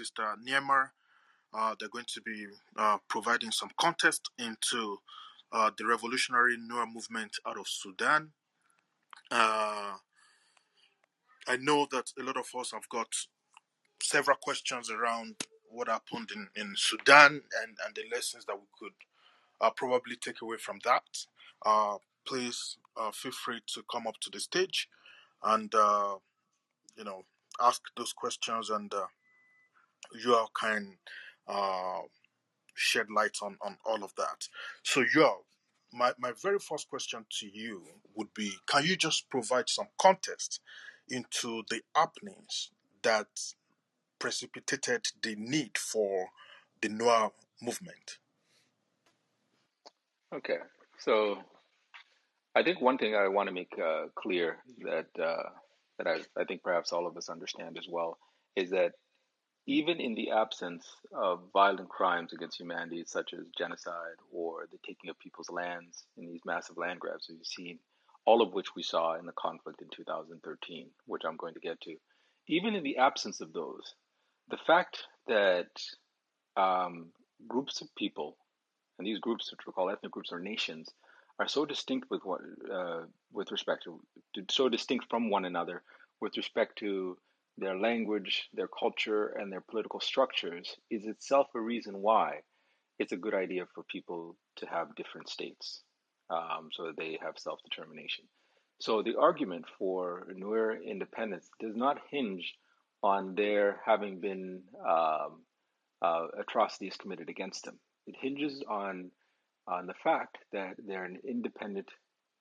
Sister Niemer. Uh, they're going to be uh, providing some context into uh, the revolutionary Noah movement out of Sudan. Uh, I know that a lot of us have got several questions around what happened in, in Sudan and, and the lessons that we could uh, probably take away from that. Uh, please feel free to come up to the stage and, you know, ask those questions and Joel can uh, shed light on, on all of that. So, your my, my very first question to you would be can you just provide some context into the happenings that precipitated the need for the Noir movement? Okay, so I think one thing I want to make uh, clear that uh, that I, I think perhaps all of us understand as well is that even in the absence of violent crimes against humanity, such as genocide or the taking of people's lands in these massive land grabs we've seen, all of which we saw in the conflict in 2013, which I'm going to get to, even in the absence of those, the fact that um, groups of people, and these groups, which we call ethnic groups or nations, are so distinct with what, uh, with respect to, so distinct from one another with respect to their language, their culture, and their political structures is itself a reason why it's a good idea for people to have different states um, so that they have self determination. So the argument for Nuer independence does not hinge on their having been um, uh, atrocities committed against them. It hinges on on the fact that they're an independent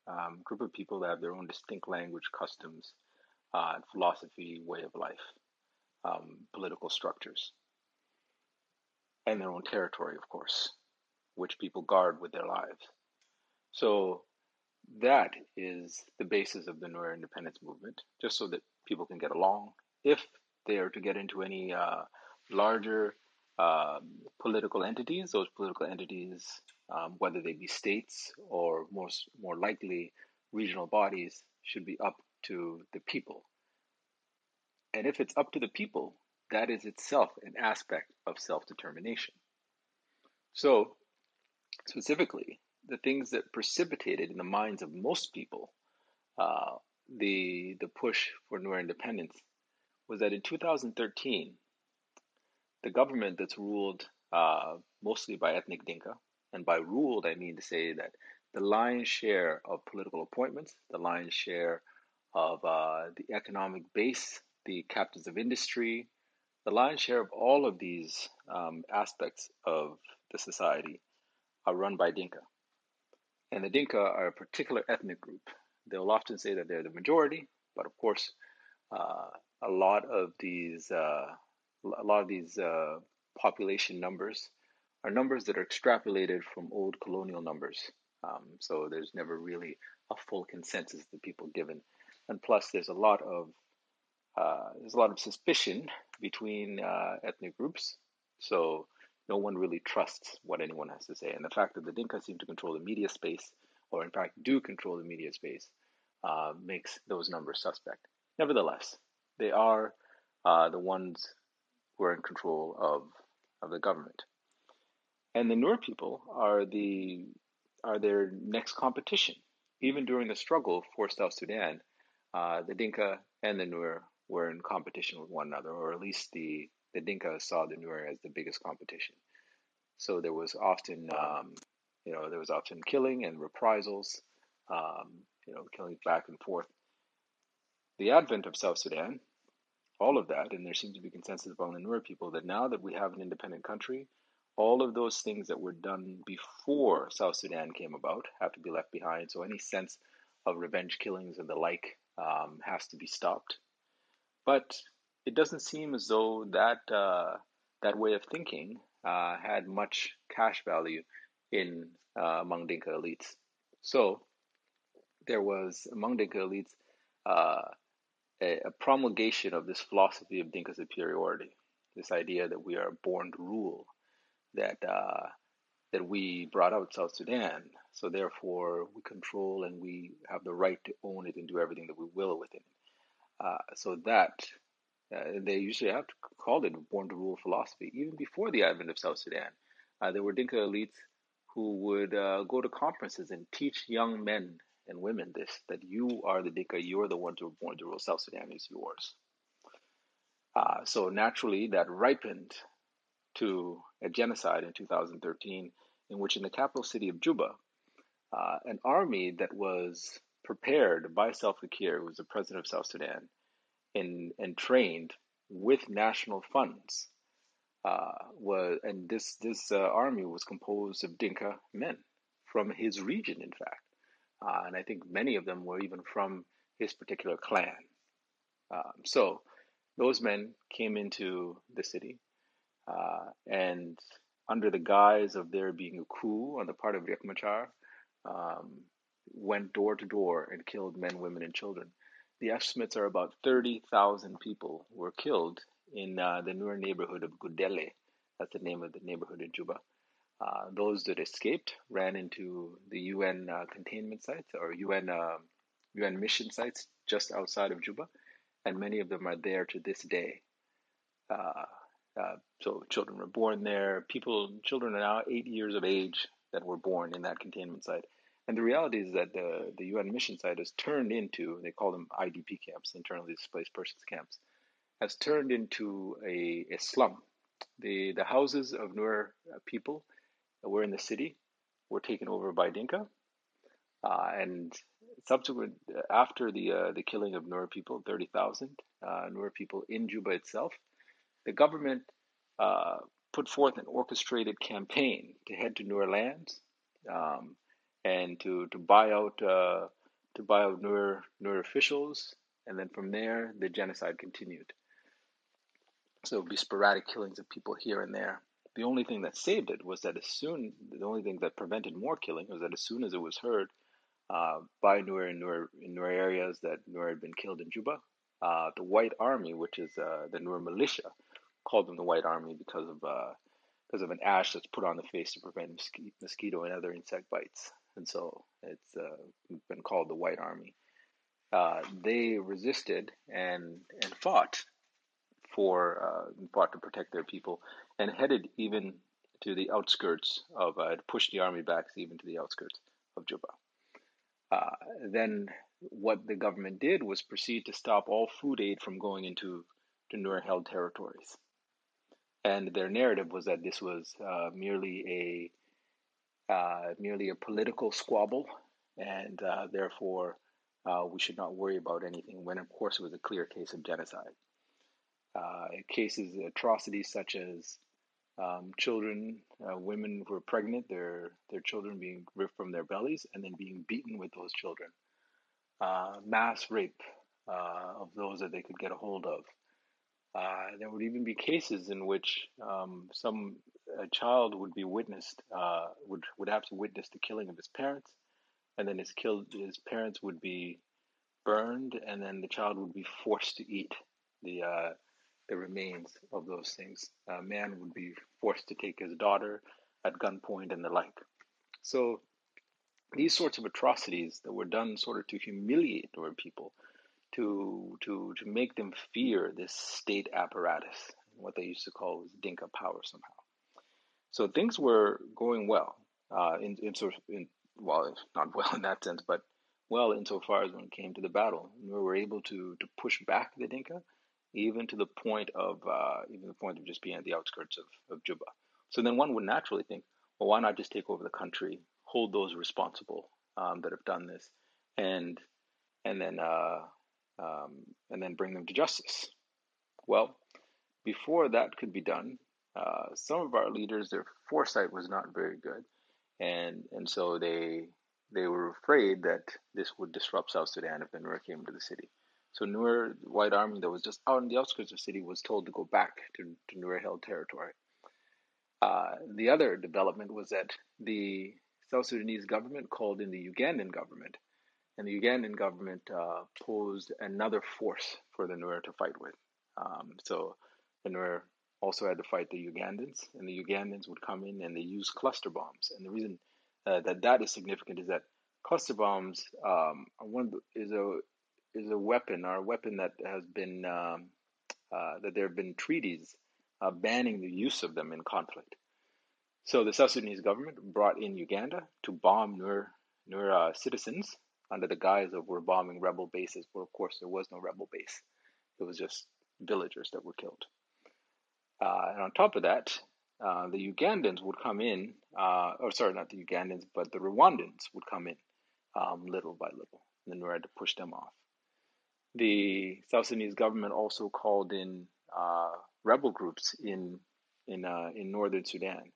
um, group of people that have their own distinct language, customs, uh, philosophy, way of life, um, political structures, and their own territory, of course, which people guard with their lives. So that is the basis of the Nuer independence movement, just so that people can get along. If they are to get into any uh, larger uh, political entities, those political entities, um, whether they be states or most more likely regional bodies, should be up to the people. And if it's up to the people, that is itself an aspect of self determination. So, specifically, the things that precipitated in the minds of most people uh, the, the push for Nuer independence was that in 2013, the government that's ruled uh, mostly by ethnic Dinka, and by ruled I mean to say that the lion's share of political appointments, the lion's share of uh, the economic base, the captains of industry, the lion's share of all of these um, aspects of the society are run by Dinka. And the Dinka are a particular ethnic group. They will often say that they're the majority, but of course, uh, a lot of these uh, a lot of these uh, population numbers are numbers that are extrapolated from old colonial numbers. Um, so there's never really a full consensus that people given and plus there's a lot of uh, there's a lot of suspicion between uh, ethnic groups, so no one really trusts what anyone has to say. And the fact that the Dinka seem to control the media space, or in fact do control the media space, uh, makes those numbers suspect. Nevertheless, they are uh, the ones who are in control of of the government, and the Nur people are the are their next competition. Even during the struggle for South Sudan, uh, the Dinka and the Nuer were in competition with one another, or at least the, the Dinka saw the Nuer as the biggest competition. So there was often, um, you know, there was often killing and reprisals, um, you know, killing back and forth. The advent of South Sudan, all of that, and there seems to be consensus among the Nuer people that now that we have an independent country, all of those things that were done before South Sudan came about have to be left behind. So any sense of revenge killings and the like um, has to be stopped. But it doesn't seem as though that uh, that way of thinking uh, had much cash value in uh, among Dinka elites. So there was among Dinka elites uh, a, a, promulgation of this philosophy of Dinka superiority, this idea that we are born to rule, that uh, that we brought out South Sudan, so therefore, we control and we have the right to own it and do everything that we will with it. Uh, so that uh, they usually have called it born to rule philosophy. Even before the advent of South Sudan, uh, there were Dinka elites who would uh, go to conferences and teach young men and women this that you are the Dinka, you're the one who were born to rule. South Sudan is yours. Uh, so naturally, that ripened to a genocide in 2013, in which in the capital city of Juba, uh, an army that was prepared by Salva Kiir, who was the president of South Sudan, and, and trained with national funds. Uh, was and this this uh, army was composed of Dinka men from his region, in fact, uh, and I think many of them were even from his particular clan. Um, so those men came into the city, uh, and under the guise of there being a coup on the part of Riek Machar, um, went door to door and killed men, women, and children. The estimates are about 30,000 people were killed in uh, the newer neighborhood of Gudele. That's the name of the neighborhood in Juba. Uh, those that escaped ran into the UN uh, containment sites or UN UN uh, mission sites just outside of Juba, and many of them are there to this day. Uh, uh, so children were born there. People, children are now eight years of age that were born in that containment site. And the reality is that the, the UN mission site has turned into, they call them IDP camps, internally displaced persons camps, has turned into a, a slum. The, the houses of Nur people that were in the city were taken over by Dinka. Uh, and subsequent, after the, uh, the killing of Nur people, 30,000 uh, Nur people in Juba itself, the government uh, put forth an orchestrated campaign to head to New Orleans um, and to, to buy out uh, to buy out newer newer officials, and then from there the genocide continued. So it would be sporadic killings of people here and there. The only thing that saved it was that as soon the only thing that prevented more killing was that as soon as it was heard uh, by Nur in Nur in Nur areas that Nur had been killed in Juba, uh, the White Army, which is uh, the Nur militia called them the White Army because of uh, because of an ash that's put on the face to prevent mosquito and other insect bites, and so it's uh, been called the White Army. Uh, they resisted and and fought for uh, fought to protect their people and headed even to the outskirts of uh, pushed the army back even to the outskirts of Juba. Uh, then what the government did was proceed to stop all food aid from going into to Nur held territories and their narrative was that this was uh, merely a uh, merely a political squabble, and uh, therefore uh, we should not worry about anything. When of course it was a clear case of genocide. Uh, cases atrocities such as um, children, uh, women who were pregnant, their their children being ripped from their bellies and then being beaten with those children. mass rape of those that they could get a hold of. Uh, there would even be cases in which um, some a child would be witnessed uh, would would have to witness the killing of his parents, and then his killed his parents would be burned, and then the child would be forced to eat the uh, the remains of those things. A man would be forced to take his daughter at gunpoint and the like. So these sorts of atrocities that were done sort of to humiliate the people to to to make them fear this state apparatus, what they used to call was Dinka power somehow. So things were going well, uh, in, in, in well, not well in that sense, but well insofar as when it came to the battle, we were able to to push back the Dinka, even to the point of uh, even the point of just being at the outskirts of, of Juba. So then one would naturally think, well, why not just take over the country, hold those responsible um, that have done this, and and then uh, um, and then bring them to justice. Well, before that could be done, uh, some of our leaders, their foresight was not very good, and and so they they were afraid that this would disrupt South Sudan if the Nuer came into the city. So Nuer White Army that was just out on the outskirts of the city was told to go back to, to Nuer held territory. Uh, the other development was that the South Sudanese government called in the Ugandan government and the Ugandan government uh, posed another force for the Nuer to fight with. Um, so the Nuer also had to fight the Ugandans, and the Ugandans would come in and they use cluster bombs. And the reason uh, that that is significant is that cluster bombs um, are one is a is a weapon or a weapon that has been um, uh, that there have been treaties uh, banning the use of them in conflict. So the South Sudanese government brought in Uganda to bomb Nuer Nuer uh, citizens under the guise of we're bombing rebel bases, where of course there was no rebel base. It was just villagers that were killed. Uh, and on top of that, uh, the Ugandans would come in, uh, or sorry, not the Ugandans, but the Rwandans would come in um, little by little. And then we had to push them off. The South Sudanese government also called in uh, rebel groups in in uh, in northern Sudan,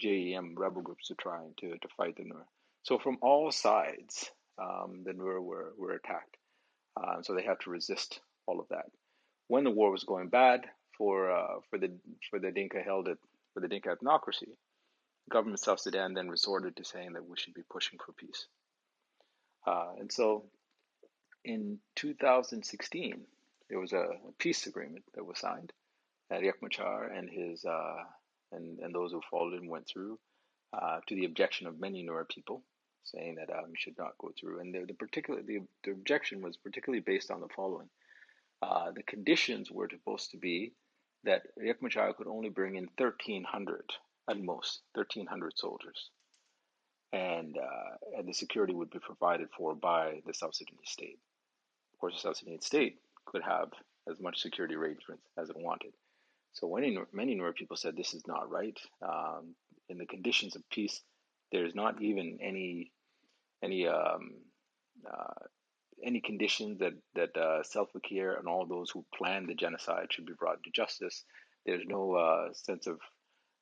JEM rebel groups to try to to fight the North. So from all sides, um, the Nur were, were attacked. Uh, so they had to resist all of that. When the war was going bad for uh, for the for the Dinka held it for the Dinka ethnocracy, the government of South Sudan then resorted to saying that we should be pushing for peace. Uh, and so, in 2016, there was a, a, peace agreement that was signed that Riek Machar and his uh, and and those who followed him went through, uh, to the objection of many Nuer people saying that um, should not go through. And the, the particular the, the objection was particularly based on the following: uh, the conditions were supposed to be that Yakmachaya could only bring in thirteen hundred at most, thirteen hundred soldiers, and uh, and the security would be provided for by the South Sudanese state. Of course, the South Sudanese state could have as much security arrangements as it wanted. So many many Nuer people said this is not right. Um, in the conditions of peace, there's not even any any um, uh, any conditions that that uh, Self and all those who planned the genocide should be brought to justice. There's no uh, sense of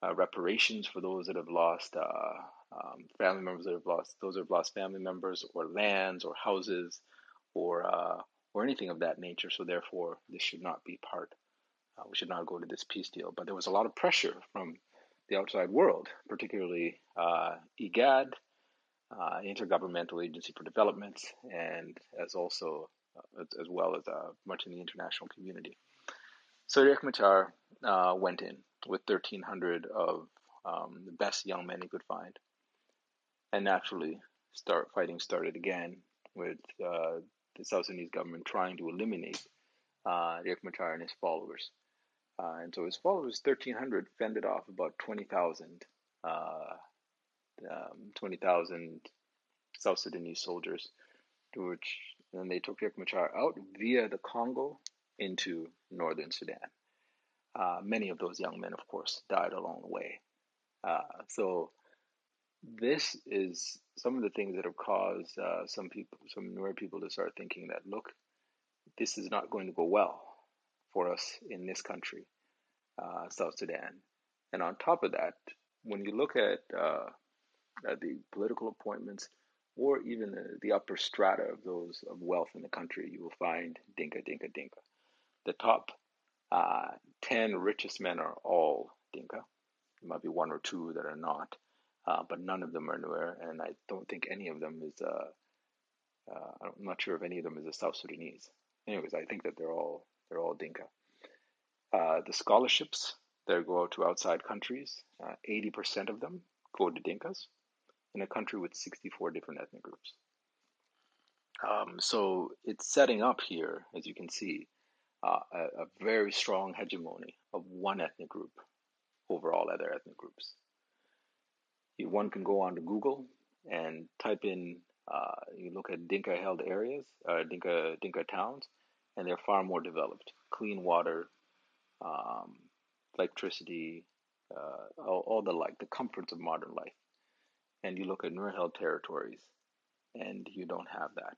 uh, reparations for those that have lost uh, um, family members that have lost those that have lost family members or lands or houses or uh, or anything of that nature. So therefore, this should not be part. we should not go to this peace deal. But there was a lot of pressure from the outside world, particularly IGAD uh, Intergovernmental Agency for Development, and as also as, uh, as well as uh, much in the international community. So Riek Machar uh, went in with 1,300 of um, the best young men he could find, and naturally, start fighting started again with uh, the South Sudanese government trying to eliminate uh, Riek Machar and his followers. Uh, and so his followers, 1,300, fended off about 20,000 uh, um, 20,000 South Sudanese soldiers, which then they took Riek Machar out via the Congo into northern Sudan. Uh, many of those young men, of course, died along the way. Uh, so this is some of the things that have caused uh, some people, some newer people, to start thinking that look, this is not going to go well for us in this country, uh, South Sudan. And on top of that, when you look at uh, uh, the political appointments, or even the, the upper strata of those of wealth in the country, you will find Dinka, Dinka, Dinka. The top uh, 10 richest men are all Dinka. There might be one or two that are not, uh, but none of them are Nuer, and I don't think any of them is, uh, uh, I'm not sure if any of them is a South Sudanese. Anyways, I think that they're all, they're all Dinka. Uh, the scholarships that go out to outside countries, 80% of them go to Dinkas in a country with 64 different ethnic groups. Um, so it's setting up here, as you can see, uh, a, a, very strong hegemony of one ethnic group over all other ethnic groups. You, one can go on to Google and type in, uh, you look at Dinka held areas, uh, Dinka, Dinka towns, and they're far more developed. Clean water, um, electricity, uh, all, all the like, the comforts of modern life and you look at nur territories, and you don't have that,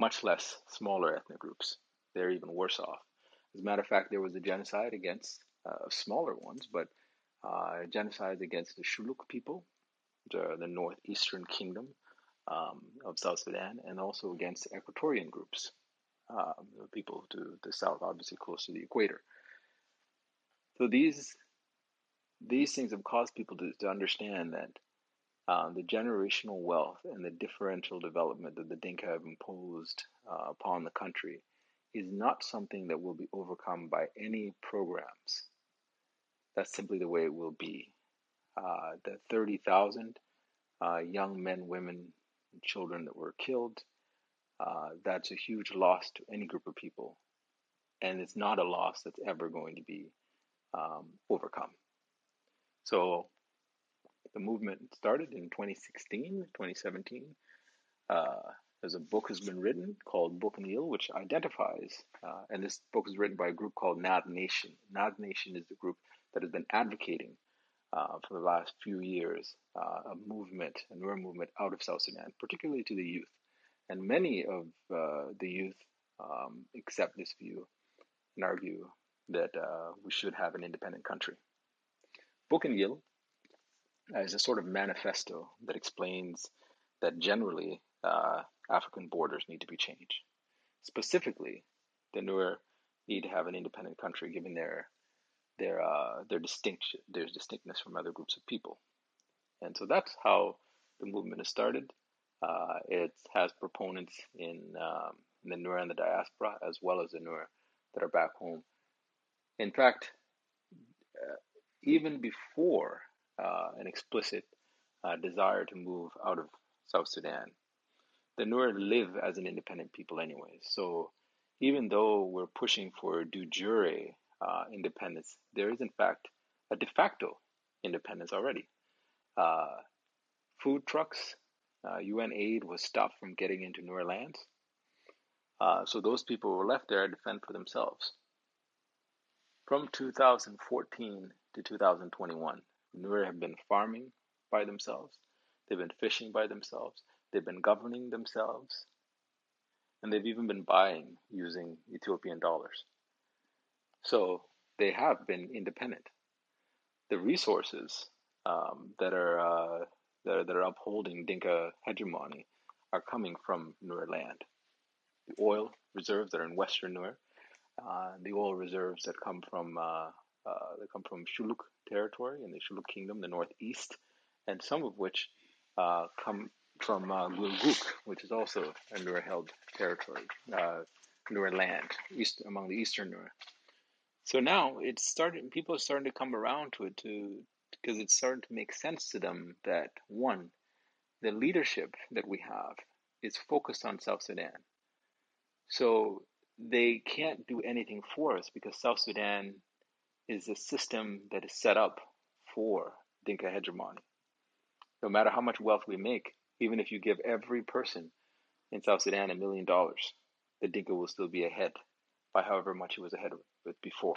much less smaller ethnic groups. They're even worse off. As a matter of fact, there was a genocide against uh, smaller ones, but uh, genocide against the Shuluk people, the, the northeastern kingdom um, of South Sudan, and also against Equatorian groups, uh, people to the south, obviously close to the equator. So these these things have caused people to, to understand that um, the generational wealth and the differential development that the Dinka have imposed uh, upon the country is not something that will be overcome by any programs. That's simply the way it will be. Uh, the 30,000 uh, young men, women, and children that were killed, uh, that's a huge loss to any group of people. And it's not a loss that's ever going to be um, overcome. So the movement started in 2016, 2017. Uh, there's a book has been written called Book Neil, which identifies, uh, and this book is written by a group called NAD Nation. NAD Nation is the group that has been advocating uh, for the last few years uh, a movement, a newer movement out of South Sudan, particularly to the youth. And many of uh, the youth um, accept this view and argue that uh, we should have an independent country. Book Neil as uh, a sort of manifesto that explains that generally uh, African borders need to be changed. Specifically, the Nuer need to have an independent country given their their uh, their distinct their distinctness from other groups of people, and so that's how the movement is started. Uh, it has proponents in, um, in the Nuer and the diaspora, as well as the Nuer that are back home. In fact, uh, even before uh, an explicit uh, desire to move out of South Sudan. The Nuer live as an independent people anyway. So even though we're pushing for du jure uh, independence, there is in fact a de facto independence already. Uh, food trucks, UN uh, aid was stopped from getting into Nuer lands. Uh, so those people were left there to fend for themselves. From 2014 to 2021, Nuer have been farming by themselves, they've been fishing by themselves, they've been governing themselves, and they've even been buying using Ethiopian dollars. So they have been independent. The resources um, that are uh, that are, that are upholding Dinka hegemony are coming from Nuer land. The oil reserves that are in Western Nuer, uh, the oil reserves that come from uh, uh, they come from Shuluk territory and the Shuluk kingdom, the northeast, and some of which uh, come from uh, Gulguk, which is also a Nur held territory, uh, Nur land, east, among the eastern Nur. So now it's started, people are starting to come around to it to because it's starting to make sense to them that one, the leadership that we have is focused on South Sudan. So they can't do anything for us because South Sudan is a system that is set up for Dinka hegemony. No matter how much wealth we make, even if you give every person in South Sudan a million dollars, the Dinka will still be ahead by however much he was ahead with before.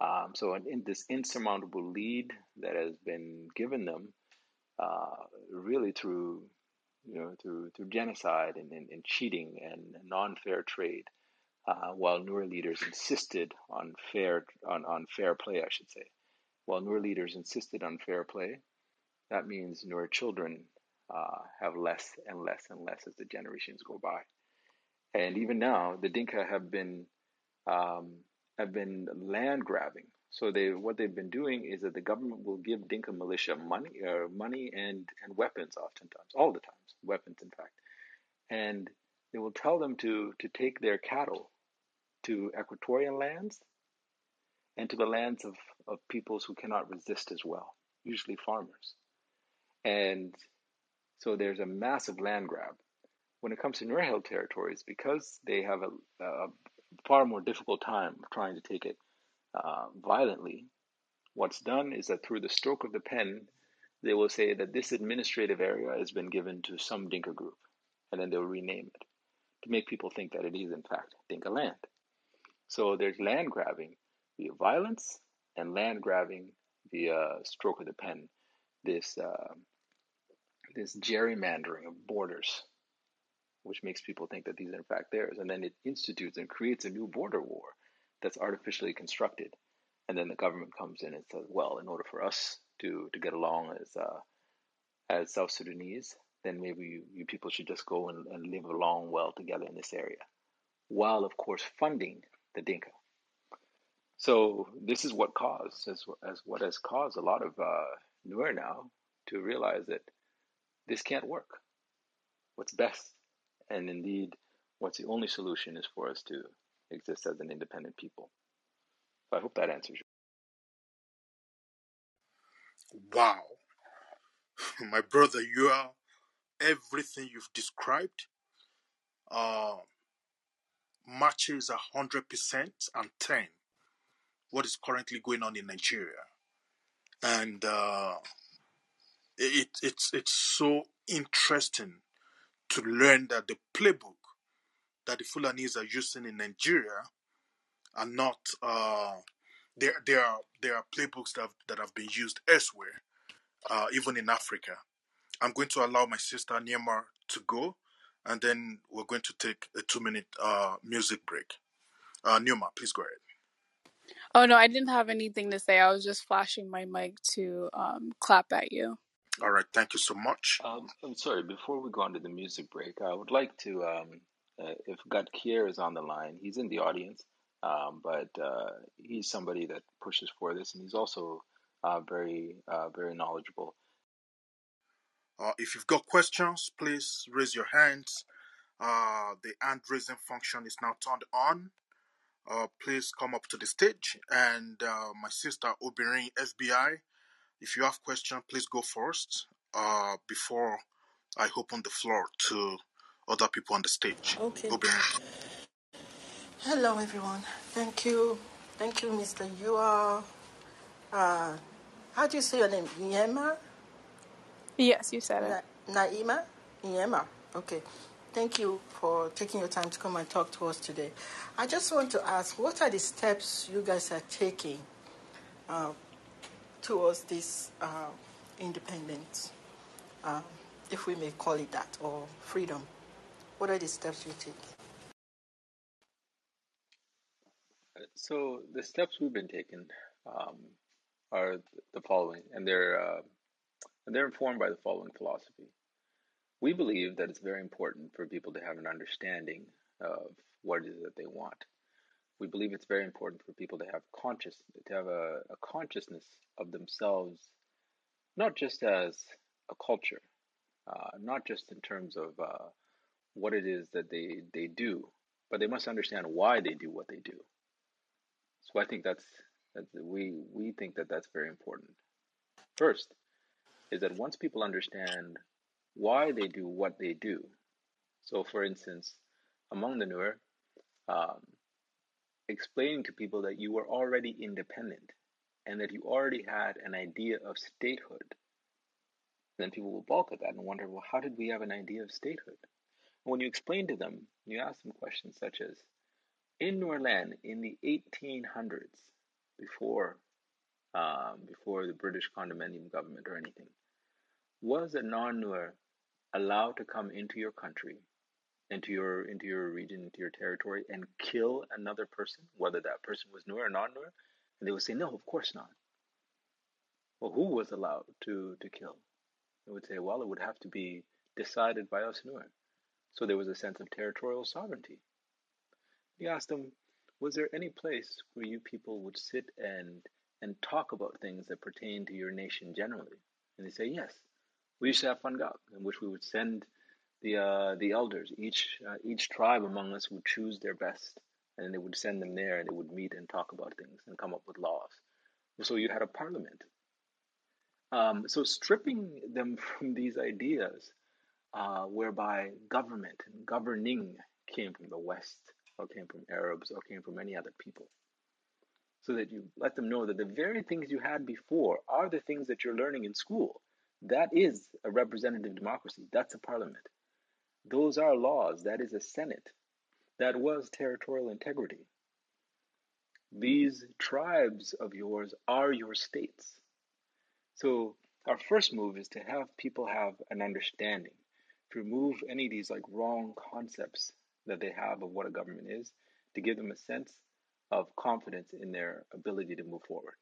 Um, so, in, in, this insurmountable lead that has been given them, uh, really through you know through through genocide and, and, and cheating and non-fair trade uh, while newer leaders insisted on fair on, on fair play, I should say. While newer leaders insisted on fair play, that means newer children uh, have less and less and less as the generations go by. And even now, the Dinka have been um, have been land grabbing. So they what they've been doing is that the government will give Dinka militia money, uh, money and and weapons, oftentimes, all the times, weapons in fact, and they will tell them to to take their cattle to equatorial lands and to the lands of, of peoples who cannot resist as well, usually farmers. And so there's a massive land grab. When it comes to Nur Hill territories, because they have a, a far more difficult time trying to take it uh, violently, what's done is that through the stroke of the pen, they will say that this administrative area has been given to some Dinka group, and then they'll rename it to make people think that it is, in fact, Dinka land. So there's land grabbing via violence and land grabbing via stroke of the pen. This uh, this gerrymandering of borders, which makes people think that these are in fact theirs, and then it institutes and creates a new border war that's artificially constructed, and then the government comes in and says, "Well, in order for us to to get along as uh, as South Sudanese, then maybe you, you people should just go and, and live along well together in this area." while of course funding the Dinka. So this is what caused, as, as what has caused a lot of uh, Nuer now to realize that this can't work. What's best, and indeed, what's the only solution, is for us to exist as an independent people. So I hope that answers you. Wow, my brother, you are everything you've described. Uh, matches 100% and 10 what is currently going on in Nigeria. And uh, it, it's, it's so interesting to learn that the playbook that the Fulanese are using in Nigeria are not, uh, there, there, are, there are playbooks that have, that have been used elsewhere, uh, even in Africa. I'm going to allow my sister Niamar to go and then we're going to take a two minute uh, music break. Uh, Numa, please go ahead. Oh no, I didn't have anything to say. I was just flashing my mic to um, clap at you. All right, thank you so much. Um, I'm sorry. Before we go on to the music break, I would like to, um, uh, if Gadkir is on the line, he's in the audience, um, but uh, he's somebody that pushes for this, and he's also uh, very, uh, very knowledgeable. Uh, if you've got questions, please raise your hands. Uh, the hand raising function is now turned on. Uh, please come up to the stage. And uh, my sister Obirin FBI, if you have questions, please go first uh, before I open the floor to other people on the stage. Okay. Obirin. Hello, everyone. Thank you. Thank you, Mr. You are. Uh, how do you say your name? Yema? Yes, you said it. Na- Naima Inyema. Okay. Thank you for taking your time to come and talk to us today. I just want to ask what are the steps you guys are taking uh, towards this uh, independence, uh, if we may call it that, or freedom? What are the steps you take? Uh, so, the steps we've been taking um, are the following, and they're uh, and they're informed by the following philosophy. We believe that it's very important for people to have an understanding of what it is that they want. We believe it's very important for people to have conscious to have a, a consciousness of themselves, not just as a culture, uh, not just in terms of uh, what it is that they they do, but they must understand why they do what they do. So I think that's, that's we we think that that's very important. First, is that once people understand why they do what they do, so for instance, among the newer, um, explaining to people that you were already independent and that you already had an idea of statehood, then people will balk at that and wonder, well, how did we have an idea of statehood? And when you explain to them, you ask them questions such as, in Norland in the 1800s, before um, before the British condominium government or anything, was a non-Nuer allowed to come into your country, into your into your region, into your territory, and kill another person, whether that person was Nuer or non-Nuer? And they would say, no, of course not. Well, who was allowed to to kill? They would say, well, it would have to be decided by us Nuer. So there was a sense of territorial sovereignty. He asked them, was there any place where you people would sit and and talk about things that pertain to your nation generally? And they say, yes we used to have fun in which we would send the uh, the elders. Each uh, each tribe among us would choose their best, and they would send them there, and they would meet and talk about things and come up with laws. So you had a parliament. Um, so stripping them from these ideas, uh, whereby government and governing came from the West or came from Arabs or came from any other people. So that you let them know that the very things you had before are the things that you're learning in school that is a representative democracy. That's a parliament. Those are laws. That is a senate. That was territorial integrity. These tribes of yours are your states. So, our first move is to have people have an understanding, to remove any of these like wrong concepts that they have of what a government is, to give them a sense of confidence in their ability to move forward.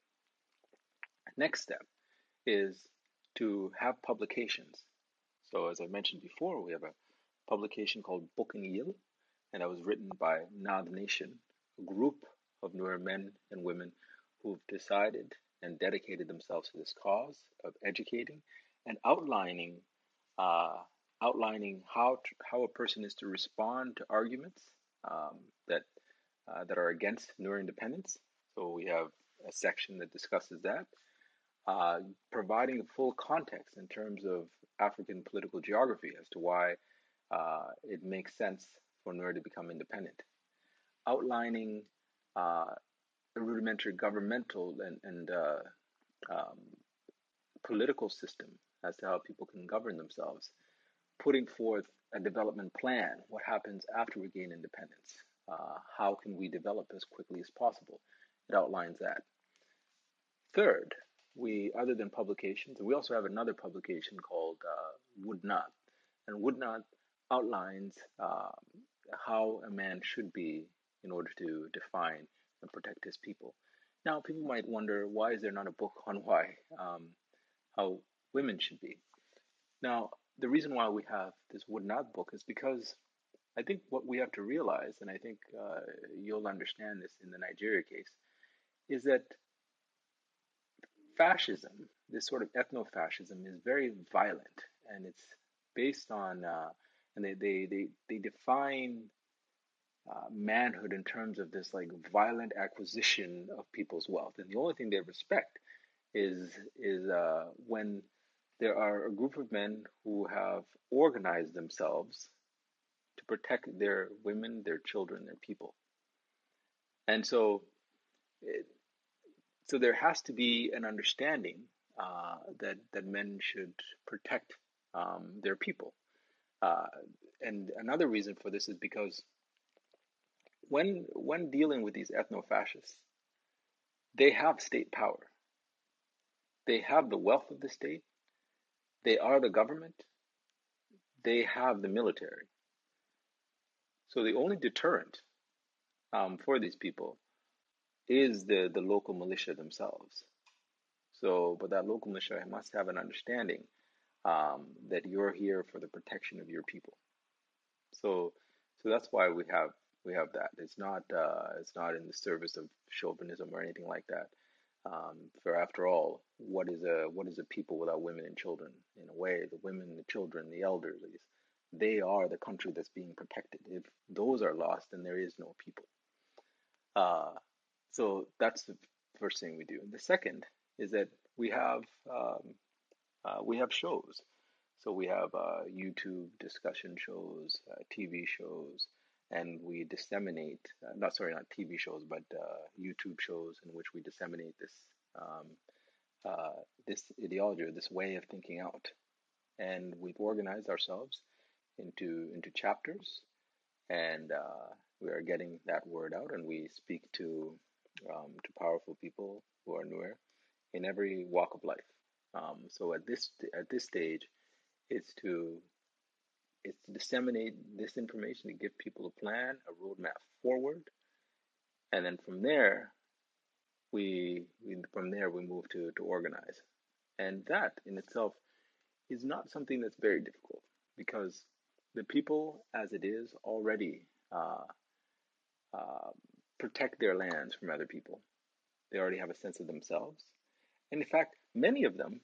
Next step is to have publications. So, as I mentioned before, we have a publication called Bokengil, and that was written by *Nad Nation, a group of Nuer men and women who've decided and dedicated themselves to this cause of educating and outlining, uh, outlining how to, how a person is to respond to arguments um, that uh, that are against Nuer independence. So we have a section that discusses that uh, providing full context in terms of African political geography as to why uh, it makes sense for Nuer to become independent, outlining uh, the rudimentary governmental and, and uh, um, political system as to how people can govern themselves, putting forth a development plan, what happens after we gain independence, uh, how can we develop as quickly as possible. It outlines that. Third, we other than publications, we also have another publication called uh, Would Not, and Would Not outlines uh, how a man should be in order to define and protect his people. Now, people might wonder why is there not a book on why um, how women should be. Now, the reason why we have this Would Not book is because I think what we have to realize, and I think uh, you'll understand this in the Nigeria case, is that fascism, this sort of ethno-fascism, is very violent, and it's based on, uh, and they they they they define uh, manhood in terms of this like violent acquisition of people's wealth, and the only thing they respect is is uh, when there are a group of men who have organized themselves to protect their women, their children, their people, and so. It, so there has to be an understanding uh, that that men should protect um, their people. Uh, and another reason for this is because when when dealing with these ethno-fascists, they have state power. They have the wealth of the state. They are the government. They have the military. So the only deterrent um, for these people is the, the local militia themselves. So, but that local militia must have an understanding um, that you're here for the protection of your people. So, so that's why we have we have that. It's not uh, it's not in the service of chauvinism or anything like that. Um, for after all, what is a what is a people without women and children? In a way, the women, the children, the elderly, they are the country that's being protected. If those are lost, then there is no people. Uh, so that's the first thing we do. The second is that we have um, uh, we have shows. So we have uh, YouTube discussion shows, uh, TV shows, and we disseminate. Uh, not sorry, not TV shows, but uh, YouTube shows in which we disseminate this um, uh, this ideology or this way of thinking out. And we've organized ourselves into into chapters, and we are getting that word out, and we speak to um, to powerful people who are newer in every walk of life. Um, so at this at this stage, it's to it's to disseminate this information to give people a plan, a roadmap forward, and then from there, we, we from there we move to to organize, and that in itself is not something that's very difficult because the people as it is already uh, uh protect their lands from other people. They already have a sense of themselves. And in fact, many of them,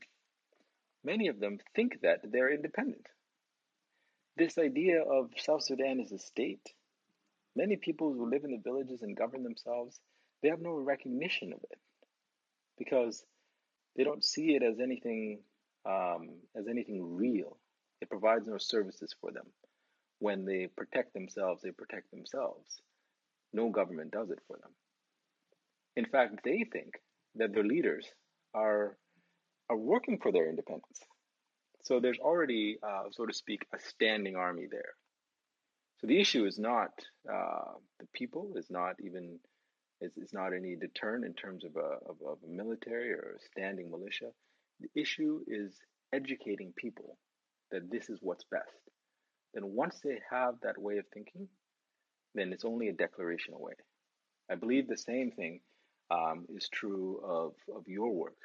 many of them think that they're independent. This idea of South Sudan as a state, many people who live in the villages and govern themselves, they have no recognition of it because they don't see it as anything um, as anything real. It provides no services for them. When they protect themselves, they protect themselves. No government does it for them. In fact, they think that their leaders are are working for their independence. So there's already, uh, so to speak, a standing army there. So the issue is not uh, the people, is not even is, is not any deterrent in terms of a, of, of a military or a standing militia. The issue is educating people that this is what's best. Then once they have that way of thinking, then it's only a declaration away. I believe the same thing um, is true of, of your work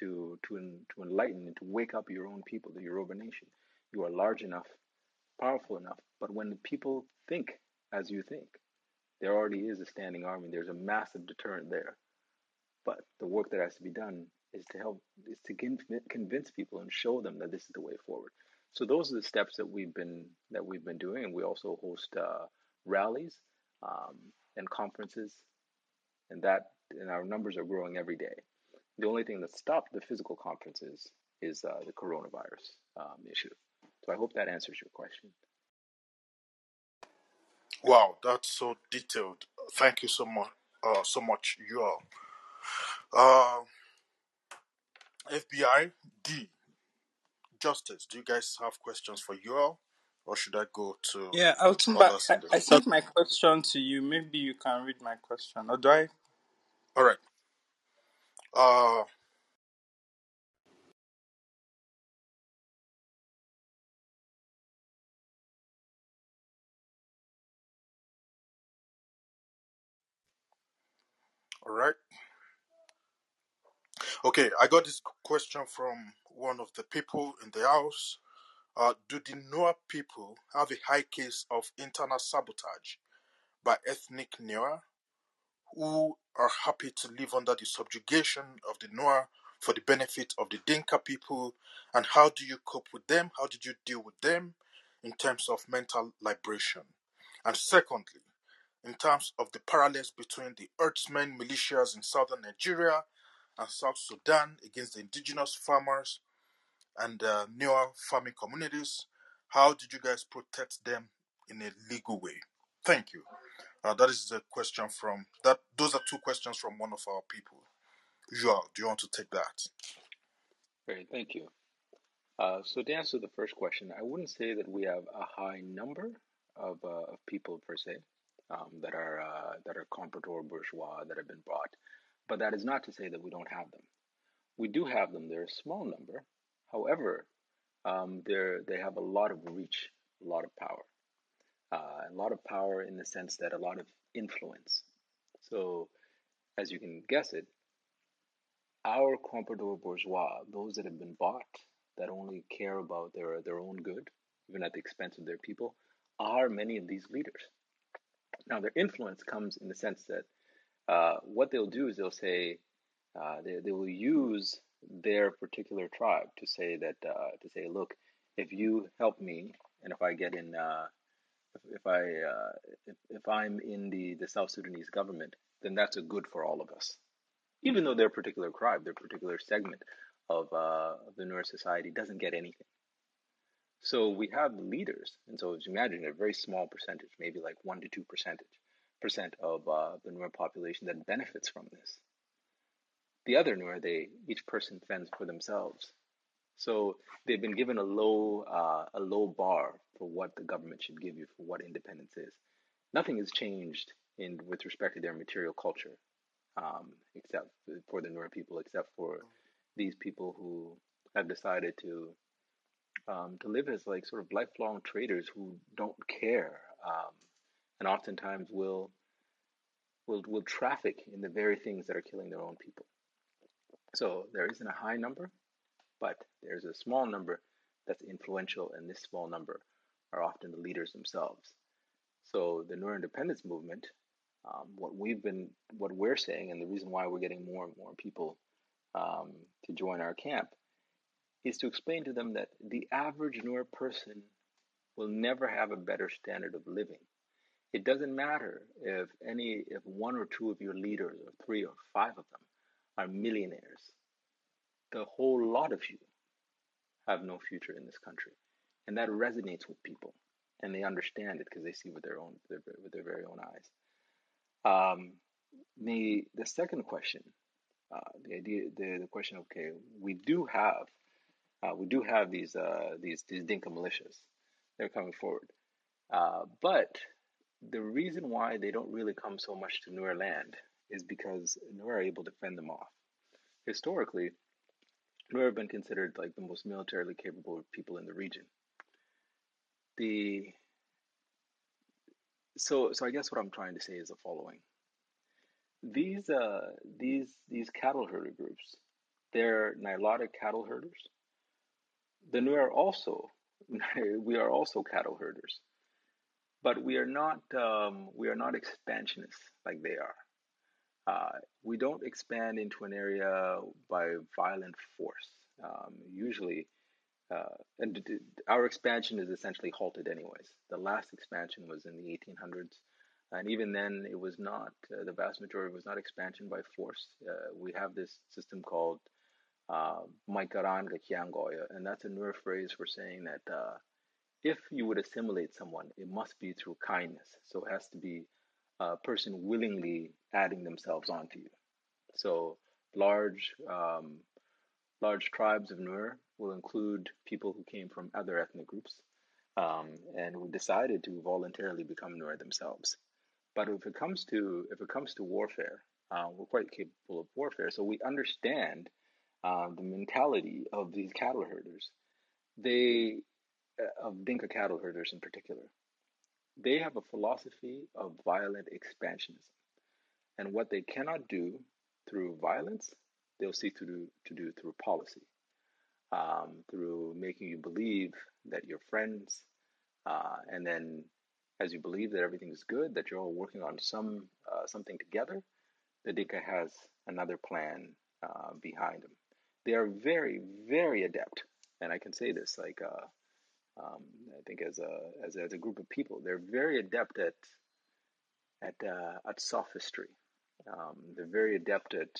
to, to, to enlighten and to wake up your own people, the Yoruba nation. You are large enough, powerful enough, but when people think as you think, there already is a standing army, there's a massive deterrent there. But the work that has to be done is to help, is to convince people and show them that this is the way forward. So those are the steps that we've been that we've been doing, and we also host uh, rallies um, and conferences, and that and our numbers are growing every day. The only thing that stopped the physical conferences is uh, the coronavirus um, issue. So I hope that answers your question. Wow, that's so detailed. Thank you so much, uh, so much, you all. Uh, FBI D Justice, do you guys have questions for you all? or should I go to? Yeah, I'll come back. I, I think my question to you. Maybe you can read my question, or do I? All right. Uh, all right. Okay, I got this question from one of the people in the house. Uh, do the Noa people have a high case of internal sabotage by ethnic Noa who are happy to live under the subjugation of the Noa for the benefit of the Dinka people? And how do you cope with them? How did you deal with them in terms of mental liberation? And secondly, in terms of the parallels between the Earthsmen militias in southern Nigeria and South Sudan against the indigenous farmers and uh, newer farming communities. How did you guys protect them in a legal way? Thank you. Uh, that is a question from that. Those are two questions from one of our people. Joao, do you want to take that? Great, thank you. Uh, so to answer the first question, I wouldn't say that we have a high number of, uh, of people per se um, that are uh, that are comprador bourgeois that have been bought, but that is not to say that we don't have them. We do have them. They're a small number, However, um, they they have a lot of reach, a lot of power, uh, a lot of power in the sense that a lot of influence. So, as you can guess it, our comprador bourgeois, those that have been bought, that only care about their, their own good, even at the expense of their people, are many of these leaders. Now, their influence comes in the sense that uh, what they'll do is they'll say, uh, they, they will use their particular tribe to say that uh, to say, look, if you help me, and if I get in, uh, if, if I uh, if, if I'm in the the South Sudanese government, then that's a good for all of us. Even though their particular tribe, their particular segment of, uh, of the Nuer society doesn't get anything. So we have leaders, and so as you imagine, a very small percentage, maybe like one to two percentage percent of uh, the Nuer population that benefits from this the other, nor are they. Each person fends for themselves. So they've been given a low, uh, a low bar for what the government should give you for what independence is. Nothing has changed in with respect to their material culture, um, except for the Nuer people, except for these people who have decided to um, to live as like sort of lifelong traders who don't care, um, and oftentimes will will will traffic in the very things that are killing their own people. So there isn't a high number, but there's a small number that's influential, and this small number are often the leaders themselves. So the independence movement, um, what we've been, what we're saying, and the reason why we're getting more and more people um, to join our camp, is to explain to them that the average neuro person will never have a better standard of living. It doesn't matter if any, if one or two of your leaders, or three or five of them, are millionaires. The whole lot of you have no future in this country. And that resonates with people. And they understand it because they see with their own their, with their very own eyes. Um, the the second question, uh, the idea, the, the question. Okay, we do have, uh, we do have these uh, these these Dinka militias. They're coming forward, uh, but the reason why they don't really come so much to newer land is because Nuer are able to fend them off. Historically, Nuer have been considered like the most militarily capable people in the region. The so so I guess what I'm trying to say is the following. These uh, these these cattle herder groups, they're Nilotic cattle herders. The Nuer also we are also cattle herders, but we are not um, we are not expansionists like they are uh, we don't expand into an area by violent force. Um, usually, uh, and our expansion is essentially halted, anyways. The last expansion was in the 1800s, and even then, it was not uh, the vast majority was not expansion by force. Uh, we have this system called Maikaranga uh, and that's a newer phrase for saying that uh, if you would assimilate someone, it must be through kindness. So it has to be a person willingly adding themselves onto you. So large um, large tribes of Nur will include people who came from other ethnic groups um, and who decided to voluntarily become Nur themselves. But if it comes to if it comes to warfare, uh, we're quite capable of warfare. So we understand uh, the mentality of these cattle herders. They uh, of Dinka cattle herders in particular. They have a philosophy of violent expansionism. And what they cannot do through violence, they'll seek to do, to do through policy, um, through making you believe that you're friends. Uh, and then, as you believe that everything is good, that you're all working on some uh, something together, the Dinka has another plan uh, behind them. They are very, very adept, and I can say this like uh, um, I think as a, as a, as a group of people, they're very adept at at uh, at sophistry. Um, they're very adept at,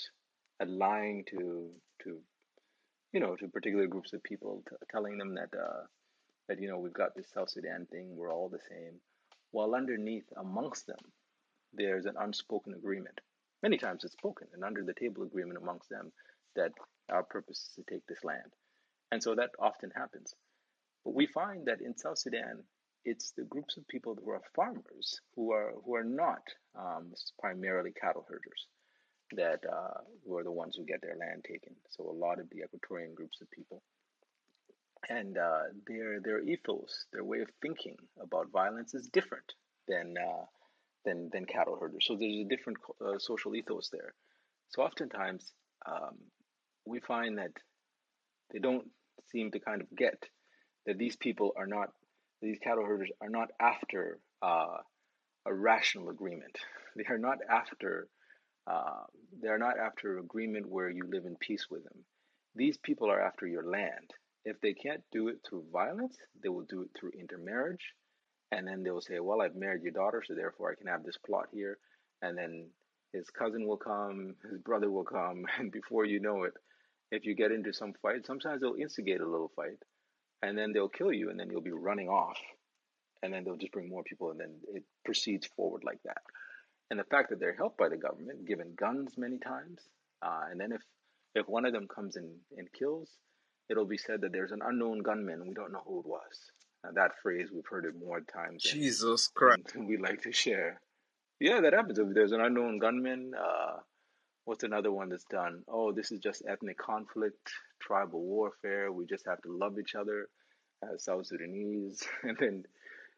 at lying to to you know to particular groups of people, t- telling them that uh, that you know we've got this South Sudan thing, we're all the same. While underneath, amongst them, there's an unspoken agreement. Many times it's spoken, an under the table agreement amongst them that our purpose is to take this land, and so that often happens. But we find that in South Sudan, it's the groups of people who are farmers who are who are not um, primarily cattle herders that uh, the ones who get their land taken. So a lot of the Equatorian groups of people and uh, their their ethos, their way of thinking about violence is different than uh, than than cattle herders. So there's a different uh, social ethos there. So oftentimes um, we find that they don't seem to kind of get that these people are not, these cattle herders are not after uh, a rational agreement. They are not after, uh, they are not after agreement where you live in peace with them. These people are after your land. If they can't do it through violence, they will do it through intermarriage, and then they will say, "Well, I've married your daughter, so therefore I can have this plot here," and then his cousin will come, his brother will come, and before you know it, if you get into some fight, sometimes they'll instigate a little fight, and then they'll kill you and then you'll be running off and then they'll just bring more people and then it proceeds forward like that and the fact that they're helped by the government given guns many times uh, and then if if one of them comes in and kills it'll be said that there's an unknown gunman we don't know who it was now, that phrase we've heard it more times jesus christ we like to share yeah that happens if there's an unknown gunman uh, what's another one that's done? Oh, this is just ethnic conflict, tribal warfare. We just have to love each other as uh, South Sudanese. And then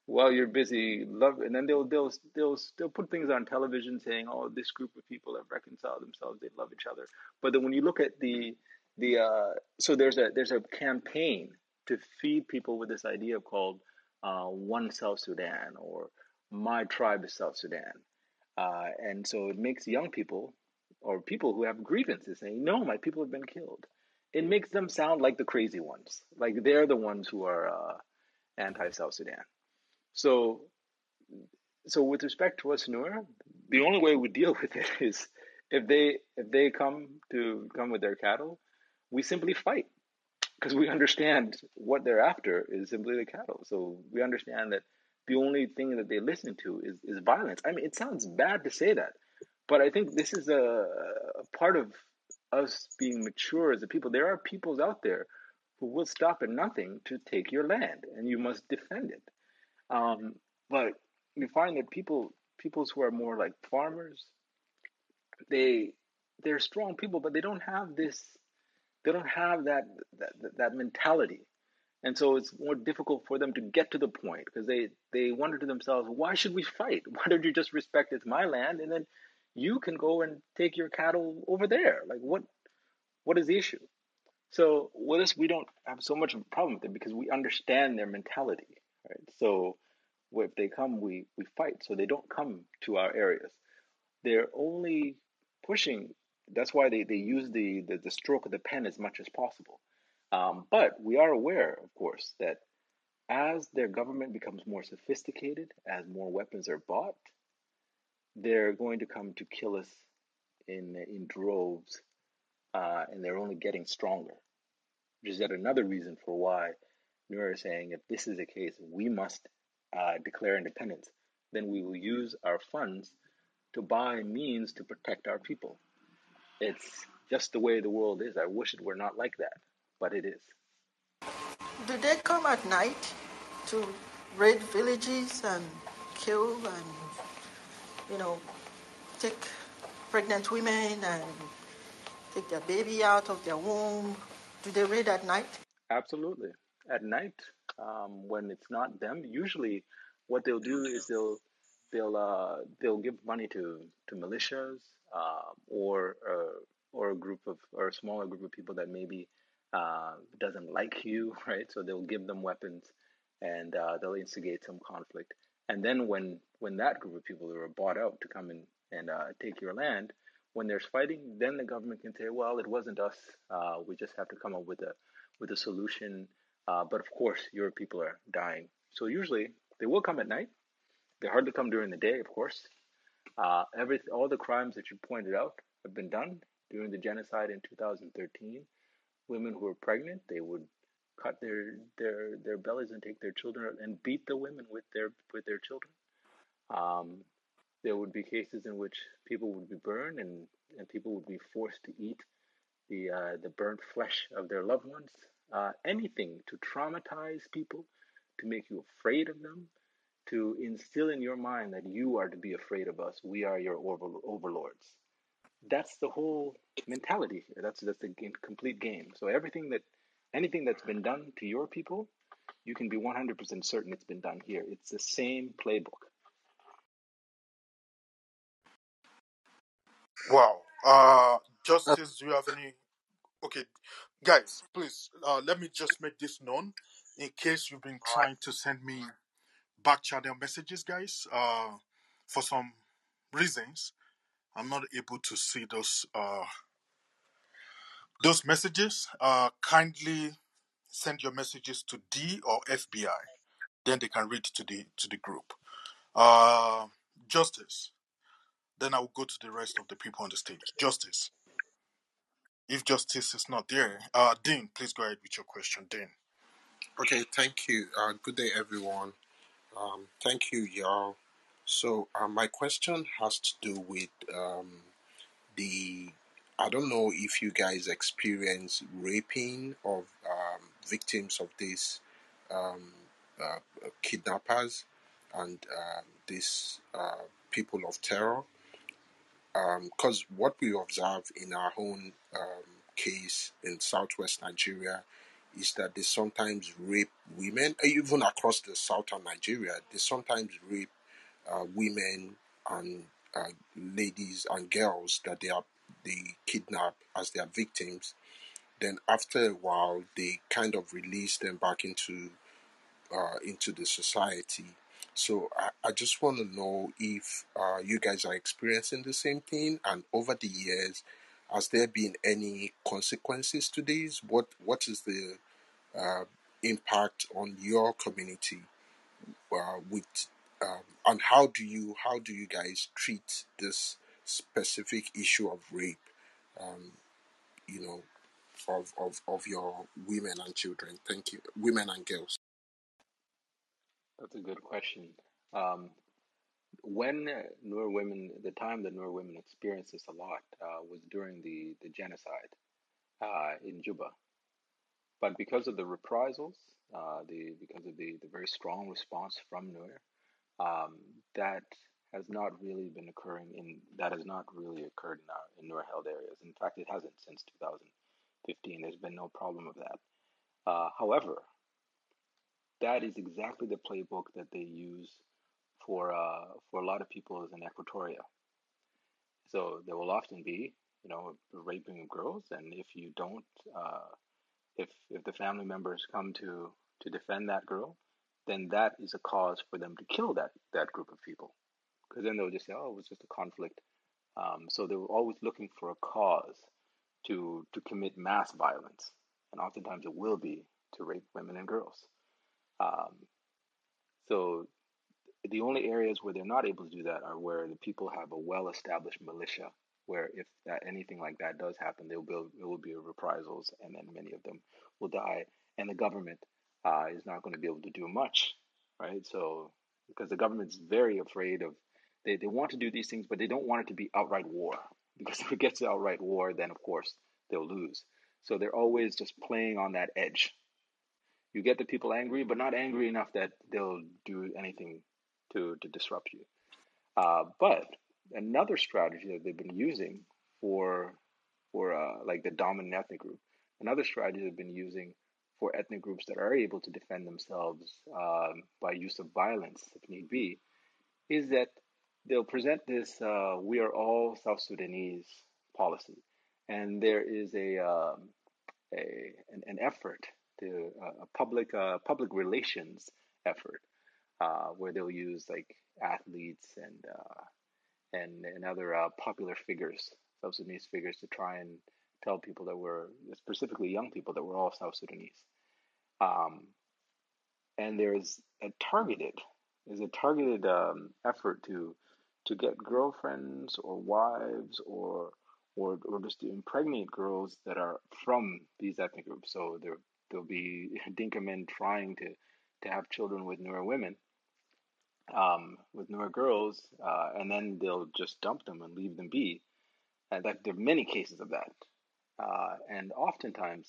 while you're busy, love, and then they'll they'll they'll they'll put things on television saying, oh, this group of people have reconciled themselves. They love each other. But then when you look at the the uh, so there's a there's a campaign to feed people with this idea called uh, one South Sudan or my tribe is South Sudan. Uh, and so it makes young people or people who have grievances saying, no, my people have been killed. It makes them sound like the crazy ones, like they're the ones who are uh, anti South Sudan. So, so with respect to us, Noor, the only way we deal with it is if they if they come to come with their cattle, we simply fight because we understand what they're after is simply the cattle. So we understand that the only thing that they listen to is, is violence. I mean, it sounds bad to say that, but I think this is a, a part of us being mature as a people. There are peoples out there who will stop at nothing to take your land, and you must defend it. Um, but you find that people, peoples who are more like farmers, they they're strong people, but they don't have this, they don't have that that, that mentality, and so it's more difficult for them to get to the point because they they wonder to themselves, why should we fight? Why don't you just respect it's my land, and then you can go and take your cattle over there. Like what what is the issue? So with us, we don't have so much of a problem with it because we understand their mentality. Right? So if they come, we we fight. So they don't come to our areas. They're only pushing. That's why they, they use the, the, the stroke of the pen as much as possible. Um, but we are aware, of course, that as their government becomes more sophisticated, as more weapons are bought, they're going to come to kill us in in droves, uh, and they're only getting stronger. Which is yet another reason for why Nur is saying if this is the case, we must uh, declare independence. Then we will use our funds to buy means to protect our people. It's just the way the world is. I wish it were not like that, but it is. Do they come at night to raid villages and kill and you know, take pregnant women and take their baby out of their womb? Do they raid at night? Absolutely. At night, um, when it's not them, usually what they'll do is they'll they'll uh, they'll give money to to militias uh, or, or uh, or a group of or a smaller group of people that maybe uh, doesn't like you, right? So they'll give them weapons and uh, they'll instigate some conflict. And then when when that group of people who are bought out to come in and uh, take your land, when there's fighting, then the government can say, well, it wasn't us. Uh, we just have to come up with a with a solution. Uh, but of course, your people are dying. So usually they will come at night. They hardly come during the day, of course. Uh, every all the crimes that you pointed out have been done during the genocide in 2013. Women who were pregnant, they would cut their their their bellies and take their children and beat the women with their with their children. Um, there would be cases in which people would be burned and, and people would be forced to eat the uh, the burnt flesh of their loved ones. Uh, anything to traumatize people, to make you afraid of them, to instill in your mind that you are to be afraid of us. We are your over- overlords. That's the whole mentality here. That's that's the complete game. So everything that Anything that's been done to your people, you can be 100% certain it's been done here. It's the same playbook. Wow. Uh, uh, Justice, do you have any? Okay, guys, please uh, let me just make this known in case you've been trying to send me back channel messages, guys. Uh, for some reasons, I'm not able to see those uh, those messages, uh, kindly send your messages to D or FBI. Then they can read to the to the group. Uh, justice. Then I will go to the rest of the people on the stage. Justice. If justice is not there, uh, Dean, please go ahead with your question, Dean. Okay, thank you. Uh, good day, everyone. Um, thank you, y'all. So uh, my question has to do with um, the I don't know if you guys experience raping of um, victims of these um, uh, kidnappers and uh, these uh, people of terror. Because um, what we observe in our own um, case in southwest Nigeria is that they sometimes rape women, uh, even across the southern Nigeria, they sometimes rape uh, women and uh, ladies and girls that they are they kidnap as their victims. Then after a while, they kind of release them back into uh, into the society. So I, I just want to know if uh, you guys are experiencing the same thing, and over the years, has there been any consequences to this? What what is the uh, impact on your community uh, with um, and how do you how do you guys treat this specific issue of rape, um, you know, of, of, of your women and children? Thank you. Women and girls. That's a good question. Um, when uh, Noor women, the time that Noor women experienced this a lot uh, was during the, the genocide uh, in Juba. But because of the reprisals, uh, the because of the, the very strong response from Noor, um, that has not really been occurring in that has not really occurred in our in our held areas. In fact, it hasn't since 2015. There's been no problem of that. Uh, however, that is exactly the playbook that they use for uh, for a lot of people in Equatoria. So there will often be, you know, raping of girls, and if you don't, uh, if if the family members come to to defend that girl, then that is a cause for them to kill that that group of people because then they'll just say, "Oh, it was just a conflict." Um, so they were always looking for a cause to to commit mass violence, and oftentimes it will be to rape women and girls. Um, so the only areas where they're not able to do that are where the people have a well-established militia, where if that anything like that does happen, there will it will be reprisals, and then many of them will die, and the government uh, is not going to be able to do much, right? So because the government's very afraid of they, they want to do these things, but they don't want it to be outright war. Because if it gets to outright war, then of course they'll lose. So they're always just playing on that edge. You get the people angry, but not angry enough that they'll do anything to, to disrupt you. Uh, but another strategy that they've been using for for uh, like the dominant ethnic group, another strategy they've been using for ethnic groups that are able to defend themselves um, by use of violence if need be, is that they'll present this uh, "We are all South Sudanese" policy, and there is a, um, a an, an, effort to uh, a public uh, public relations effort uh, where they'll use like athletes and uh, and and other uh, popular figures, South Sudanese figures, to try and tell people that we're specifically young people that we're all South Sudanese. Um, and there's a targeted is a targeted um, effort to to get girlfriends or wives or or or just to impregnate girls that are from these ethnic groups. So there there'll be Dinka men trying to to have children with Nura women, um, with Nura girls, uh, and then they'll just dump them and leave them be. And that there are many cases of that, uh, and oftentimes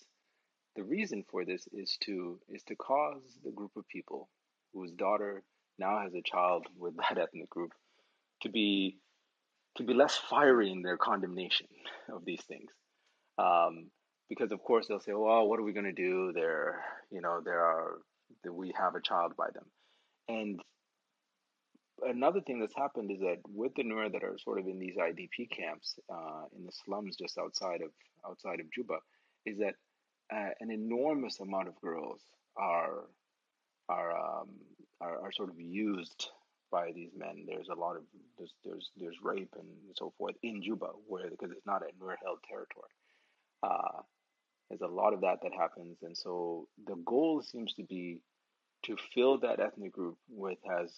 the reason for this is to is to cause the group of people whose daughter now has a child with that ethnic group to be to be less fiery in their condemnation of these things. Um, because of course they'll say, "Well, what are we going to do? There, you know, there are that we have a child by them." And another thing that's happened is that with the Nur that are sort of in these IDP camps uh, in the slums just outside of outside of Juba, is that uh, an enormous amount of girls are are, um, are, are sort of used by these men. There's a lot of there's there's, there's rape and so forth in Juba, where because it's not a Nuer held territory. Uh, there's a lot of that that happens, and so the goal seems to be to fill that ethnic group with as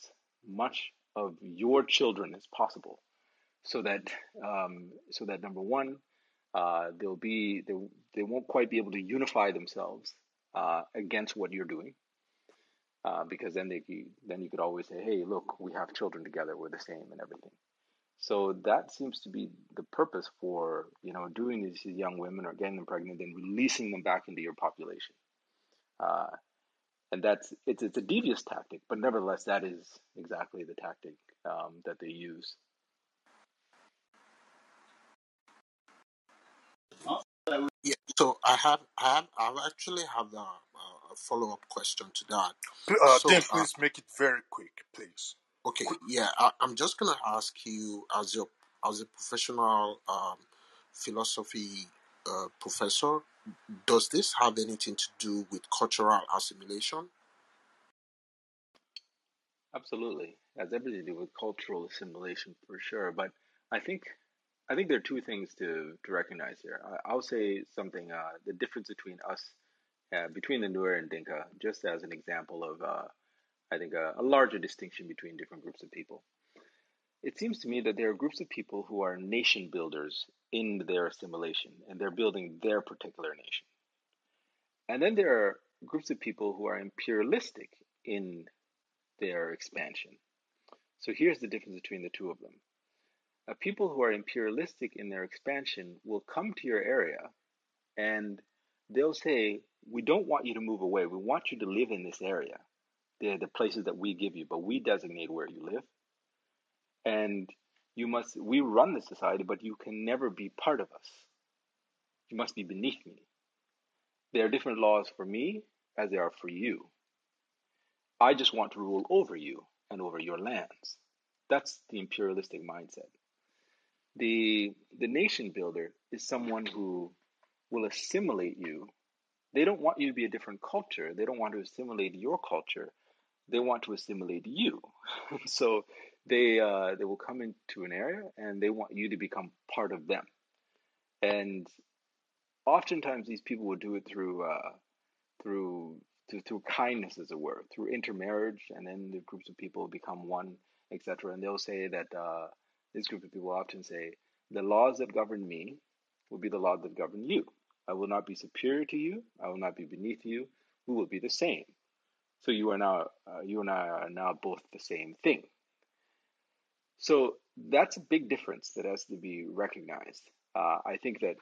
much of your children as possible, so that um, so that number one, uh, they'll be they, they won't quite be able to unify themselves uh, against what you're doing uh, because then they then you could always say, "Hey, look, we have children together. We're the same and everything." So that seems to be the purpose for you know doing these young women or getting them pregnant and releasing them back into your population. Uh, and that's it's it's a devious tactic, but nevertheless, that is exactly the tactic um, that they use. Yeah, so I have I have I've actually have the uh, follow up question to that. Uh, so, then uh please uh, make it very quick, please. Okay, yeah, I, am just gonna ask you as your as a professional um, philosophy uh, professor, does this have anything to do with cultural assimilation? Absolutely, it has everything to do with cultural assimilation for sure. But I think I think there are two things to to recognize here. I, will say something. Uh, the difference between us uh, between the Nuer and Dinka, just as an example of, uh, I think, a, a larger distinction between different groups of people. It seems to me that there are groups of people who are nation builders in their assimilation, and they're building their particular nation. And then there are groups of people who are imperialistic in their expansion. So here's the difference between the two of them. Uh, people who are imperialistic in their expansion will come to your area and they'll say, We don't want you to move away. We want you to live in this area. They're the places that we give you, but we designate where you live. And you must, we run the society, but you can never be part of us. You must be beneath me. There are different laws for me as there are for you. I just want to rule over you and over your lands. That's the imperialistic mindset. The, the nation builder is someone who will assimilate you. They don't want you to be a different culture. They don't want to assimilate your culture. They want to assimilate you. so they uh, they will come into an area and they want you to become part of them. And oftentimes these people will do it through uh, through, through through kindness, as it were, through intermarriage, and then the groups of people become one, etc. And they'll say that uh, this group of people often say, "The laws that govern me will be the laws that govern you." I will not be superior to you. I will not be beneath you. We will be the same. So you are now, uh, you and I are now both the same thing. So that's a big difference that has to be recognized. Uh, I think that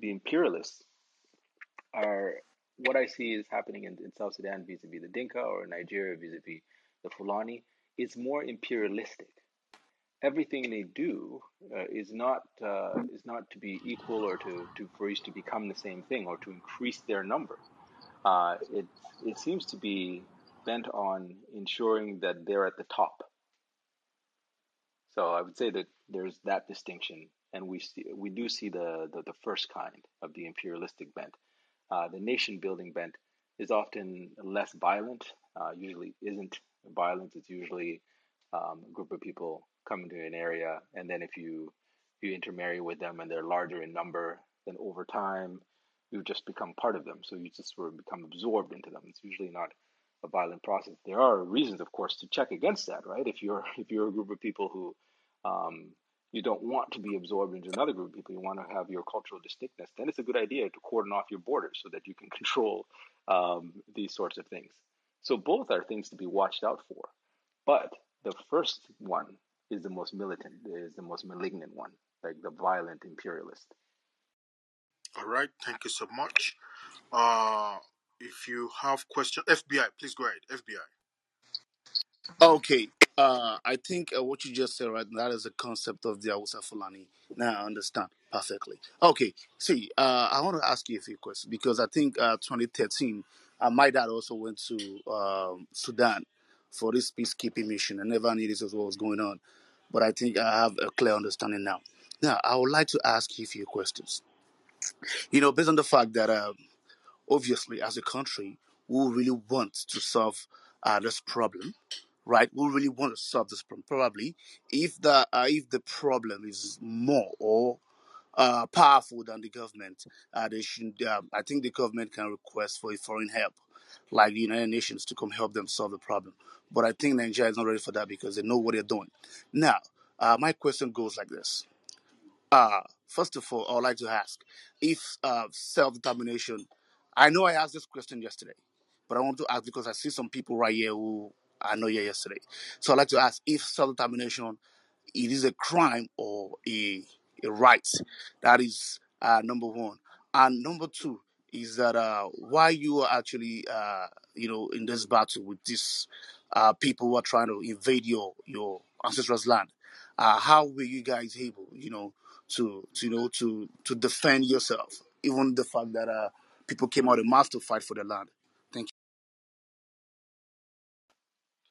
the imperialists are what I see is happening in, in South Sudan vis-a-vis the Dinka or Nigeria vis-a-vis the Fulani is more imperialistic everything they do uh, is not uh, is not to be equal or to, to for each to become the same thing or to increase their number. Uh, it it seems to be bent on ensuring that they're at the top. So I would say that there's that distinction, and we see, we do see the, the, the first kind of the imperialistic bent. Uh, the nation building bent is often less violent. Uh, usually isn't violent. It's usually um, a group of people come into an area, and then if you you intermarry with them and they're larger in number, then over time you just become part of them. So you just sort of become absorbed into them. It's usually not a violent process. There are reasons, of course, to check against that, right? If you're if you're a group of people who um, you don't want to be absorbed into another group of people, you want to have your cultural distinctness, then it's a good idea to cordon off your borders so that you can control um, these sorts of things. So both are things to be watched out for. But the first one, is the most militant, is the most malignant one, like the violent imperialist. All right, thank you so much. Uh, if you have questions, FBI, please go ahead. FBI. Okay, uh, I think uh, what you just said right that is a concept of the Awusa Fulani. Now I understand perfectly. Okay, see, uh, I want to ask you a few questions because I think uh, 2013, my dad also went to um, Sudan for this peacekeeping mission. I never knew this was what was going on, but I think I have a clear understanding now. Now, I would like to ask you a few questions. You know, based on the fact that uh, obviously, as a country, we really want to solve uh, this problem, right? We really want to solve this problem. Probably, if the uh, if the problem is more or uh, powerful than the government. Uh, they should, uh, I think the government can request for a foreign help like the United Nations to come help them solve the problem. But I think Nigeria is not ready for that because they know what they're doing. Now, uh, my question goes like this. Uh, first of all, I would like to ask if uh, self determination, I know I asked this question yesterday, but I want to ask because I see some people right here who I know here yesterday. So I'd like to ask if self determination it is a crime or a, a right. That is uh, number one. And number two, is that uh, why you are actually uh, you know in this battle with these uh, people who are trying to invade your your ancestors' land. Uh, how were you guys able, you know, to, to you know to to defend yourself, even the fact that uh, people came out in mass to fight for their land? Thank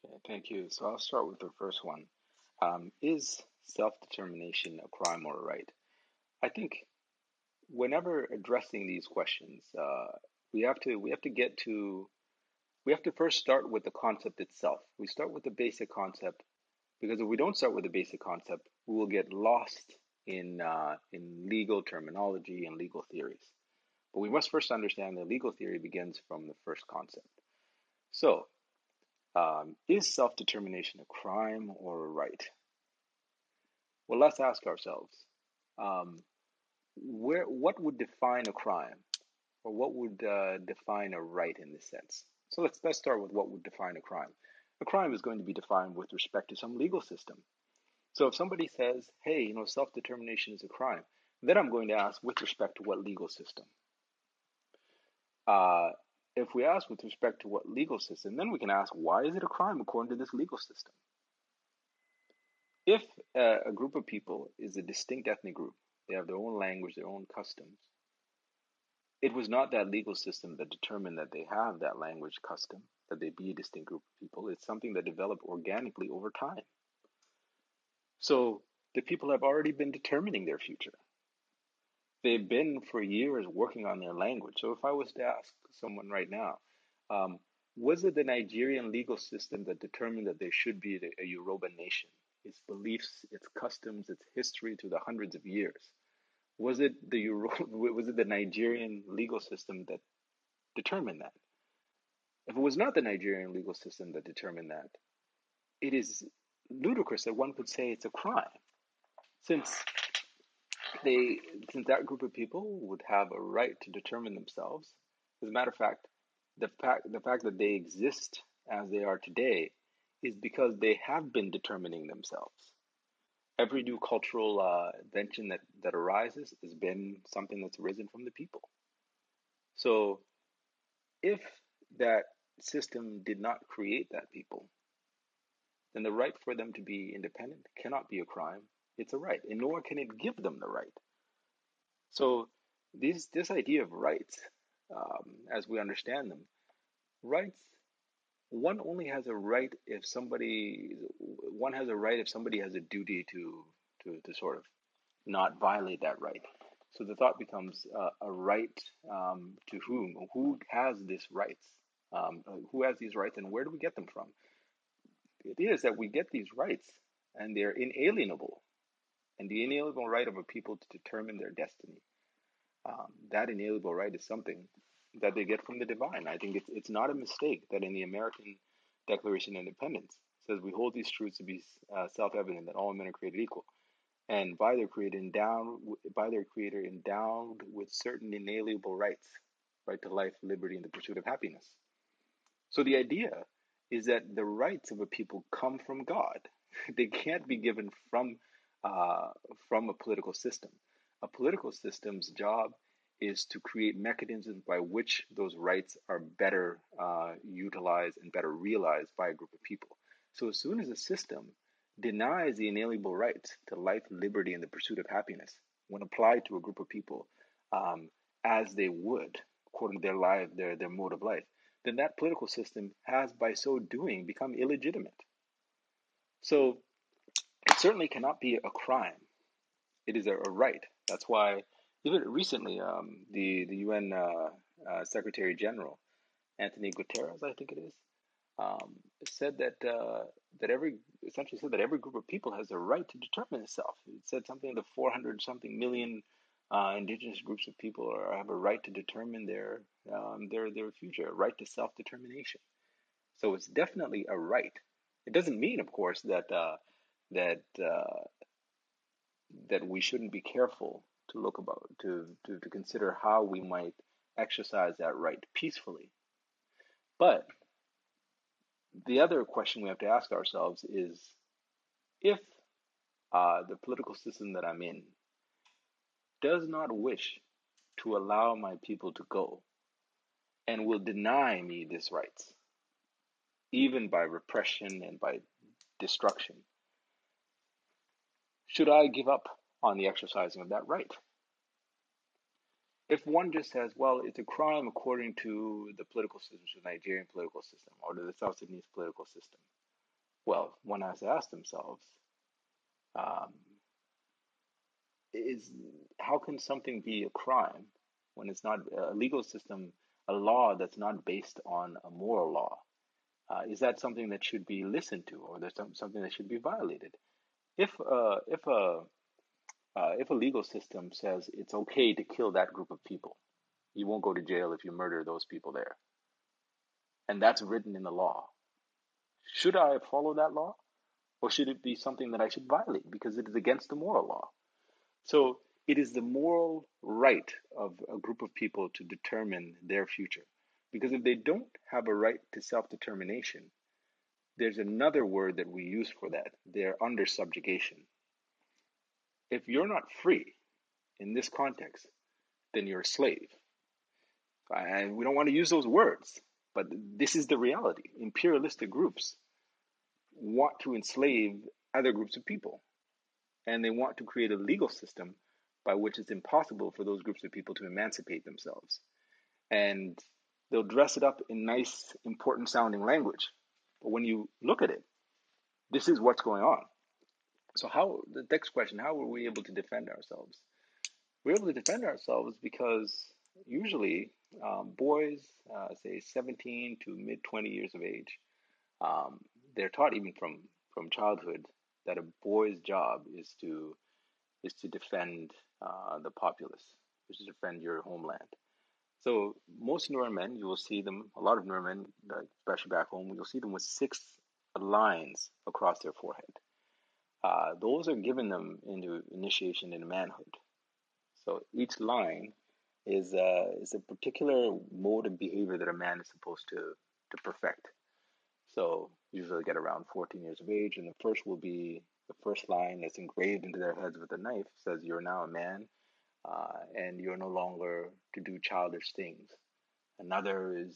you. Okay, thank you. So I'll start with the first one. Um, is self determination a crime or a right? I think whenever addressing these questions, uh, we have to we have to get to we have to first start with the concept itself. We start with the basic concept because if we don't start with the basic concept, we will get lost in uh, in legal terminology and legal theories. But we must first understand that legal theory begins from the first concept. So, um, is self determination a crime or a right? Well, let's ask ourselves. Um, where what would define a crime, or what would uh, define a right in this sense? So let's let's start with what would define a crime. A crime is going to be defined with respect to some legal system. So if somebody says, "Hey, you know, self-determination is a crime," then I'm going to ask with respect to what legal system. Uh, if we ask with respect to what legal system, then we can ask why is it a crime according to this legal system? If uh, a group of people is a distinct ethnic group, they have their own language, their own customs. It was not that legal system that determined that they have that language custom, that they be a distinct group of people. It's something that developed organically over time. So the people have already been determining their future. They've been for years working on their language. So if I was to ask someone right now, um, was it the Nigerian legal system that determined that they should be a Yoruba nation? its beliefs, its customs, its history through the hundreds of years? Was it the Euro- was it the Nigerian legal system that determined that? If it was not the Nigerian legal system that determined that, it is ludicrous that one could say it's a crime, since they since that group of people would have a right to determine themselves. As a matter of fact, the fact the fact that they exist as they are today is because they have been determining themselves. Every new cultural uh, invention that, that arises has been something that's arisen from the people. So if that system did not create that people, then the right for them to be independent cannot be a crime. It's a right, and nor can it give them the right. So, this this idea of rights, um, as we understand them, rights one only has a right if somebody one has a right if somebody has a duty to to, to sort of not violate that right. So the thought becomes uh, a right um, to whom? Who has these rights? Um, who has these rights, and where do we get them from? It is that we get these rights, and they're inalienable, and the inalienable right of a people to determine their destiny. Um, that inalienable right is something that they get from the divine. I think it's it's not a mistake that in the American Declaration of Independence says we hold these truths to be uh, self-evident that all men are created equal, and by their creator endowed by their creator endowed with certain inalienable rights, right to life, liberty, and the pursuit of happiness. So the idea is that the rights of a people come from God. they can't be given from uh, from a political system. A political system's job is to create mechanisms by which those rights are better uh, utilized and better realized by a group of people. So as soon as a system denies the inalienable rights to life, liberty, and the pursuit of happiness, when applied to a group of people um, as they would, according to their life, their, their mode of life, then that political system has, by so doing, become illegitimate. So it certainly cannot be a crime. It is a, a right. That's why even recently, um, the the UN uh, uh, Secretary General Anthony Guterres, I think it is, um, said that uh, that every essentially said that every group of people has a right to determine itself. It said something of the four hundred something million uh, indigenous groups of people are, have a right to determine their um, their their future, a right to self determination. So it's definitely a right. It doesn't mean, of course, that uh, that uh, that we shouldn't be careful to look about, to, to, to consider how we might exercise that right peacefully. But the other question we have to ask ourselves is if uh, the political system that I'm in does not wish to allow my people to go and will deny me this rights, even by repression and by destruction, should I give up on the exercising of that right. If one just says, well, it's a crime according to the political system, to the Nigerian political system, or to the South Sudanese political system, well, one has to ask themselves, um, is how can something be a crime when it's not a legal system, a law that's not based on a moral law? Uh, is that something that should be listened to, or there's some, something that should be violated? If uh, if a uh, if a legal system says it's okay to kill that group of people, you won't go to jail if you murder those people there. And that's written in the law. Should I follow that law? Or should it be something that I should violate because it is against the moral law? So it is the moral right of a group of people to determine their future. Because if they don't have a right to self determination, there's another word that we use for that. They're under subjugation. If you're not free in this context, then you're a slave. And we don't want to use those words, but this is the reality. Imperialistic groups want to enslave other groups of people, and they want to create a legal system by which it's impossible for those groups of people to emancipate themselves. And they'll dress it up in nice, important sounding language. But when you look at it, this is what's going on so how the next question? How were we able to defend ourselves? We are able to defend ourselves because usually um, boys, uh, say 17 to mid 20 years of age, um, they're taught even from from childhood that a boy's job is to is to defend uh, the populace, is to defend your homeland. So most Norman, you will see them. A lot of Norman, especially back home, you'll see them with six lines across their forehead uh, those are given them into initiation into manhood. So each line is uh, is a particular mode of behavior that a man is supposed to to perfect. So usually get around 14 years of age, and the first will be the first line that's engraved into their heads with a knife says, "You're now a man, uh, and you're no longer to do childish things." Another is,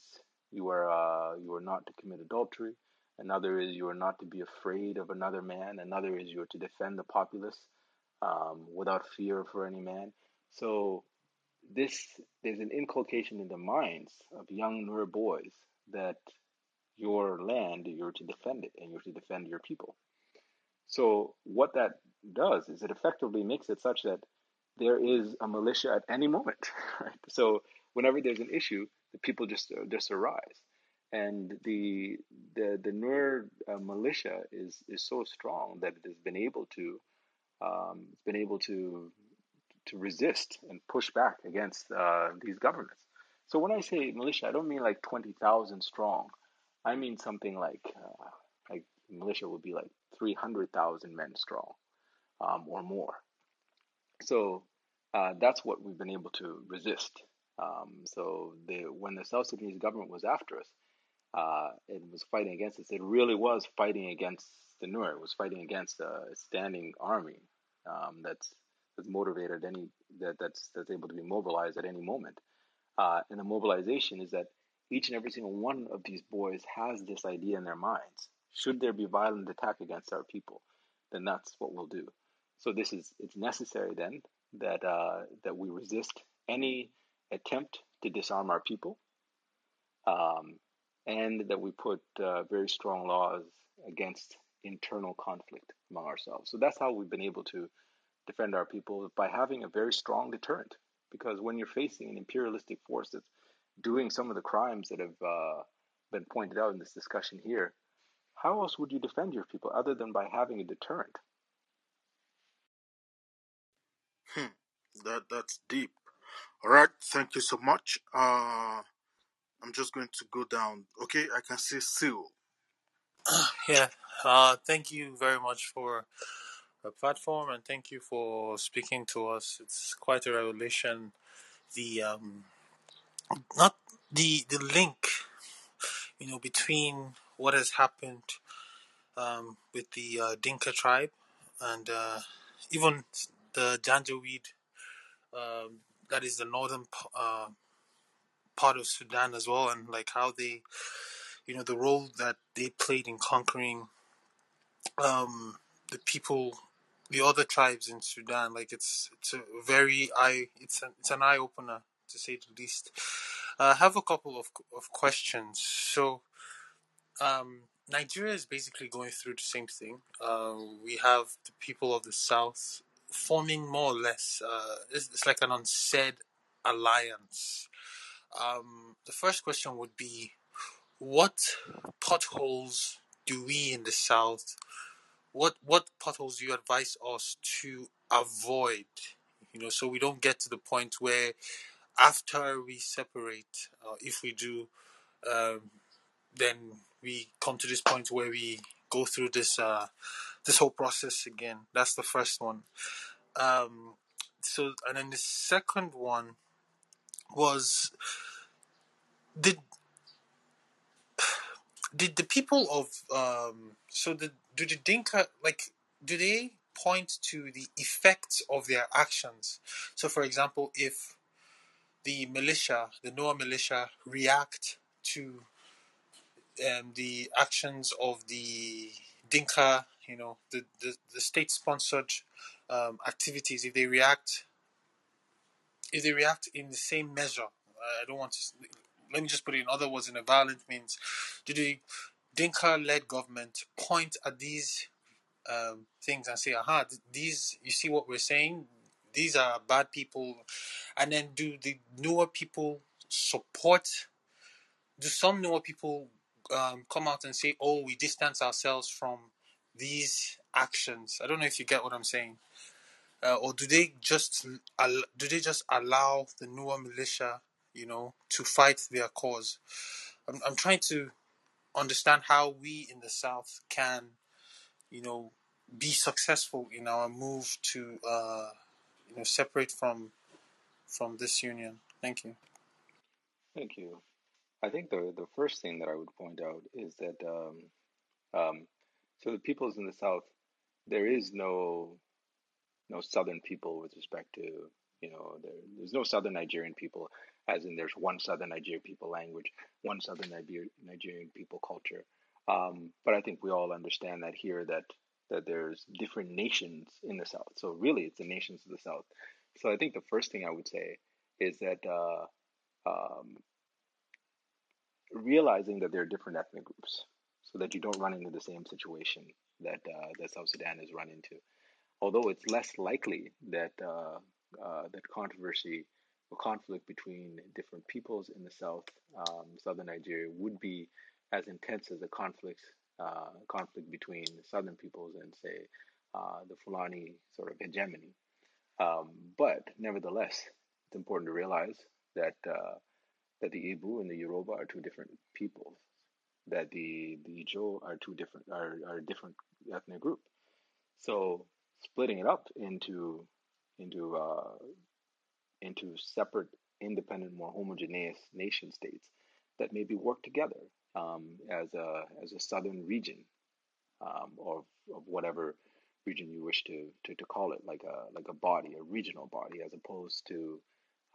"You are uh, you are not to commit adultery." Another is you are not to be afraid of another man. Another is you are to defend the populace um, without fear for any man. So this there's an inculcation in the minds of young Nur boys that your land you're to defend it and you're to defend your people. So what that does is it effectively makes it such that there is a militia at any moment. Right? So whenever there's an issue, the people just uh, just arise and the the the Nur uh, militia is is so strong that it has been able to um, it's been able to to resist and push back against uh, these governments. So when I say militia, I don't mean like twenty thousand strong. I mean something like uh, like militia would be like three hundred thousand men strong um, or more. So uh, that's what we've been able to resist. Um, so they, when the South Sudanese government was after us, uh, and was fighting against this. It really was fighting against the Nur. It was fighting against a standing army um, that's that's motivated any that that's that's able to be mobilized at any moment. Uh, and the mobilization is that each and every single one of these boys has this idea in their minds: should there be violent attack against our people, then that's what we'll do. So this is it's necessary then that uh, that we resist any attempt to disarm our people. Um, and that we put uh, very strong laws against internal conflict among ourselves. So that's how we've been able to defend our people by having a very strong deterrent. Because when you're facing an imperialistic force that's doing some of the crimes that have uh, been pointed out in this discussion here, how else would you defend your people other than by having a deterrent? Hmm. That that's deep. All right, thank you so much. Uh, I'm just going to go down. Okay, I can see seal. Yeah. Uh, thank you very much for the platform, and thank you for speaking to us. It's quite a revelation. The um, not the the link, you know, between what has happened um, with the uh, Dinka tribe and uh, even the Janjaweed. Um, that is the northern uh, part of Sudan as well, and like how they, you know, the role that they played in conquering um, the people, the other tribes in Sudan. Like it's it's a very eye it's an it's an eye opener to say the least. Uh, I have a couple of of questions. So. Um, Nigeria is basically going through the same thing. Uh, we have the people of the south forming more or less. Uh, it's, it's, like an unsaid alliance um, the first question would be what potholes do we in the south what what potholes do you advise us to avoid you know so we don't get to the point where after we separate uh, if we do um, then we come to this point where we go through this uh, this whole process again that's the first one um, so and then the second one was did did the people of um, so the do the Dinka like do they point to the effects of their actions? So, for example, if the militia, the Noah militia, react to um, the actions of the Dinka, you know, the the, the state-sponsored um, activities, if they react if they react in the same measure, I don't want to. Let me just put it in other words, in a violent means, did the Dinka-led government point at these um, things and say, "Aha, these you see what we're saying? These are bad people," and then do the newer people support? Do some newer people um, come out and say, "Oh, we distance ourselves from these actions"? I don't know if you get what I'm saying uh, or do they just do they just allow the newer militia, you know, to fight their cause? I'm, I'm trying to understand how we in the South can, you know, be successful in our move to, uh, you know, separate from from this union. Thank you. Thank you. I think the the first thing that I would point out is that um, um, so the peoples in the South, there is no no southern people with respect to you know there, there's no southern Nigerian people as in there's one southern Nigerian people language, one southern Nigerian people culture. Um, but I think we all understand that here that that there's different nations in the south. So really, it's the nations of the south. So I think the first thing I would say is that uh, um, realizing that there are different ethnic groups, so that you don't run into the same situation that uh, that South Sudan has run into although it's less likely that uh, uh, that controversy or conflict between different peoples in the south, um, southern Nigeria, would be as intense as the conflicts uh, conflict between the southern peoples and say uh, the Fulani sort of hegemony. Um, but nevertheless, it's important to realize that uh, that the Ibu and the Yoruba are two different peoples. That the the Ijo are two different are, are a different ethnic group. So splitting it up into into uh, into separate, independent, more homogeneous nation states that maybe work together um, as a as a southern region um, of of whatever region you wish to, to to call it, like a like a body, a regional body, as opposed to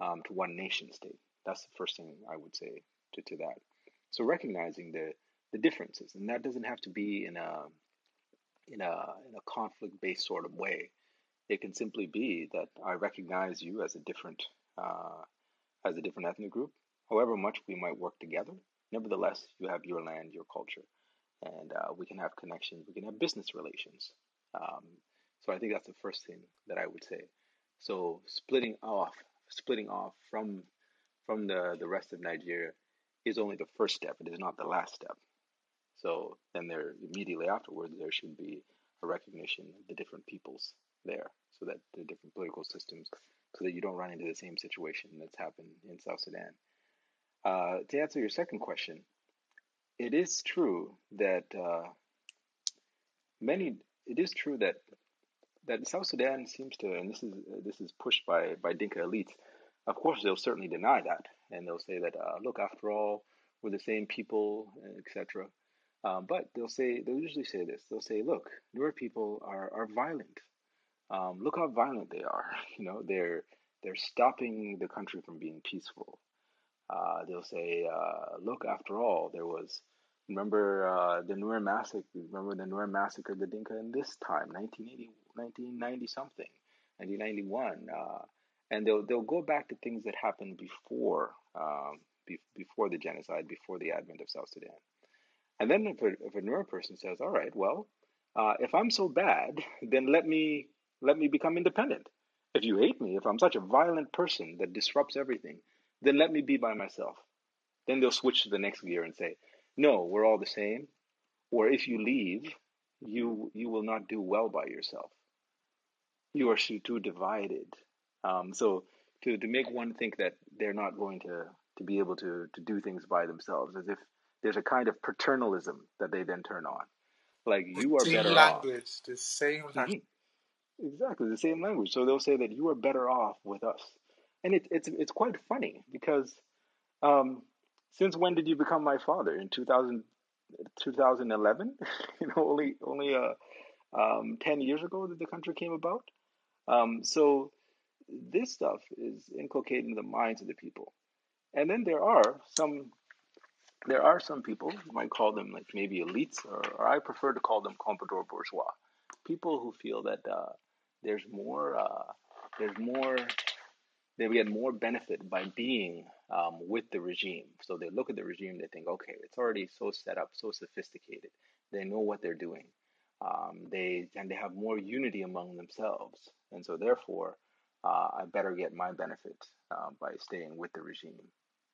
um, to one nation state. That's the first thing I would say to, to that. So recognizing the the differences, and that doesn't have to be in a in a in a conflict based sort of way. It can simply be that I recognize you as a different uh, as a different ethnic group. However much we might work together, nevertheless, you have your land, your culture, and uh, we can have connections. We can have business relations. Um, so I think that's the first thing that I would say. So splitting off, splitting off from from the the rest of Nigeria is only the first step. It is not the last step. So then there immediately afterwards there should be a recognition of the different peoples there, so that the different political systems, so that you don't run into the same situation that's happened in South Sudan. Uh, to answer your second question, it is true that uh, many. It is true that that South Sudan seems to, and this is this is pushed by by Dinka elites. Of course, they'll certainly deny that, and they'll say that uh, look, after all, we're the same people, etc. Um, but they'll say they'll usually say this. They'll say, "Look, newer people are are violent. Um, look how violent they are. You know, they're they're stopping the country from being peaceful." Uh, they'll say, uh, "Look, after all, there was." Remember uh, the Nuer massacre. Remember the Nuer massacre, the Dinka, in this time, 1980, 1990 something, 1991, uh, and they'll they'll go back to things that happened before um, be- before the genocide, before the advent of South Sudan. And then if a, if a neuro person says, all right, well, uh, if I'm so bad, then let me let me become independent. If you hate me, if I'm such a violent person that disrupts everything, then let me be by myself. Then they'll switch to the next gear and say, no, we're all the same. Or if you leave, you you will not do well by yourself. You are too divided. Um, so to, to make one think that they're not going to, to be able to, to do things by themselves, as if there's a kind of paternalism that they then turn on. Like you are better language, off. the same language. Exactly the same language. So they'll say that you are better off with us, and it, it's it's quite funny because um, since when did you become my father? In 2000, 2011? you know, only only uh, um, ten years ago that the country came about. Um, so this stuff is inculcated in the minds of the people, and then there are some there are some people you might call them like maybe elites, or, or I prefer to call them comprador bourgeois, people who feel that uh, there's more, uh, there's more, they get more benefit by being um, with the regime. So they look at the regime, they think, okay, it's already so set up, so sophisticated. They know what they're doing. Um, they and they have more unity among themselves, and so therefore, uh, I better get my benefit uh, by staying with the regime.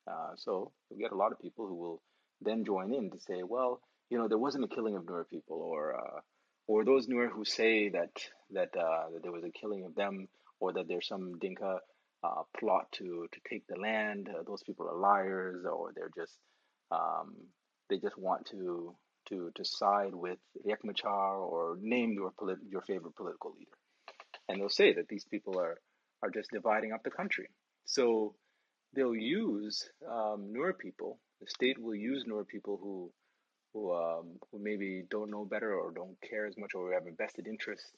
Uh, so we get a lot of people who will then join in to say, well, you know, there wasn't a killing of Nuer people, or uh, or those Nuer who say that that, uh, that there was a killing of them, or that there's some Dinka uh, plot to to take the land. Uh, those people are liars, or they're just um, they just want to to to side with Riek Machar or name your polit- your favorite political leader, and they'll say that these people are are just dividing up the country. So they'll use um, newer people. The state will use newer people who who um, who maybe don't know better or don't care as much or have a vested interest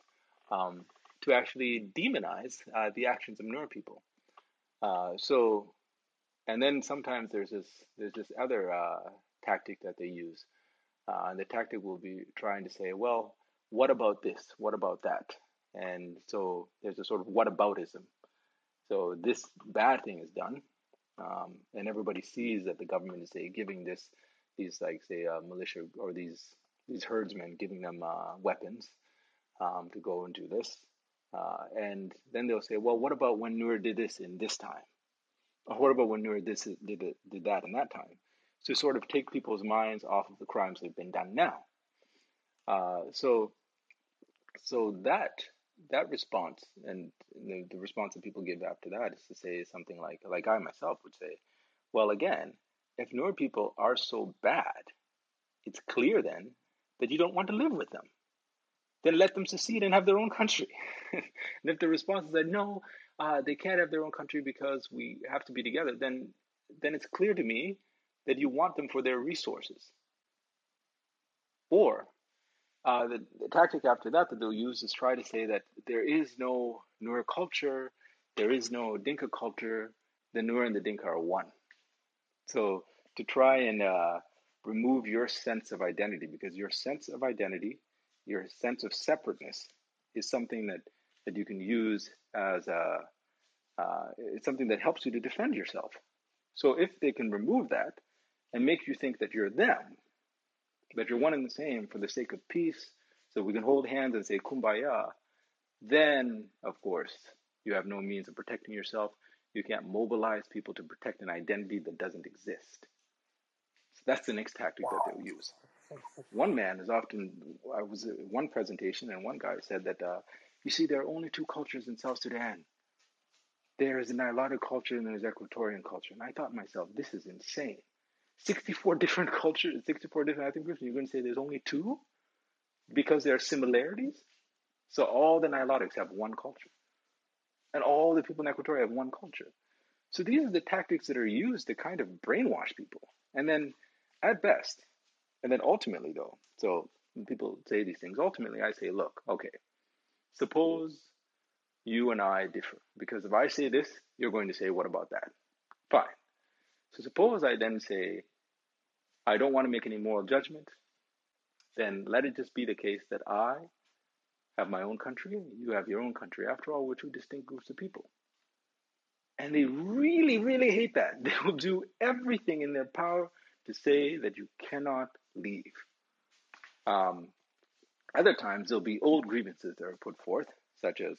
um, to actually demonize uh, the actions of newer people. Uh, so, and then sometimes there's this there's this other uh, tactic that they use, uh, and the tactic will be trying to say, well, what about this? What about that? And so there's a sort of whataboutism. So this bad thing is done, um, and everybody sees that the government is say giving this these like say uh, militia or these these herdsmen giving them uh, weapons um, to go and do this, uh, and then they'll say, well, what about when Nur did this in this time, or what about when Nur this did it, did that in that time? To sort of take people's minds off of the crimes that have been done now. Uh, so, so that that response and the, the response that people give after that is to say something like, like I myself would say, well, again, if Nord people are so bad, it's clear then that you don't want to live with them. Then let them secede and have their own country. and if the response is that no, uh, they can't have their own country because we have to be together, then then it's clear to me that you want them for their resources. Or uh, the, the, tactic after that that they'll use is try to say that there is no Nur culture, there is no Dinka culture, the Nur and the Dinka are one. So to try and uh, remove your sense of identity, because your sense of identity, your sense of separateness, is something that, that you can use as a, uh, it's something that helps you to defend yourself. So if they can remove that and make you think that you're them, but you're one and the same for the sake of peace, so we can hold hands and say kumbaya, then of course you have no means of protecting yourself. You can't mobilize people to protect an identity that doesn't exist. So that's the next tactic wow. that they'll use. One man is often, I was at one presentation and one guy said that, uh, you see, there are only two cultures in South Sudan. There is a Nilotic culture and there's Equatorian culture. And I thought myself, this is insane. 64 different cultures, 64 different ethnic groups, you're going to say there's only two because there are similarities? So all the Nilotics have one culture. And all the people in Ecuador have one culture. So these are the tactics that are used to kind of brainwash people. And then at best, and then ultimately though, so when people say these things, ultimately I say, look, okay, suppose you and I differ. Because if I say this, you're going to say, what about that? Fine. So suppose I then say, I don't want to make any moral judgment, then let it just be the case that I have my own country, you have your own country. After all, we're two distinct groups of people. And they really, really hate that. They will do everything in their power to say that you cannot leave. Um, other times, there'll be old grievances that are put forth, such as,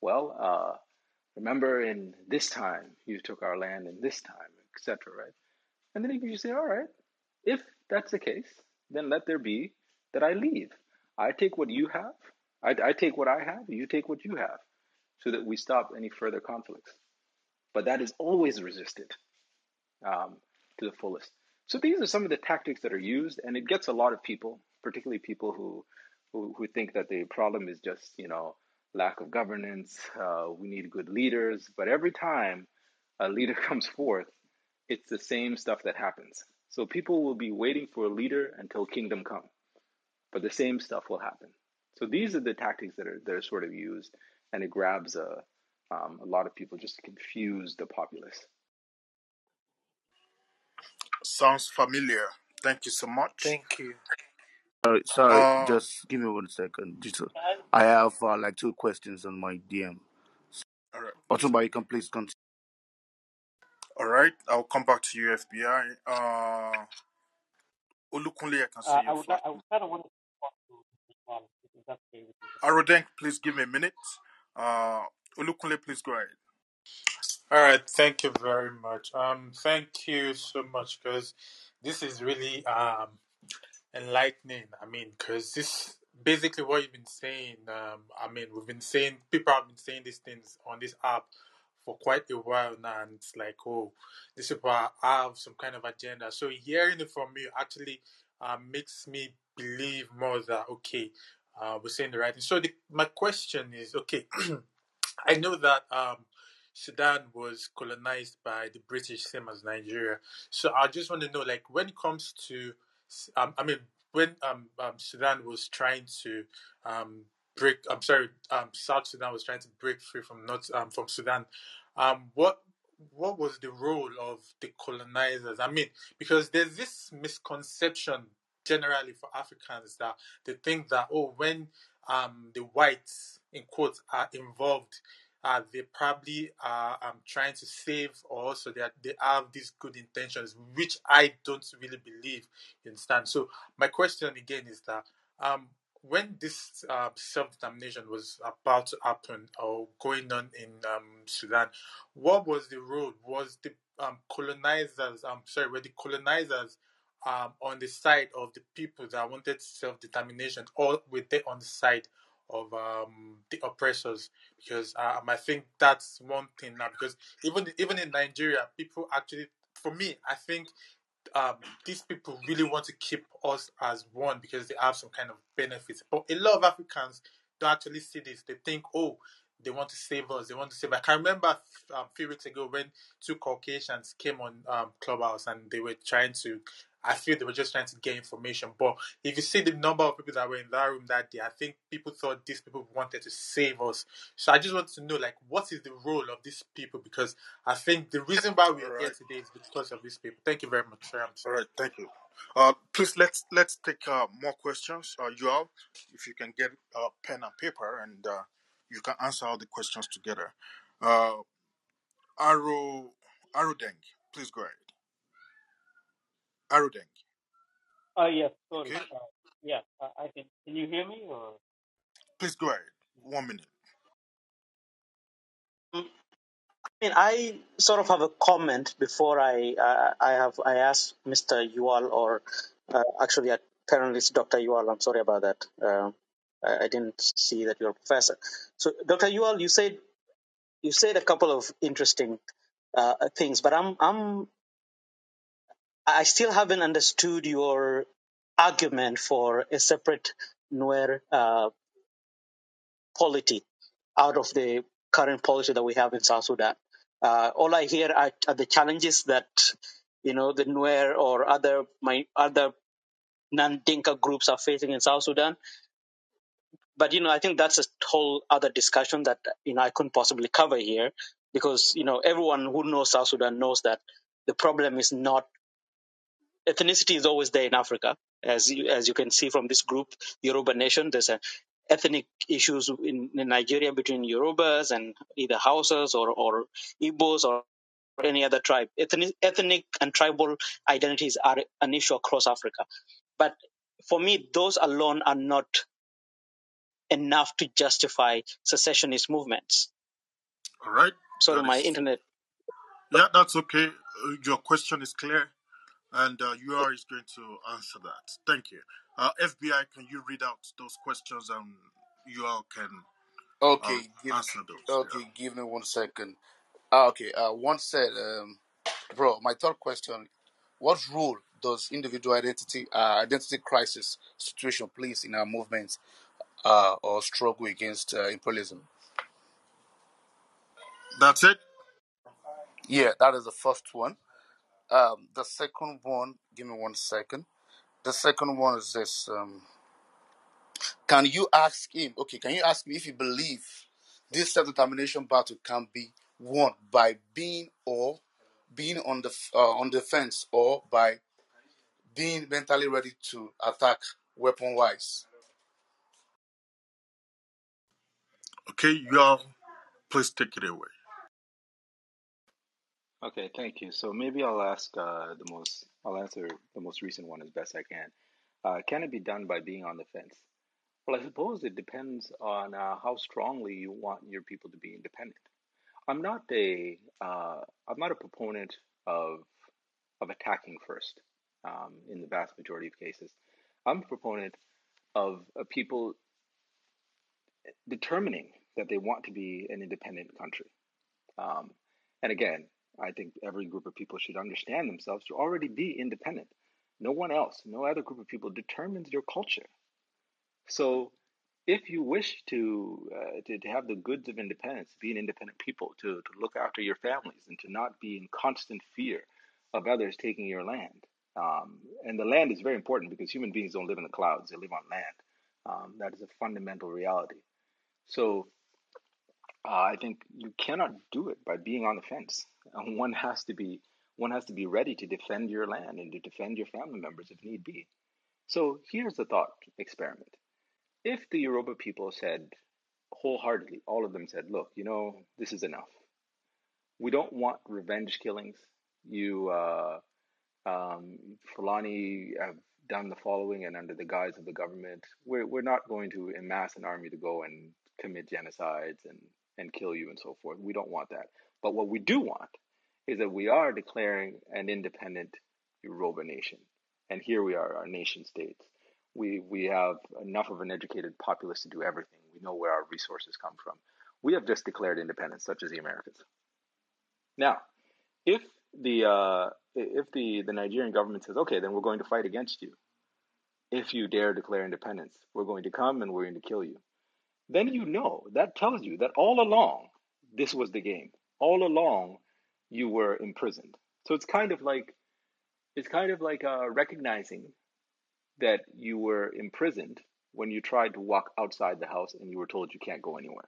well, uh, remember in this time you took our land in this time, etc., right? And then if you say, all right, if that's the case, then let there be that I leave. I take what you have, I, I take what I have, you take what you have, so that we stop any further conflicts. But that is always resisted um, to the fullest. So these are some of the tactics that are used, and it gets a lot of people, particularly people who who, who think that the problem is just you know lack of governance. Uh, we need good leaders, but every time a leader comes forth, it's the same stuff that happens. So people will be waiting for a leader until kingdom come. But the same stuff will happen. So these are the tactics that are that are sort of used, and it grabs a uh, um, a lot of people just to confuse the populace. Sounds familiar. Thank you so much. Thank you. Uh, sorry, uh, just give me one second. Just, uh, I have uh, like two questions on my DM. All right. Otumba, you can please continue. All right, I'll come back to you, FBI. Uh, Olukunle, I can uh, see uh, I would, I would kind of want to talk to if that's okay Arodenk, please give me a minute. Uh, Olukunle, please go ahead. All right, thank you very much. Um, thank you so much because this is really um enlightening. I mean, because this basically what you've been saying. Um, I mean, we've been saying people have been saying these things on this app for quite a while now, and it's like, oh, these people I have some kind of agenda. So hearing it from you actually uh, makes me believe more that okay, uh, we're saying the right thing. So the, my question is, okay, I know that um, Sudan was colonized by the British, same as Nigeria. So I just want to know, like, when it comes to, um, I mean, when um, um Sudan was trying to um, break. I'm sorry, um, South Sudan was trying to break free from not um, from Sudan. Um, what what was the role of the colonizers? I mean, because there's this misconception generally for Africans that they think that oh, when um, the whites in quotes are involved, uh, they probably are um, trying to save, or also they are, they have these good intentions, which I don't really believe. You understand? So my question again is that um, when this uh, self-determination was about to happen or going on in um, Sudan, what was the role? Was the um, colonizers, I'm um, sorry, were the colonizers um, on the side of the people that wanted self-determination or were they on the side of um, the oppressors because um, I think that's one thing now because even even in Nigeria, people actually for me I think um, these people really want to keep us as one because they have some kind of benefits. But a lot of Africans don't actually see this. They think, oh, they want to save us. They want to save. I can remember a um, few weeks ago when two Caucasians came on um, Clubhouse and they were trying to I feel they were just trying to get information. But if you see the number of people that were in that room that day, I think people thought these people wanted to save us. So I just want to know, like, what is the role of these people? Because I think the reason why we are right. here today is because of these people. Thank you very much. All right, thank you. Uh, please let's let's take uh, more questions. Uh, you all, if you can get a pen and paper, and uh, you can answer all the questions together. Uh, Aru Arudeng, please go ahead. Arudeng. Uh, yes, sorry. Okay. Uh, yeah, I, can. Can you hear me? Or? Please go ahead. One minute. Mm, I mean, I sort of have a comment before I uh, I have I asked Mr. Yual or uh, actually apparently it's Dr. Yual. I'm sorry about that. Uh, I, didn't see that you're a professor. So, Dr. Yual, you said you said a couple of interesting uh, things, but I'm I'm I still haven't understood your argument for a separate Nuer uh, polity out of the current policy that we have in South Sudan. Uh, all I hear are, are, the challenges that you know the Nuer or other my other non-Dinka groups are facing in South Sudan. But you know, I think that's a whole other discussion that you know I couldn't possibly cover here because you know everyone who knows South Sudan knows that the problem is not ethnicity is always there in Africa, as you, as you can see from this group, Yoruba Nation. There's a ethnic issues in, in Nigeria between Yorubas and either Hausas or or Igbos or any other tribe. Ethnic, ethnic and tribal identities are an issue across Africa, but for me, those alone are not enough to justify secessionist movements. All right. Sorry, that my is... internet. Yeah, that's okay. Uh, your question is clear. And uh, you are is going to answer that. Thank you. Uh, FBI, can you read out those questions and you all can okay, um, give, answer those? Okay, yeah. give me one second. Ah, okay, uh, one said, um, bro, my third question What role does individual identity uh, identity crisis situation plays in our movements uh, or struggle against uh, imperialism? That's it? Yeah, that is the first one. Um, the second one, give me one second. The second one is this. Um, can you ask him, okay, can you ask me if you believe this self determination battle can be won by being or being on the uh, on the fence or by being mentally ready to attack weapon wise? Okay, y'all, please take it away. Okay, thank you. So maybe I'll ask uh, the most, I'll answer the most recent one as best I can. Uh, can it be done by being on the fence? Well, I suppose it depends on uh, how strongly you want your people to be independent. I'm not a, am uh, not a proponent of, of attacking first. Um, in the vast majority of cases, I'm a proponent of uh, people determining that they want to be an independent country. Um, and again, I think every group of people should understand themselves to already be independent. No one else, no other group of people determines your culture. So, if you wish to, uh, to, to have the goods of independence, be an independent people, to, to look after your families, and to not be in constant fear of others taking your land. Um, and the land is very important because human beings don't live in the clouds; they live on land. Um, that is a fundamental reality. So uh, I think you cannot do it by being on the fence. one has to be one has to be ready to defend your land and to defend your family members if need be. So here's the thought experiment. If the Yoruba people said wholeheartedly, all of them said, look, you know, this is enough. We don't want revenge killings. You, uh, um, Fulani have done the following and under the guise of the government, we're, we're not going to amass an army to go and commit genocides and and kill you and so forth. We don't want that. But what we do want is that we are declaring an independent Yoruba nation. And here we are, our nation states. We, we have enough of an educated populace to do everything. We know where our resources come from. We have just declared independence, such as the Americans. Now, if the, uh, if the, the Nigerian government says, okay, then we're going to fight against you. If you dare declare independence, we're going to come and we're going to kill you then you know that tells you that all along this was the game. All along you were imprisoned. So it's kind of like it's kind of like uh, recognizing that you were imprisoned when you tried to walk outside the house and you were told you can't go anywhere.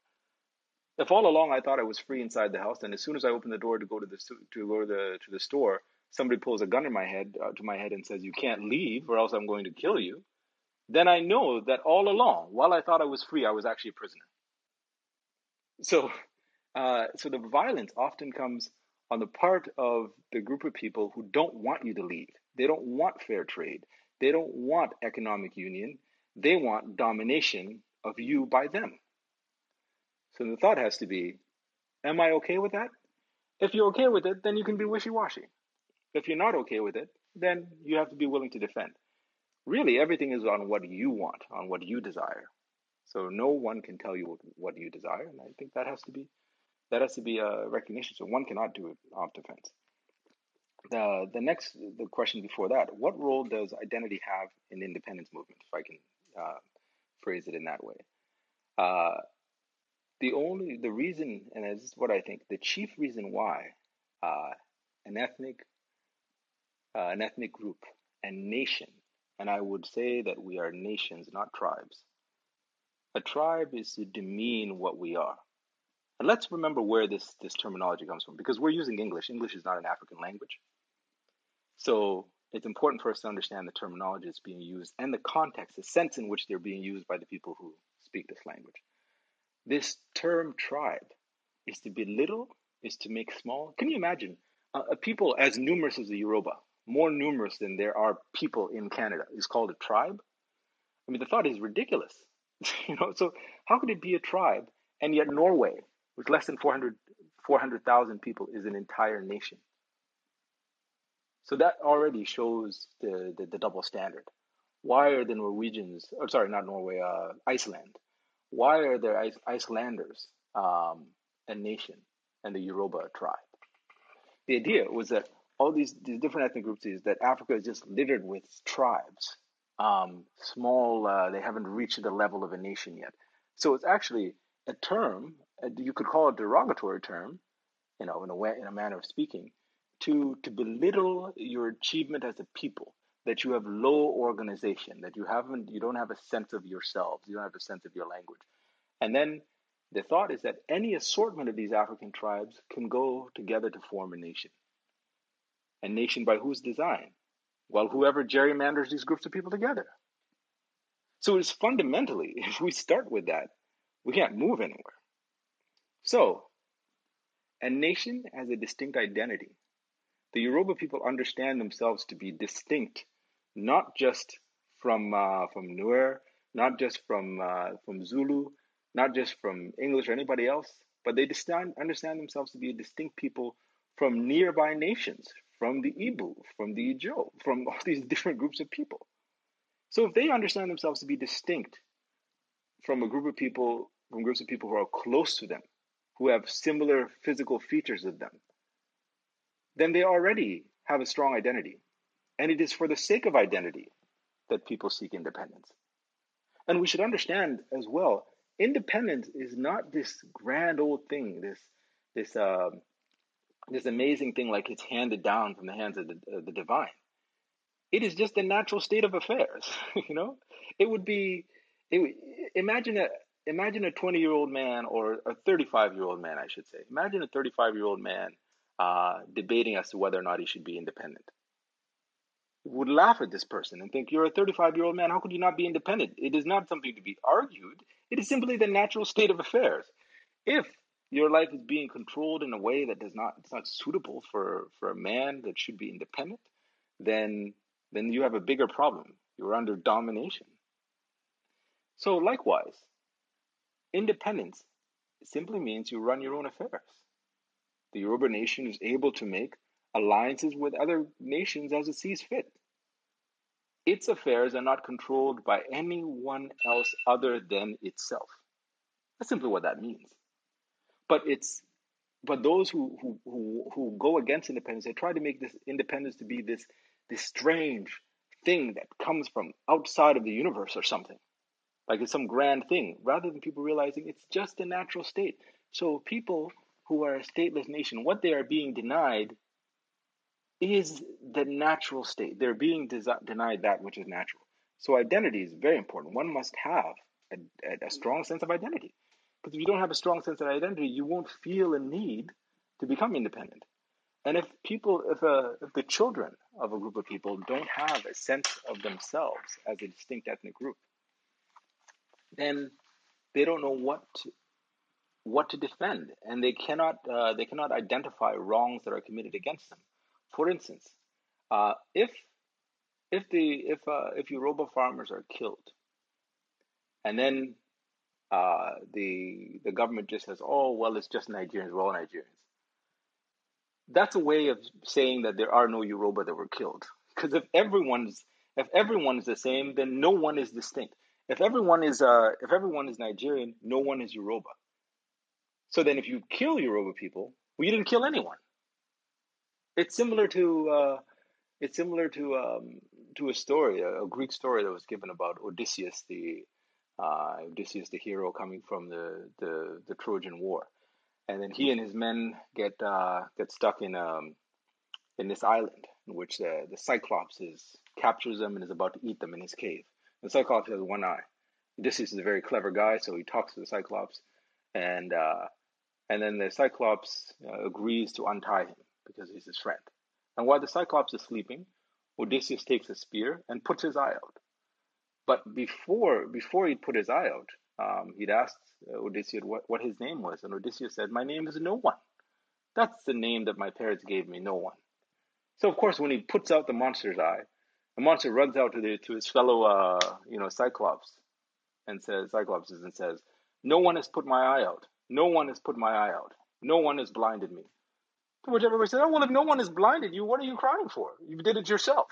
If all along I thought I was free inside the house, and as soon as I opened the door to go to the to go to the to the store, somebody pulls a gun in my head uh, to my head and says, "You can't leave, or else I'm going to kill you." then I know that all along, while I thought I was free, I was actually a prisoner. So, uh, so the violence often comes on the part of the group of people who don't want you to leave. They don't want fair trade. They don't want economic union. They want domination of you by them. So the thought has to be Am I okay with that? If you're okay with it, then you can be wishy washy. If you're not okay with it, then you have to be willing to defend really everything is on what you want, on what you desire. So no one can tell you what, you desire, and I think that has to be that has to be a recognition. So one cannot do it off defense. The the next the question before that: What role does identity have in the independence movement? If I can uh, phrase it in that way. Uh, the only the reason, and this is what I think, the chief reason why uh, an ethnic uh, an ethnic group and nation and I would say that we are nations, not tribes. A tribe is to demean what we are. And let's remember where this, this terminology comes from, because we're using English. English is not an African language. So it's important for us to understand the terminology that's being used and the context, the sense in which they're being used by the people who speak this language. This term tribe is to belittle, is to make small. Can you imagine a, a people as numerous as the Yoruba, more numerous than there are people in Canada is called a tribe. I mean, the thought is ridiculous. you know, so how could it be a tribe? And yet, Norway, with less than 400 400,000 people, is an entire nation. So that already shows the, the, the double standard. Why are the Norwegians, or sorry, not Norway, uh, Iceland? Why are there Icelanders um, a nation and the Yoruba a tribe? The idea was that all these, these different ethnic groups is that Africa is just littered with tribes. Um, small, uh, they haven't reached the level of a nation yet. So it's actually a term, uh, you could call it a derogatory term, you know, in a way, in a manner of speaking, to, to belittle your achievement as a people, that you have low organization, that you haven't, you don't have a sense of yourselves, you don't have a sense of your language. And then the thought is that any assortment of these African tribes can go together to form a nation and nation by whose design? Well, whoever gerrymanders these groups of people together. So it's fundamentally, if we start with that, we can't move anywhere. So, a nation has a distinct identity. The Yoruba people understand themselves to be distinct, not just from uh, from Nuer, not just from uh, from Zulu, not just from English or anybody else, but they understand themselves to be a distinct people from nearby nations, from the Ibu, from the Ijo, from all these different groups of people. So if they understand themselves to be distinct from a group of people, from groups of people who are close to them, who have similar physical features of them, then they already have a strong identity. And it is for the sake of identity that people seek independence. And we should understand as well, independence is not this grand old thing, this this um, this amazing thing like it's handed down from the hands of the, the divine it is just the natural state of affairs you know it would be it, imagine a imagine a 20 year old man or a 35 year old man i should say imagine a 35 year old man uh, debating as to whether or not he should be independent would laugh at this person and think you're a 35 year old man how could you not be independent it is not something to be argued it is simply the natural state of affairs if your life is being controlled in a way that does not it's not suitable for for a man that should be independent then then you have a bigger problem you're under domination so likewise independence simply means you run your own affairs the European nation is able to make alliances with other nations as it sees fit its affairs are not controlled by anyone else other than itself that's simply what that means but it's but those who who who, who go against independence, they try to make this independence to be this this strange thing that comes from outside of the universe or something. Like it's some grand thing, rather than people realizing it's just a natural state. So people who are a stateless nation, what they are being denied is the natural state. They're being desi- denied that which is natural. So identity is very important. One must have a, a, strong sense of identity. Because if you don't have a strong sense of identity, you won't feel a need to become independent. And if people, if, a, uh, if the children of a group of people don't have a sense of themselves as a distinct ethnic group, then they don't know what to, what to defend, and they cannot uh, they cannot identify wrongs that are committed against them. For instance, uh, if if the if uh, if Yoruba farmers are killed, and then uh, the the government just says, "Oh, well, it's just Nigerians. We're all Nigerians." That's a way of saying that there are no Yoruba that were killed. Because if everyone's if everyone is the same, then no one is distinct. If everyone is uh, if everyone is Nigerian, no one is Yoruba. So then, if you kill Yoruba people, well, you didn't kill anyone. It's similar to uh, it's similar to um, to a story, a, a Greek story that was given about Odysseus, the uh, Odysseus, the hero coming from the, the, the, Trojan War. And then he and his men get uh, get stuck in um, in this island in which the, the Cyclops is, captures them and is about to eat them in his cave. The Cyclops has one eye. Odysseus is a very clever guy, so he talks to the Cyclops, and uh, and then the Cyclops uh, agrees to untie him because he's his friend. And while the Cyclops is sleeping, Odysseus takes a spear and puts his eye out. But before before he put his eye out, um, he'd asked uh, Odysseus what, what his name was, and Odysseus said, "My name is No One. That's the name that my parents gave me, No One." So of course, when he puts out the monster's eye, the monster runs out to the, to his fellow, uh, you know, Cyclops, and says, "Cyclops," and says, "No one has put my eye out. No one has put my eye out. No one has blinded me." To which everybody said, "Oh well, if no one has blinded you, what are you crying for? You did it yourself."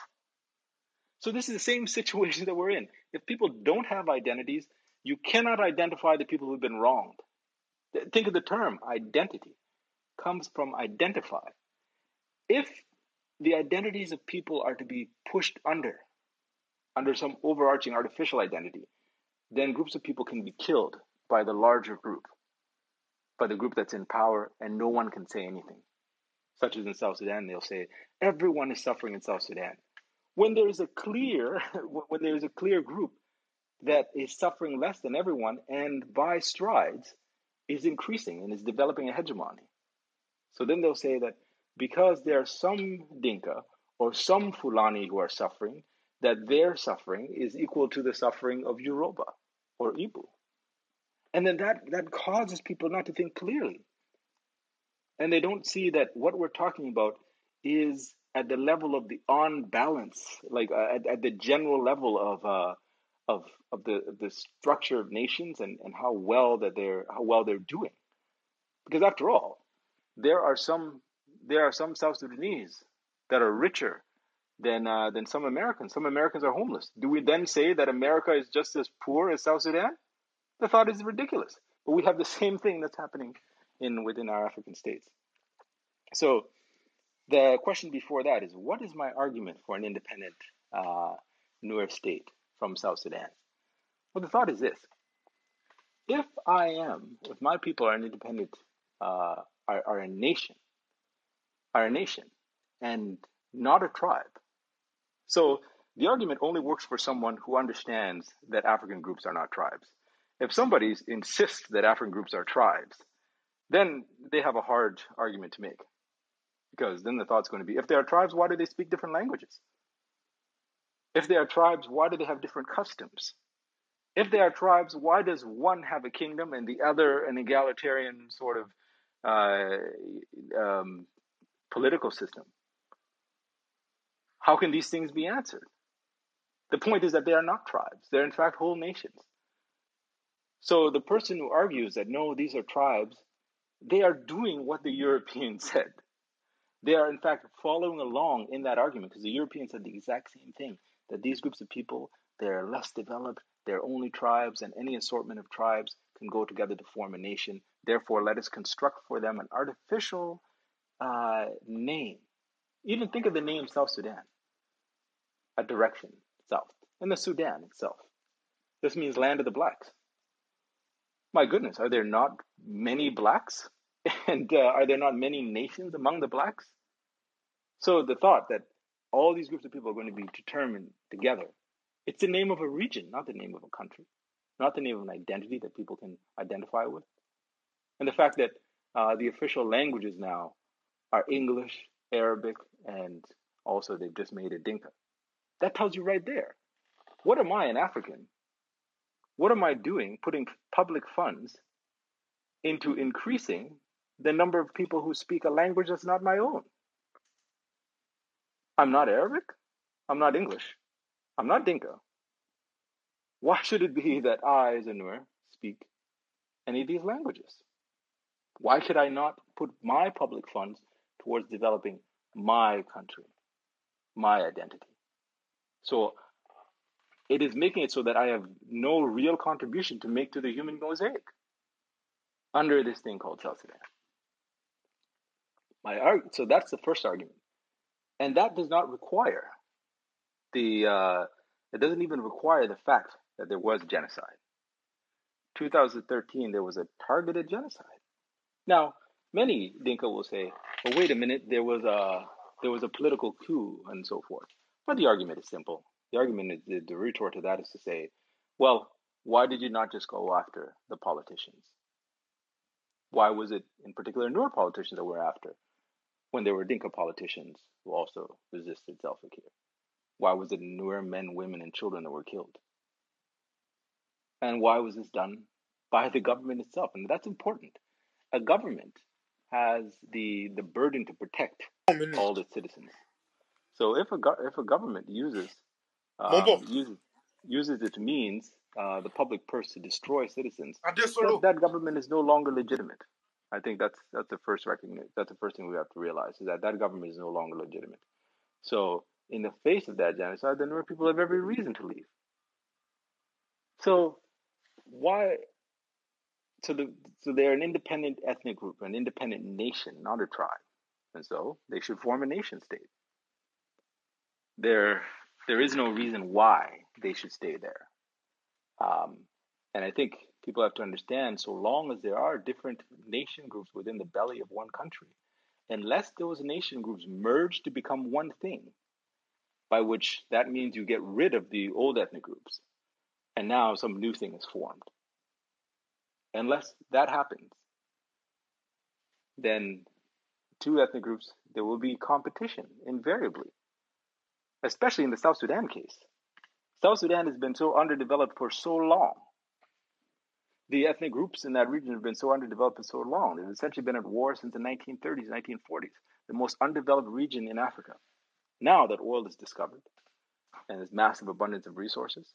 So this is the same situation that we're in. If people don't have identities, you cannot identify the people who've been wronged. Think of the term identity comes from identify. If the identities of people are to be pushed under, under some overarching artificial identity, then groups of people can be killed by the larger group, by the group that's in power, and no one can say anything. Such as in South Sudan, they'll say, everyone is suffering in South Sudan when there's a clear when there's a clear group that is suffering less than everyone and by strides is increasing and is developing a hegemony. So then they'll say that because there are some Dinka or some Fulani who are suffering, that their suffering is equal to the suffering of Yoruba or Ibu. And then that, that causes people not to think clearly. And they don't see that what we're talking about is at the level of the on balance, like uh, at, at the general level of uh, of of the the structure of nations and, and how well that they're how well they're doing, because after all, there are some there are some South Sudanese that are richer than uh, than some Americans. Some Americans are homeless. Do we then say that America is just as poor as South Sudan? The thought is ridiculous. But we have the same thing that's happening in within our African states. So the question before that is what is my argument for an independent uh, Nuer state from South Sudan? Well, the thought is this if I am, if my people are an independent, uh, are, are a nation, are a nation and not a tribe. So the argument only works for someone who understands that African groups are not tribes. If somebody insists that African groups are tribes, then they have a hard argument to make. Because then the thought's going to be if there are tribes, why do they speak different languages? If there are tribes, why do they have different customs? If there are tribes, why does one have a kingdom and the other an egalitarian sort of uh, um, political system? How can these things be answered? The point is that they are not tribes, they're in fact whole nations. So the person who argues that no, these are tribes, they are doing what the Europeans said. They are, in fact, following along in that argument because the Europeans said the exact same thing that these groups of people, they're less developed, they're only tribes, and any assortment of tribes can go together to form a nation. Therefore, let us construct for them an artificial uh, name. Even think of the name South Sudan, a direction south, and the Sudan itself. This means land of the blacks. My goodness, are there not many blacks And uh, are there not many nations among the blacks? So the thought that all these groups of people are going to be determined together, it's the name of a region, not the name of a country, not the name of an identity that people can identify with. And the fact that uh, the official languages now are English, Arabic, and also they've just made a Dinka. That tells you right there. What am I, an African? What am I doing putting public funds into increasing the number of people who speak a language that's not my own. I'm not Arabic. I'm not English. I'm not Dinka. Why should it be that I, as a Nur, speak any of these languages? Why should I not put my public funds towards developing my country, my identity? So it is making it so that I have no real contribution to make to the human mosaic under this thing called South Sudan. My arg- so that's the first argument, and that does not require the. Uh, it doesn't even require the fact that there was genocide. 2013, there was a targeted genocide. Now, many Dinka will say, "Well, wait a minute, there was a there was a political coup and so forth." But the argument is simple. The argument is the, the retort to that is to say, "Well, why did you not just go after the politicians? Why was it in particular Nur politicians that we're after? when there were Dinka politicians who also resisted Zulfikar? Why was it newer men, women, and children that were killed? And why was this done by the government itself? And that's important. A government has the, the burden to protect all its citizens. So if a, if a government uses, um, uses, uses its means, uh, the public purse to destroy citizens, that, that government is no longer legitimate. I think that's that's the first recognition. That's the first thing we have to realize is that that government is no longer legitimate. So, in the face of that genocide, the Nuer people have every reason to leave. So, why? So, the, so they're an independent ethnic group, an independent nation, not a tribe, and so they should form a nation state. There, there is no reason why they should stay there, um, and I think people have to understand so long as there are different nation groups within the belly of one country, unless those nation groups merge to become one thing, by which that means you get rid of the old ethnic groups and now some new thing is formed. Unless that happens, then two ethnic groups, there will be competition invariably, especially in the South Sudan case. South Sudan has been so underdeveloped for so long the ethnic groups in that region have been so underdeveloped for so long. They've essentially been at war since the 1930s, 1940s, the most undeveloped region in Africa. Now that oil is discovered and there's massive abundance of resources,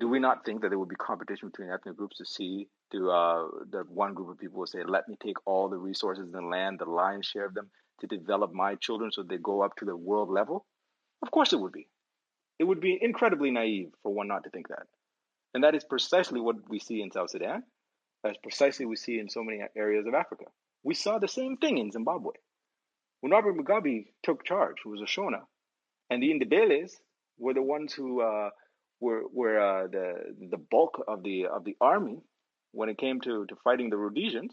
do we not think that there would be competition between ethnic groups to see to uh, that one group of people will say, let me take all the resources and land, the lion's share of them, to develop my children so they go up to the world level? Of course it would be. It would be incredibly naive for one not to think that. And that is precisely what we see in South Sudan. That's precisely what we see in so many areas of Africa. We saw the same thing in Zimbabwe. When Robert Mugabe took charge, who was a Shona, and the Indebeles were the ones who uh, were, were uh, the, the bulk of the, of the army when it came to, to fighting the Rhodesians.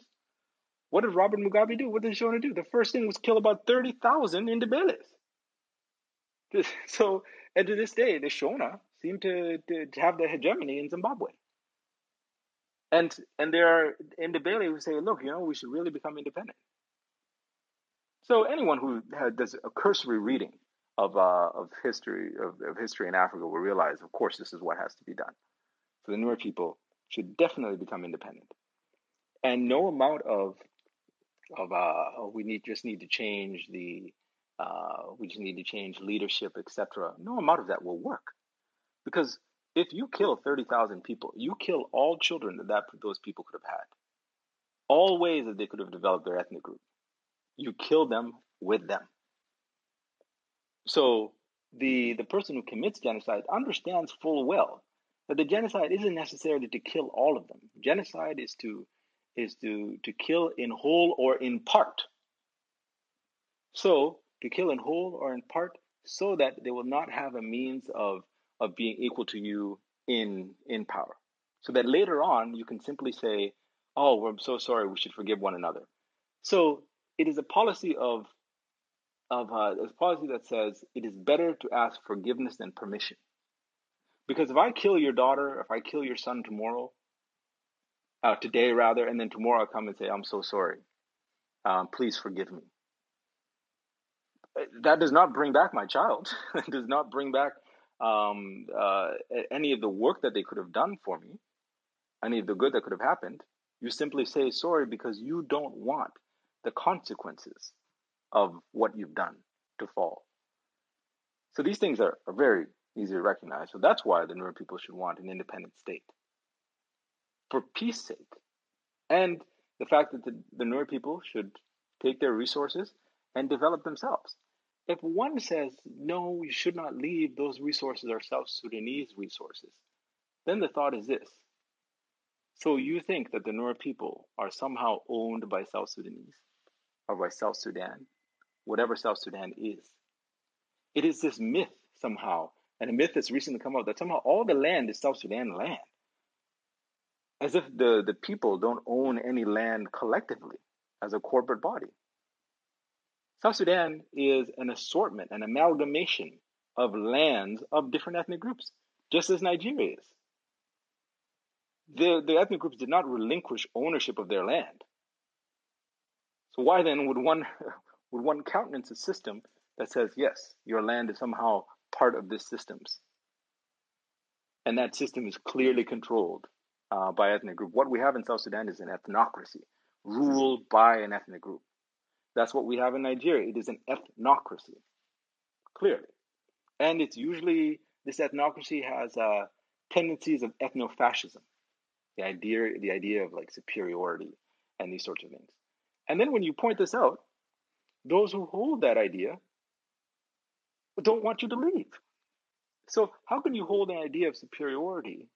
What did Robert Mugabe do? What did Shona do? The first thing was kill about 30,000 Indebeles. So, and to this day, the Shona seem to, to, to have the hegemony in Zimbabwe. And and there are in the Bailey who say, look, you know, we should really become independent. So anyone who has, does a cursory reading of uh, of history of, of history in Africa will realize, of course, this is what has to be done. So the newer people should definitely become independent, and no amount of of uh, we need just need to change the uh, we just need to change leadership, etc. No amount of that will work. Because if you kill 30,000 people, you kill all children that, that those people could have had, all ways that they could have developed their ethnic group. You kill them with them. So the, the person who commits genocide understands full well that the genocide isn't necessarily to kill all of them. Genocide is to is to to kill in whole or in part. So to kill in whole or in part, so that they will not have a means of of being equal to you in in power so that later on you can simply say oh we're so sorry we should forgive one another so it is a policy of of uh, a policy that says it is better to ask forgiveness than permission because if i kill your daughter if i kill your son tomorrow uh, today rather and then tomorrow i come and say i'm so sorry um, please forgive me uh, that does not bring back my child it does not bring back um, uh, any of the work that they could have done for me, any of the good that could have happened, you simply say sorry because you don't want the consequences of what you've done to fall. So these things are, are very easy to recognize. So that's why the Nuer people should want an independent state. For peace sake, and the fact that the, the Nuer people should take their resources and develop themselves if one says, no, you should not leave, those resources are South Sudanese resources, then the thought is this. So you think that the Nuer people are somehow owned by South Sudanese or by South Sudan, whatever South Sudan is. It is this myth somehow, and a myth that's recently come out that somehow all the land is South Sudan land. As if the, the people don't own any land collectively as a corporate body. South Sudan is an assortment, an amalgamation of lands of different ethnic groups, just as Nigeria is. The, the ethnic groups did not relinquish ownership of their land. So why then would one would one countenance a system that says, yes, your land is somehow part of this system's? And that system is clearly controlled uh, by ethnic group. What we have in South Sudan is an ethnocracy, ruled by an ethnic group. That's what we have in Nigeria. It is an ethnocracy, clearly. And it's usually, this ethnocracy has uh, tendencies of ethnofascism, the idea, the idea of like superiority and these sorts of things. And then when you point this out, those who hold that idea don't want you to leave. So how can you hold an idea of superiority?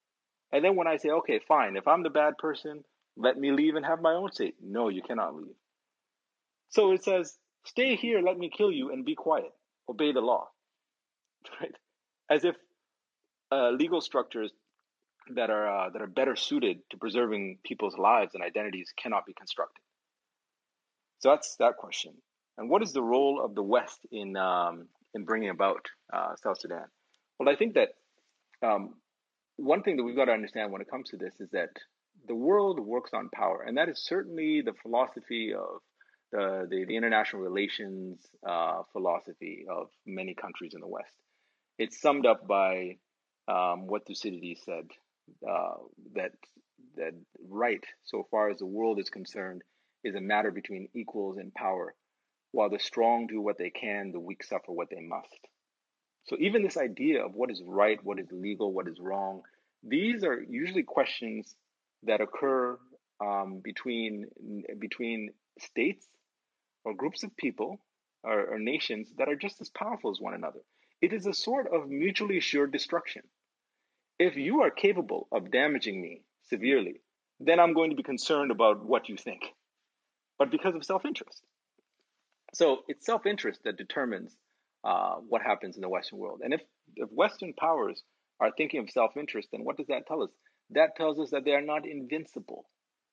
And then when I say, okay, fine, if I'm the bad person, let me leave and have my own state. No, you cannot leave. So it says, stay here, let me kill you, and be quiet. Obey the law. Right? As if uh, legal structures that are uh, that are better suited to preserving people's lives and identities cannot be constructed. So that's that question. And what is the role of the West in um, in bringing about uh, South Sudan? Well, I think that um, one thing that we've got to understand when it comes to this is that the world works on power, and that is certainly the philosophy of the, the international relations uh, philosophy of many countries in the West. It's summed up by um, what Thucydides said uh, that that right, so far as the world is concerned, is a matter between equals in power. While the strong do what they can, the weak suffer what they must. So even this idea of what is right, what is legal, what is wrong, these are usually questions that occur um, between between states or groups of people or, or nations that are just as powerful as one another. It is a sort of mutually assured destruction. If you are capable of damaging me severely, then I'm going to be concerned about what you think, but because of self interest. So it's self interest that determines uh, what happens in the Western world. And if, if Western powers are thinking of self interest, then what does that tell us? That tells us that they are not invincible,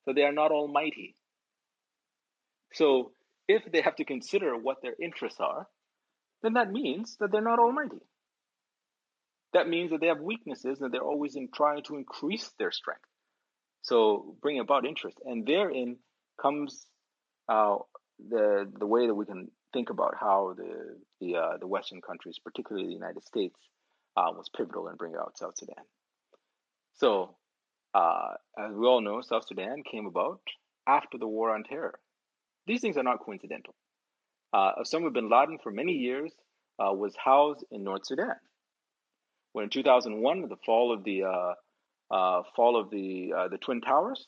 that they are not almighty. So if they have to consider what their interests are, then that means that they're not almighty. That means that they have weaknesses and they're always in trying to increase their strength. So bring about interest. And therein comes uh, the the way that we can think about how the the uh, the Western countries, particularly the United States, uh, was pivotal in bringing out South Sudan. So, uh, as we all know, South Sudan came about after the War on Terror, these things are not coincidental. Uh, Osama bin Laden, for many years, uh, was housed in North Sudan. When in 2001, the fall of the uh, uh fall of the uh, the twin towers,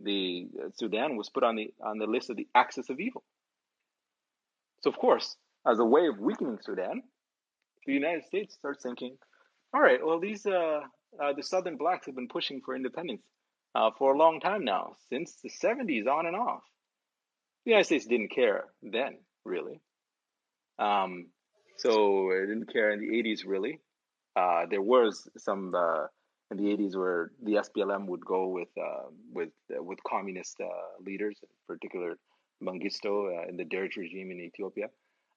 the uh, Sudan was put on the on the list of the axis of evil. So, of course, as a way of weakening Sudan, the United States starts thinking, all right, well, these the Southern blacks have been pushing for independence for a long time now, since the 70s on and off the United States didn't care then, really. Um, so it didn't care in the 80s, really. Uh, there was some uh, in the 80s where the SPLM would go with uh, with uh, with communist uh, leaders, in particular Mengistu in uh, the Derg regime in Ethiopia.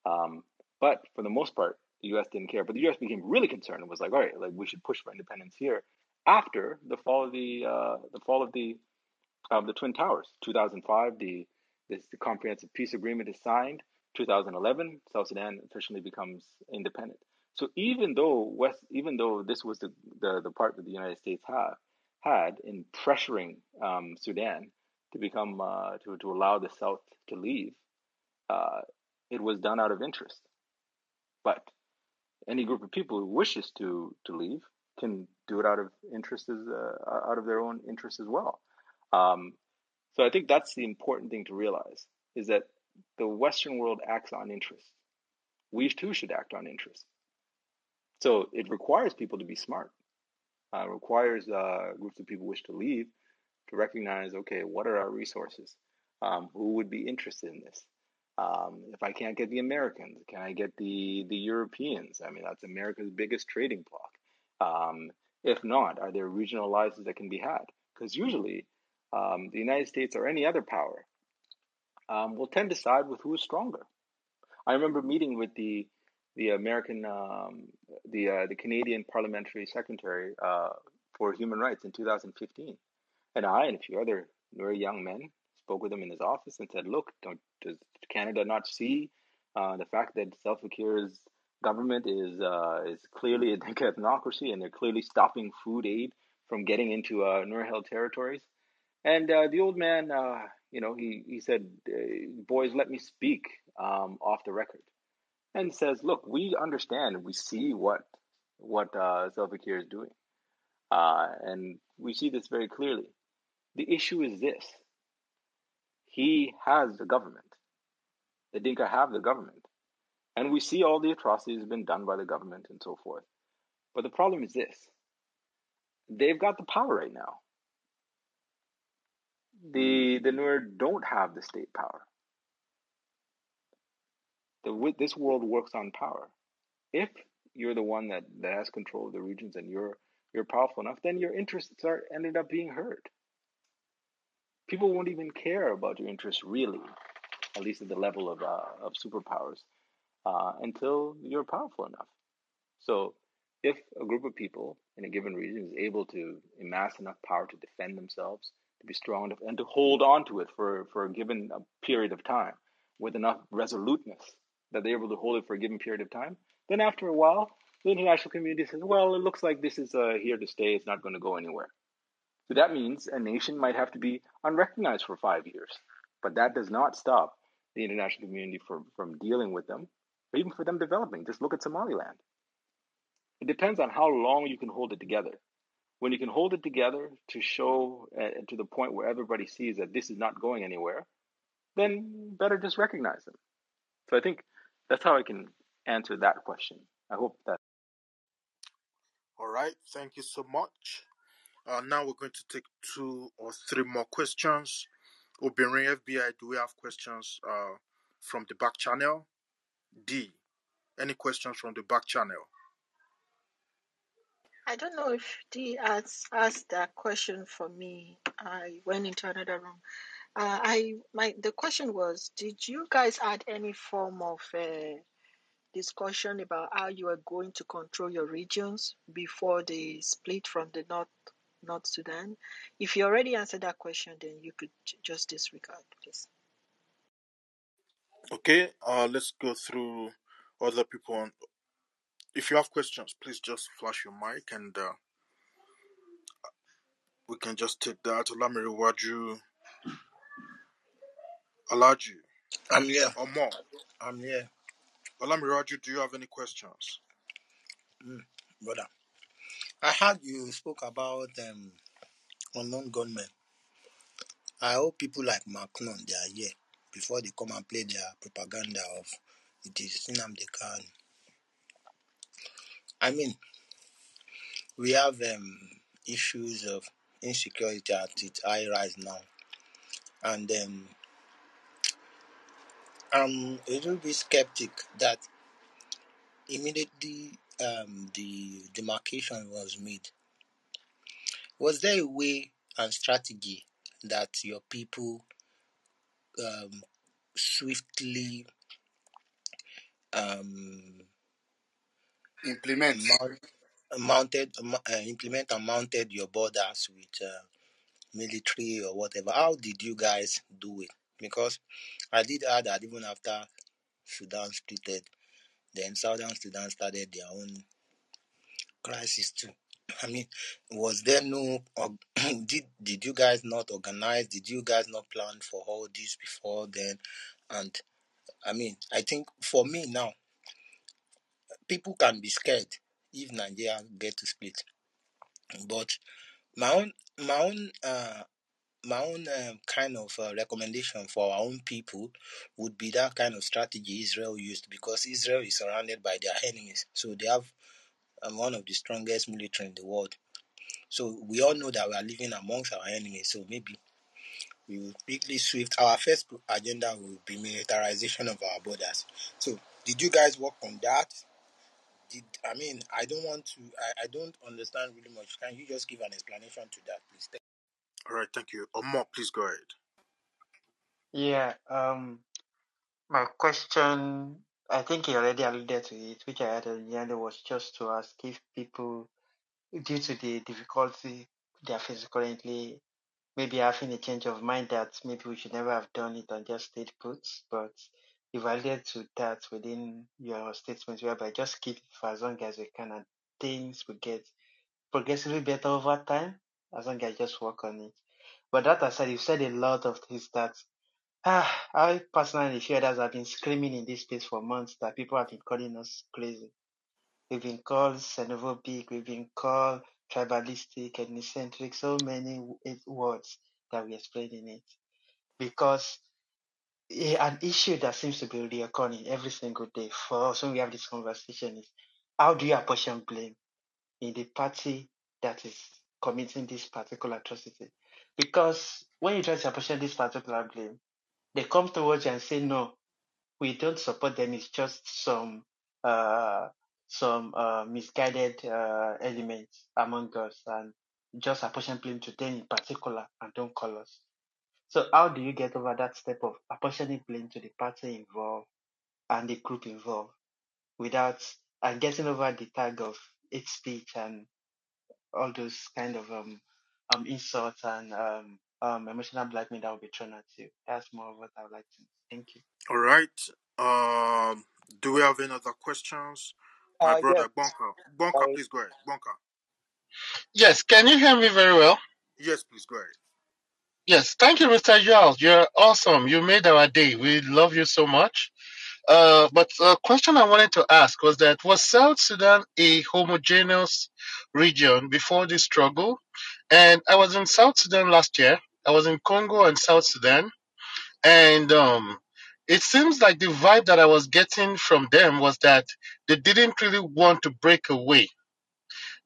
Um, but for the most part, the U.S. didn't care. But the U.S. became really concerned and was like, "All right, like we should push for independence here." After the fall of the the fall of the of the Twin Towers, 2005, the this comprehensive peace agreement is signed. 2011, South Sudan officially becomes independent. So even though West, even though this was the, the, the part that the United States have, had in pressuring um, Sudan to become uh, to to allow the South to leave, uh, it was done out of interest. But any group of people who wishes to to leave can do it out of interest as, uh, out of their own interest as well. Um, so I think that's the important thing to realize is that the Western world acts on interest. We too should act on interest. So it requires people to be smart. Uh, it requires uh, groups of people wish to leave to recognize, okay, what are our resources? Um, who would be interested in this? Um, if I can't get the Americans, can I get the the Europeans? I mean, that's America's biggest trading bloc. Um, if not, are there regional alliances that can be had? Because usually um, the United States or any other power, um, will tend to side with who is stronger. I remember meeting with the the American um, the uh, the Canadian Parliamentary Secretary uh, for Human Rights in 2015, and I and a few other very young men spoke with him in his office and said, "Look, does Canada not see uh, the fact that Self Fakir's government is uh, is clearly a ethnicity and they're clearly stopping food aid from getting into uh, Nur territories?" And uh, the old man, uh, you know, he, he said, uh, Boys, let me speak um, off the record. And says, Look, we understand, we see what, what uh, Zelvakir is doing. Uh, and we see this very clearly. The issue is this he has the government, the Dinka have the government. And we see all the atrocities been done by the government and so forth. But the problem is this they've got the power right now the the Nuer don't have the state power. The, this world works on power. If you're the one that, that has control of the regions and you're you're powerful enough, then your interests are ended up being hurt. People won't even care about your interests really, at least at the level of uh, of superpowers, uh, until you're powerful enough. So, if a group of people in a given region is able to amass enough power to defend themselves to be strong enough and to hold on to it for, for a given uh, period of time with enough resoluteness that they're able to hold it for a given period of time. Then after a while, the international community says, well, it looks like this is uh, here to stay. It's not going to go anywhere. So that means a nation might have to be unrecognized for five years. But that does not stop the international community from, from dealing with them, or even for them developing. Just look at Somaliland. It depends on how long you can hold it together when you can hold it together to show uh, to the point where everybody sees that this is not going anywhere, then better just recognize them. So I think that's how I can answer that question. I hope that. All right. Thank you so much. Uh, now we're going to take two or three more questions. Obirin FBI, do we have questions uh, from the back channel? D, any questions from the back channel? I don't know if Dee asked, asked that question for me. I went into another room. Uh, I my the question was: Did you guys add any form of uh, discussion about how you are going to control your regions before the split from the North North Sudan? If you already answered that question, then you could just disregard, please. Okay, uh, let's go through other people on if you have questions, please just flash your mic and uh, we can just take that. Olamiri Waju, Alaju. I'm here. Or more. I'm here. Olamiri Waju, do you have any questions? Mm, brother, I heard you spoke about um, unknown gunmen. I hope people like Macron, they are here before they come and play their propaganda of it is Sinam Khan. I mean, we have um, issues of insecurity at its high rise now, and um, I'm a little bit skeptic that immediately um, the demarcation was made. Was there a way and strategy that your people um, swiftly um, Implement. Mount, mounted, uh, implement and mounted your borders with uh, military or whatever. How did you guys do it? Because I did add that even after Sudan splitted, then Southern Sudan started their own crisis too. I mean, was there no? Or did did you guys not organize? Did you guys not plan for all this before then? And I mean, I think for me now, people can be scared if Nigeria get to split. But my own my own uh, my own um, kind of uh, recommendation for our own people would be that kind of strategy Israel used because Israel is surrounded by their enemies, so they have um, one of the strongest military in the world. So we all know that we are living amongst our enemies. So maybe we will quickly swift our first agenda will be militarization of our borders. So did you guys work on that? did I mean I don't want to I, I don't understand really much. Can you just give an explanation to that, please? All right, thank you. Omar, please go ahead. Yeah, um, my question I think he already alluded to it, which I had in the end was just to ask if people, due to the difficulty they are facing currently, maybe having a change of mind that maybe we should never have done it and just stayed put, but evaluate to that within your statement whereby just keep it for as long as you can and things will get progressively better over time as long as you just work on it. But that aside, you've said a lot of things that ah, I personally feel that I've been screaming in this space for months that people have been calling us crazy. We've been called xenophobic, we've been called tribalistic, ethnocentric, so many eh, words that we explained in it. Because an issue that seems to be reoccurring every single day for us when we have this conversation is how do you apportion blame in the party that is committing this particular atrocity? Because when you try to apportion this particular blame, they come towards you and say, no, we don't support them. It's just some uh, some uh, misguided uh, elements among us and just apportion blame to them in particular and don't call us. So how do you get over that step of apportioning blame to the party involved and the group involved without and getting over the tag of hate speech and all those kind of um, um insults and um, um emotional blackmail that will be thrown at you. That's more of what I would like to. Thank you. All right. Um, do we have any other questions? My uh, brother yes. Bonka. Bonka, please go ahead. Bonka. Yes, can you hear me very well? Yes, please go ahead. Yes, thank you, Mr. Yao. You're awesome. You made our day. We love you so much. Uh, but a question I wanted to ask was that was South Sudan a homogeneous region before the struggle? And I was in South Sudan last year. I was in Congo and South Sudan, and um, it seems like the vibe that I was getting from them was that they didn't really want to break away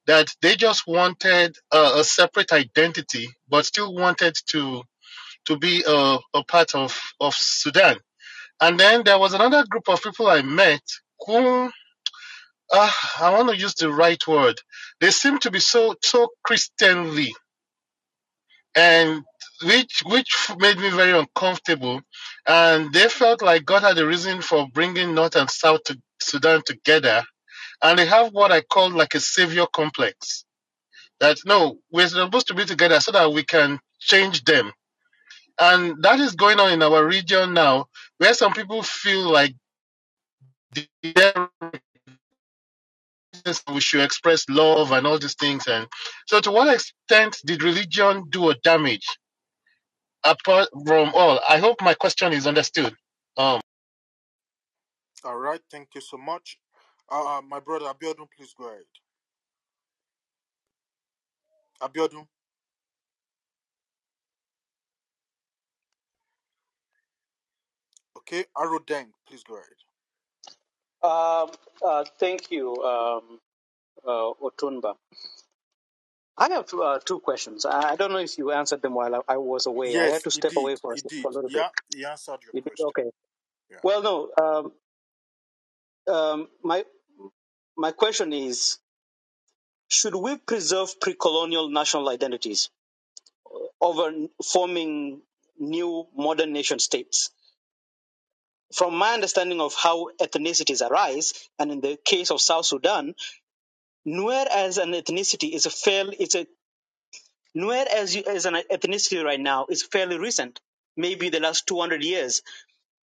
that they just wanted a, a separate identity, but still wanted to to be a, a part of, of Sudan. And then there was another group of people I met who, uh, I want to use the right word. They seemed to be so so Christianly, and which which made me very uncomfortable. And they felt like God had a reason for bringing North and South to Sudan together, and they have what I call like a savior complex. That no, we're supposed to be together so that we can change them. And that is going on in our region now, where some people feel like we should express love and all these things. And so, to what extent did religion do a damage? Apart from all, I hope my question is understood. Um, all right, thank you so much. Uh, my brother Abiodun, please go ahead. Abiodun. Okay, Arodeng, please go ahead. Um, uh, thank you, um, uh, Otunba. I have two, uh, two questions. I, don't know if you answered them while I, was away. Yes, I had to step away for, a, for a little yeah, bit. Yeah, he answered your you question. Did? Okay. Yeah. Well, no. Um, um, my my question is: Should we preserve pre-colonial national identities over forming new modern nation states? From my understanding of how ethnicities arise, and in the case of South Sudan, Nuer as an ethnicity is a fail. it's a Nuer as as an ethnicity right now is fairly recent, maybe the last two hundred years,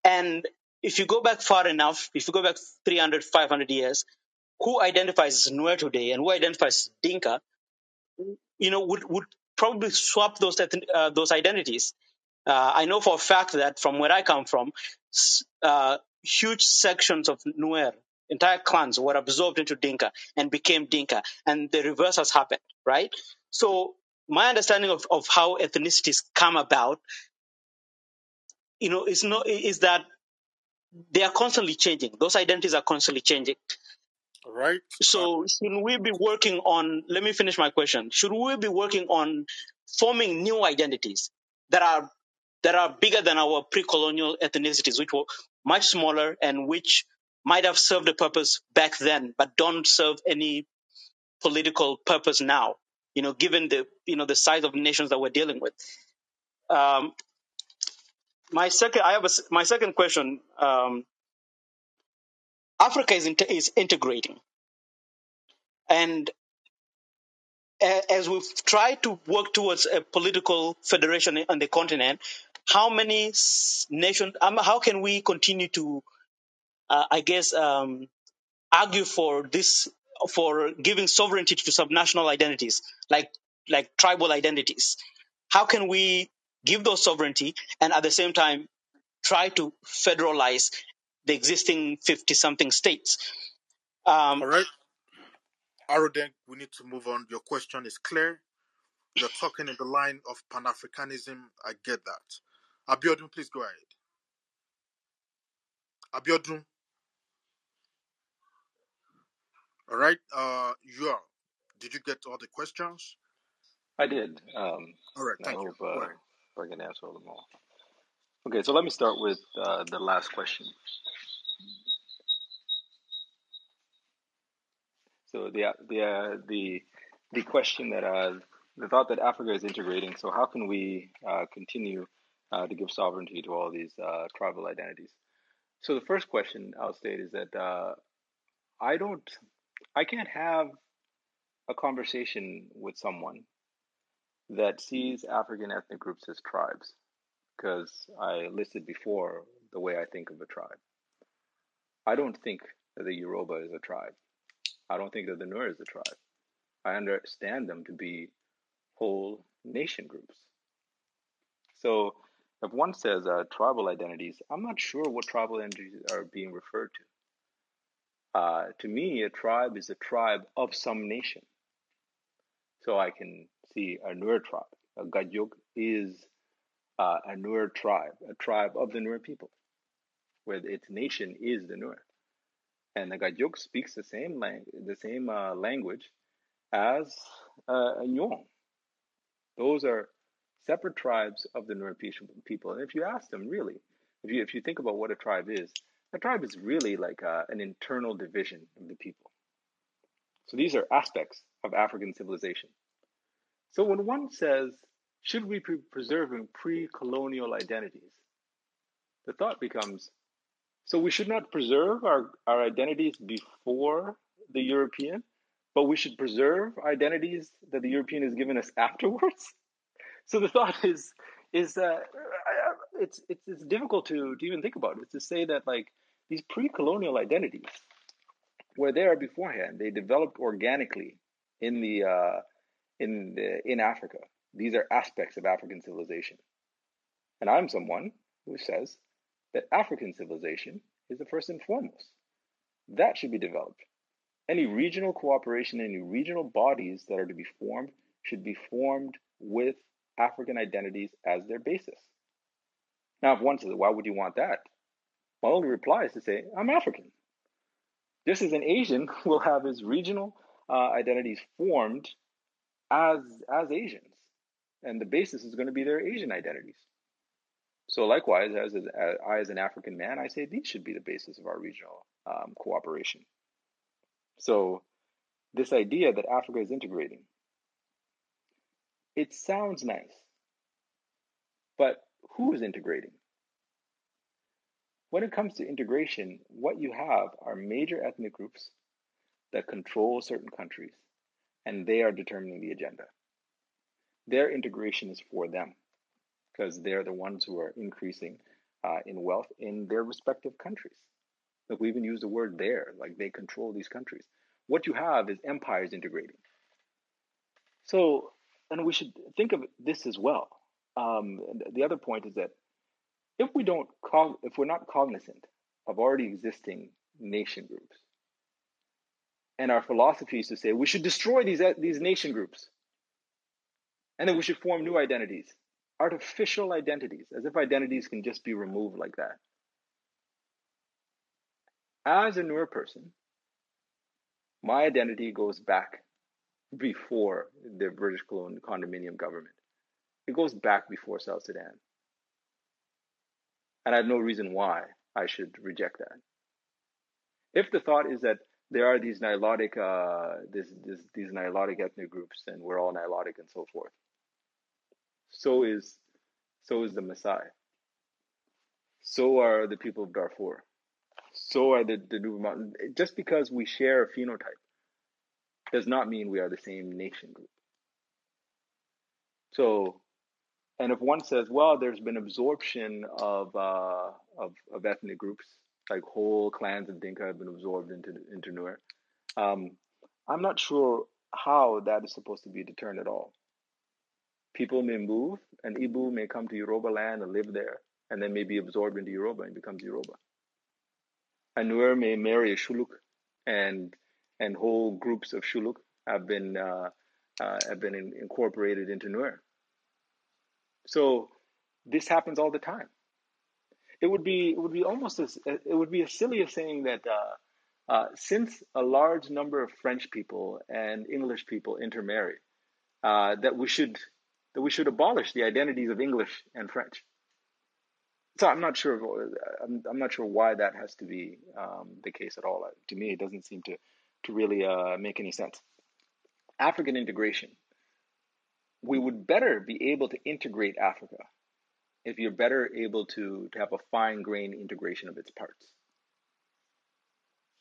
and if you go back far enough, if you go back 300, 500 years, who identifies as Nuer today and who identifies as Dinka, you know, would, would probably swap those, uh, those identities. Uh, I know for a fact that from where I come from, uh, huge sections of Nuer, entire clans were absorbed into Dinka and became Dinka. And the reverse has happened, right? So my understanding of, of how ethnicities come about, you know, is, not is that they are constantly changing. Those identities are constantly changing. Right. So, should we be working on? Let me finish my question. Should we be working on forming new identities that are that are bigger than our pre-colonial ethnicities, which were much smaller and which might have served a purpose back then, but don't serve any political purpose now. You know, given the you know the size of nations that we're dealing with. Um, my second, I have my second question. Um, Africa is is integrating, and as we've tried to work towards a political federation on the continent, how many nations? Um, how can we continue to, uh, I guess, um, argue for this for giving sovereignty to subnational identities like like tribal identities? How can we give those sovereignty and at the same time try to federalize the existing 50 something states. Um, All right. Aroden, we need to move on. Your question is clear. You're talking in the line of Pan Africanism. I get that. Abiodun, please go ahead. Abiodun. All right. Uh, you are. Did you get all the questions? I did. Um, all right. Thank I hope, you. Uh, if I can answer them all. Okay, so let me start with uh, the last question. So the the uh, the the question that uh, the thought that Africa is integrating. So how can we uh, continue uh, to give sovereignty to all these uh, tribal identities? So the first question I'll state is that I don't, I can't have a conversation with someone that hmm. sees African ethnic groups as tribes, because I listed before the way I think of a tribe. I don't think that the Yoruba is a tribe. I don't think that the Nur is a tribe. I understand them to be whole nation groups. So if one says uh, tribal identities, I'm not sure what tribal identities are being referred to. Uh, to me, a tribe is a tribe of some nation. So I can see a Nur tribe. A Gadyuk is uh, a Nur tribe, a tribe of the Nur people, where its nation is the Nur. And the Gadyuk speaks the same, lang- the same uh, language as uh, a Nyong. Those are separate tribes of the Nur people. And if you ask them, really, if you, if you think about what a tribe is, a tribe is really like a, uh, an internal division of the people. So these are aspects of African civilization. So when one says, should we be preserving pre colonial identities? The thought becomes, so we should not preserve our, our identities before the European, but we should preserve identities that the European has given us afterwards. So the thought is, is that uh, it's, it's, it's difficult to, to even think about it, to say that like these pre colonial identities were there beforehand, they developed organically in the uh, in the in Africa. These are aspects of African civilization, and I'm someone who says that African civilization is the first and foremost. That should be developed. Any regional cooperation, any regional bodies that are to be formed should be formed with African identities as their basis. Now, if one says, why would you want that? My only reply is to say, I'm African. Just as an Asian will have his regional uh, identities formed as as Asians, and the basis is going to be their Asian identities. So likewise, as, as, as uh, I as an African man, I say these should be the basis of our regional um, cooperation. So this idea that Africa is integrating, it sounds nice, but who is integrating? When it comes to integration, what you have are major ethnic groups that control certain countries, and they are determining the agenda. Their integration is for them because they're the ones who are increasing uh, in wealth in their respective countries. Like we even use the word there, like they control these countries. What you have is empires integrating. So, and we should think of this as well. Um, the other point is that if we don't, cog- if we're not cognizant of already existing nation groups, and our philosophy is to say we should destroy these, these nation groups. And then we should form new identities, artificial identities, as if identities can just be removed like that. As a newer person, my identity goes back before the British colonial condominium government. It goes back before South Sudan. And I have no reason why I should reject that. If the thought is that there are these nilotic uh, this, this, these nilotic ethnic groups, and we're all nilotic and so forth. So is so is the Maasai. So are the people of Darfur. So are the the Nuba Mountain. Just because we share a phenotype does not mean we are the same nation group. So, and if one says, well, there's been absorption of, uh, of, of, ethnic groups, like whole clans of Dinka have been absorbed into into Nuer. Um, I'm not sure how that is supposed to be deterrent at all. People may move, and Ibu may come to Yoruba land and live there, and then may be absorbed into Yoruba and becomes Yoruba. And Nuer may marry a Shuluk, and and whole groups of Shuluk have been uh, uh, have been in, incorporated into Nuer. So this happens all the time it would be it would be almost as it would be as silly as saying that uh, uh, since a large number of French people and English people intermarry, uh, that we should that we should abolish the identities of English and French. So I'm not sure. I'm, I'm not sure why that has to be um, the case at all. To me, it doesn't seem to to really uh, make any sense. African integration. We would better be able to integrate Africa if you're better able to, to have a fine grained integration of its parts.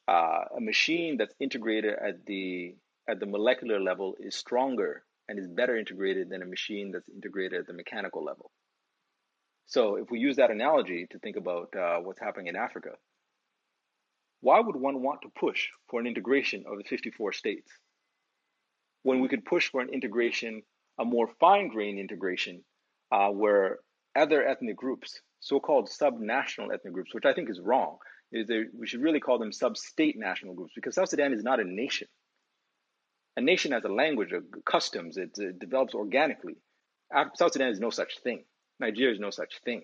Uh, a machine that's integrated at the at the molecular level is stronger and is better integrated than a machine that's integrated at the mechanical level. So, if we use that analogy to think about uh, what's happening in Africa, why would one want to push for an integration of the 54 states when we could push for an integration, a more fine grained integration, uh, where other ethnic groups, so-called sub-national ethnic groups, which I think is wrong. We should really call them sub-state national groups because South Sudan is not a nation. A nation has a language, a customs. It, it develops organically. South Sudan is no such thing. Nigeria is no such thing.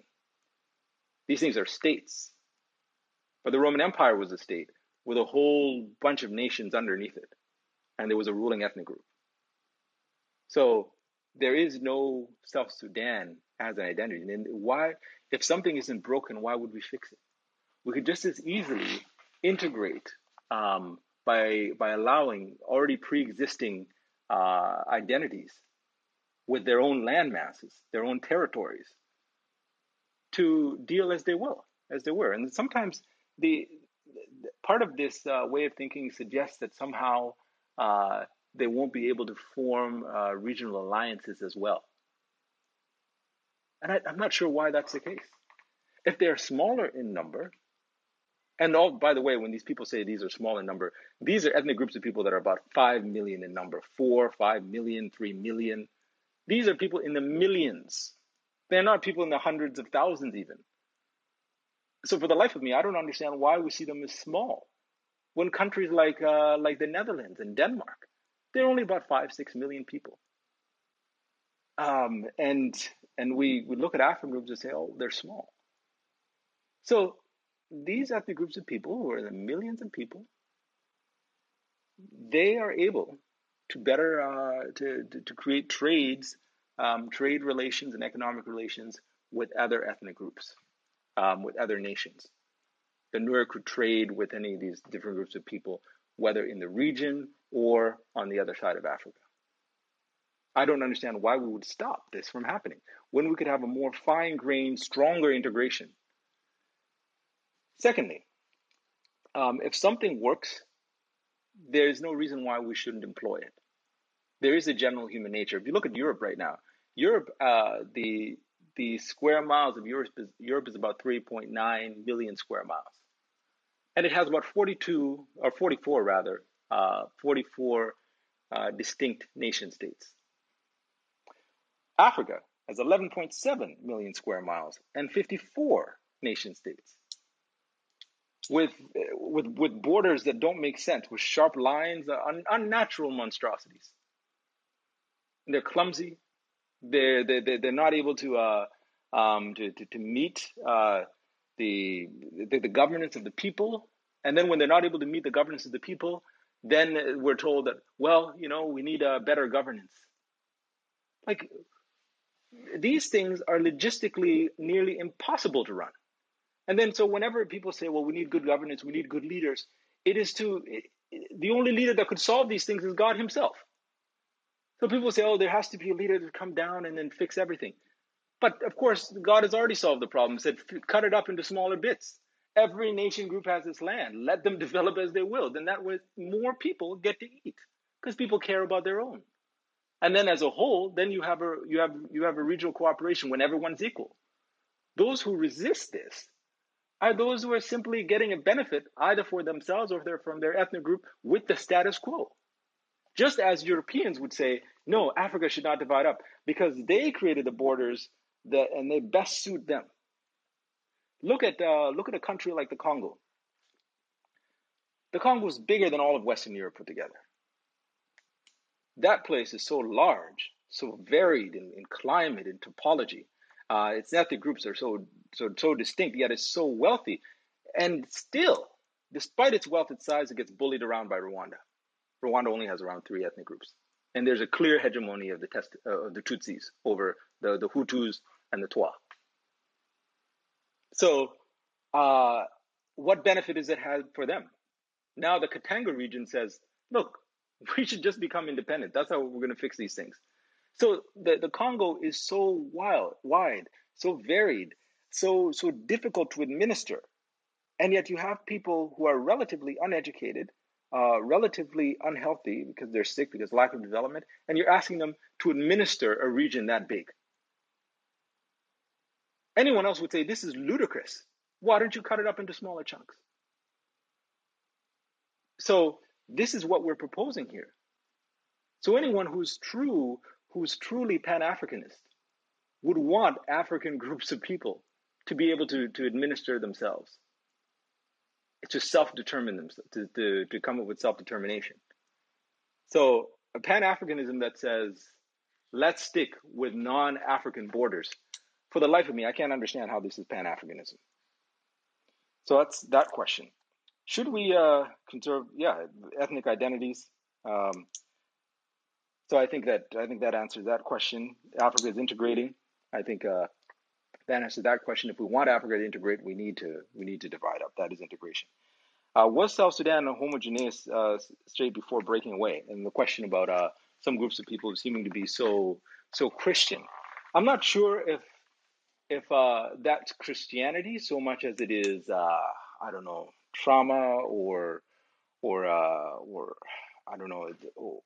These things are states. But the Roman Empire was a state with a whole bunch of nations underneath it, and there was a ruling ethnic group. So there is no South Sudan as an identity. And then why, if something isn't broken, why would we fix it? We could just as easily integrate um, by by allowing already pre-existing uh, identities with their own land masses, their own territories, to deal as they will, as they were. And sometimes the, the part of this uh, way of thinking suggests that somehow uh, they won't be able to form uh, regional alliances as well. And I, am not sure why that's the case. If they're smaller in number, and all, by the way, when these people say these are small in number, these are ethnic groups of people that are about 5 million in number 4, 5 million, 3 million. These are people in the millions. They're not people in the hundreds of thousands, even. So, for the life of me, I don't understand why we see them as small. When countries like, uh, like the Netherlands and Denmark, they're only about 5, 6 million people. Um, and and we we look at African groups and say, oh, they're small. So these ethnic groups of people, who are the millions of people, they are able to better uh, to, to, to, create trades, um, trade relations and economic relations with other ethnic groups, um, with other nations. The Nuer could trade with any of these different groups of people, whether in the region or on the other side of Africa. I don't understand why we would stop this from happening when we could have a more fine grained, stronger integration. Secondly, um, if something works, there is no reason why we shouldn't employ it. There is a general human nature. If you look at Europe right now, Europe, uh, the the square miles of Europe is, Europe is about 3.9 million square miles, and it has about 42 or 44 rather, uh, 44 uh, distinct nation states. Africa has 11.7 million square miles and 54 nation states. With, with, with borders that don't make sense, with sharp lines, uh, un, unnatural monstrosities. They're clumsy. They're, they're, they're not able to, uh, um, to, to, to, meet uh, the, the, the governance of the people. And then when they're not able to meet the governance of the people, then we're told that, well, you know, we need a better governance. Like, these things are logistically nearly impossible to run. And then, so whenever people say, well, we need good governance, we need good leaders, it is to it, the only leader that could solve these things is God Himself. So people say, oh, there has to be a leader to come down and then fix everything. But of course, God has already solved the problem, said, cut it up into smaller bits. Every nation group has its land. Let them develop as they will. Then that way, more people get to eat because people care about their own. And then as a whole, then you have a you have you have a regional cooperation when everyone's equal. Those who resist this are those who are simply getting a benefit either for themselves or they're from their ethnic group with the status quo. Just as Europeans would say, no, Africa should not divide up because they created the borders that and they best suit them. Look at uh, look at a country like the Congo. The Congo is bigger than all of Western Europe put together that place is so large, so varied in, in climate and topology. Uh, its ethnic groups are so so so distinct, yet it's so wealthy, and still, despite its wealth, and size, it gets bullied around by Rwanda. Rwanda only has around three ethnic groups, and there's a clear hegemony of the test uh, of the Tutsis over the the Hutus and the Twa. So, uh, what benefit is it had for them? Now the Katanga region says, look, We should just become independent. That's how we're going to fix these things. So the, the Congo is so wild, wide, so varied, so so difficult to administer, and yet you have people who are relatively uneducated, uh, relatively unhealthy because they're sick because lack of development, and you're asking them to administer a region that big. Anyone else would say this is ludicrous. Why don't you cut it up into smaller chunks? So this is what we're proposing here. So anyone who's true, who's truly pan-Africanist, would want African groups of people to be able to, to administer themselves, to self-determine themselves, to, to, to come up with self-determination. So a pan-Africanism that says, let's stick with non-African borders. For the life of me, I can't understand how this is pan-Africanism. So that's that question should we uh, conserve yeah ethnic identities um, so i think that i think that answers that question africa is integrating i think uh, that answers that question if we want africa to integrate we need to we need to divide up that is integration uh, was south sudan a homogeneous uh, state before breaking away and the question about uh, some groups of people seeming to be so so christian i'm not sure if if uh, that's christianity so much as it is i don't know trauma or or uh, or I don't know or,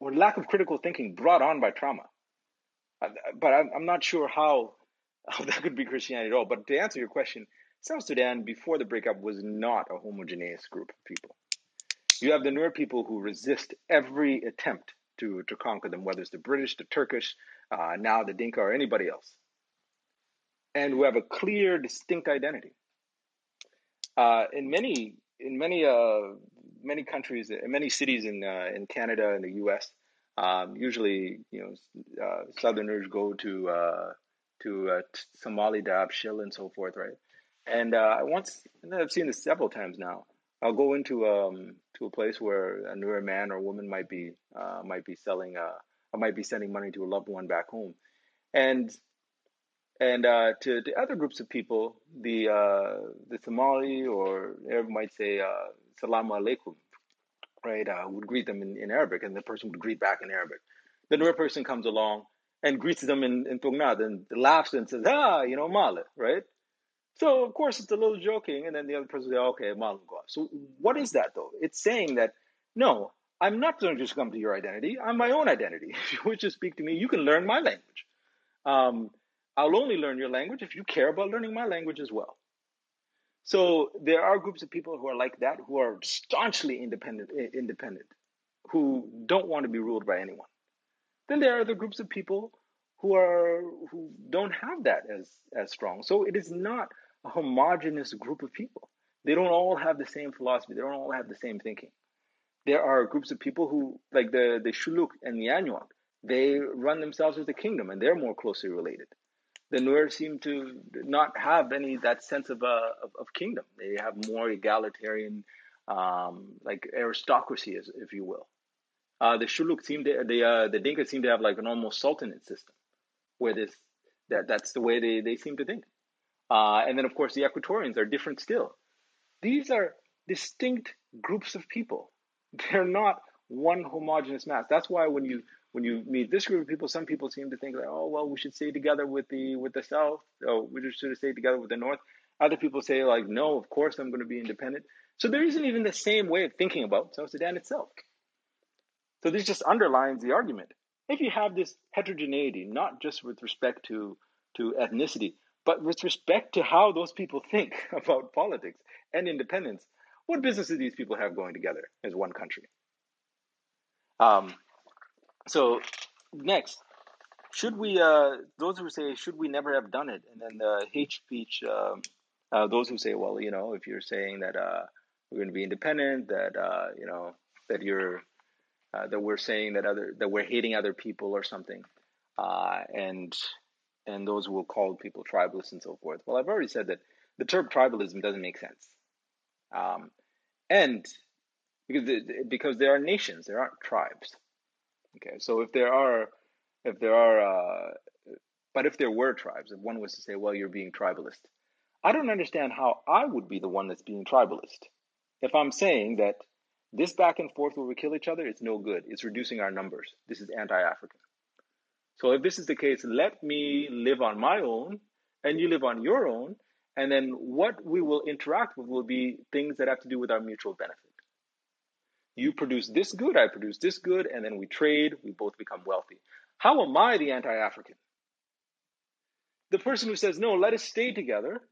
or lack of critical thinking brought on by trauma. But I'm not sure how how that could be Christianity at all. But to answer your question, South Sudan before the breakup was not a homogeneous group of people. You have the Nur people who resist every attempt to, to conquer them, whether it's the British, the Turkish, uh, now the Dinka, or anybody else, and who have a clear, distinct identity. Uh, in many in many uh, many countries, in many cities in uh, in Canada and the U.S., um, usually you know uh, Southerners go to uh, to uh, Somali Dab, Shil, and so forth, right? And uh, I once I've seen this several times now. I'll go into um, to a place where a newer man or woman might be uh, might be selling uh, might be sending money to a loved one back home, and and uh, to, other groups of people, the uh, the Somali or Arab might say uh, "Salam alaikum," right? Uh, would greet them in, in Arabic, and the person would greet back in Arabic. Then another person comes along and greets them in in and laughs and says, "Ah, you know, male," right? So of course it's a little joking, and then the other person says, "Okay, male." So what is that though? It's saying that no, I'm not going to just come to your identity. I'm my own identity. If you wish to speak to me, you can learn my language. Um, I'll only learn your language if you care about learning my language as well. So there are groups of people who are like that, who are staunchly independent, independent, who don't want to be ruled by anyone. Then there are other groups of people who are who don't have that as as strong. So it is not a homogenous group of people. They don't all have the same philosophy. They don't all have the same thinking. There are groups of people who, like the the Shuluk and the Anuak. they run themselves as a kingdom, and they're more closely related the Nuer seem to not have any that sense of, uh, of, of kingdom. They have more egalitarian, um, like aristocracy, as, if you will. Uh, the Shuluk seem to, the uh, the Dinka seem to have like an almost sultanate system, where this that that's the way they, they seem to think. Uh, and then of course the Equatorians are different still. These are distinct groups of people. They're not one homogenous mass. That's why when you when you meet this group of people, some people seem to think that, oh well, we should stay together with the with the South, Oh, we should stay together with the North. Other people say like, no, of course I'm going to be independent. So there isn't even the same way of thinking about South Sudan itself. So this just underlines the argument. If you have this heterogeneity, not just with respect to to ethnicity, but with respect to how those people think about politics and independence, what business do these people have going together as one country? Um, so next, should we? Uh, those who say should we never have done it, and then the hate speech. Um, uh, those who say, well, you know, if you're saying that uh, we're going to be independent, that uh, you know, that you're uh, that we're saying that other that we're hating other people or something, uh, and and those who will call people tribalists and so forth. Well, I've already said that the term tribalism doesn't make sense, um, and because because there are nations, there aren't tribes. Okay, so if there are, if there are, uh, but if there were tribes, if one was to say, well, you're being tribalist, I don't understand how I would be the one that's being tribalist. If I'm saying that this back and forth where we kill each other, it's no good. It's reducing our numbers. This is anti-African. So if this is the case, let me live on my own, and you live on your own, and then what we will interact with will be things that have to do with our mutual benefit. You produce this good, I produce this good, and then we trade, we both become wealthy. How am I the anti African? The person who says, no, let us stay together,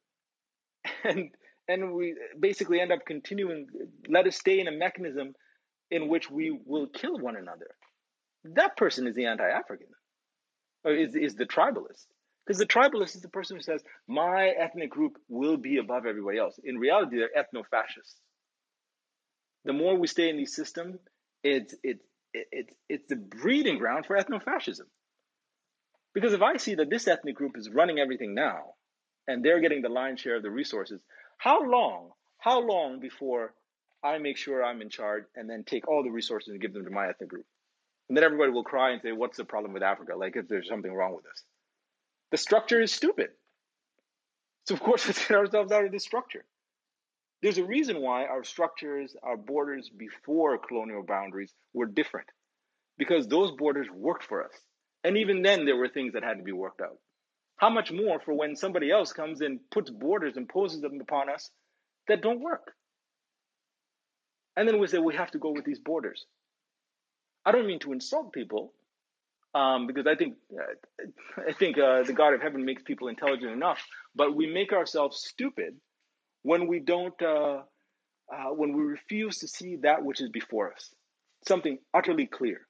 and, and we basically end up continuing, let us stay in a mechanism in which we will kill one another. That person is the anti African, or is, is the tribalist. Because the tribalist is the person who says, my ethnic group will be above everybody else. In reality, they're ethno fascists the more we stay in these system, it's it's it's it's the breeding ground for ethnofascism. Because if I see that this ethnic group is running everything now, and they're getting the lion's share of the resources, how long? How long before I make sure I'm in charge and then take all the resources and give them to my ethnic group? And then everybody will cry and say, "What's the problem with Africa? Like, if there's something wrong with us, the structure is stupid." So of course, let's get ourselves out of this structure. There's a reason why our structures, our borders before colonial boundaries were different, because those borders worked for us. And even then, there were things that had to be worked out. How much more for when somebody else comes and puts borders, imposes them upon us that don't work? And then we say we have to go with these borders. I don't mean to insult people, um, because I think uh, I think uh, the God of Heaven makes people intelligent enough, but we make ourselves stupid when we don't, uh, uh, when we refuse to see that which is before us, something utterly clear,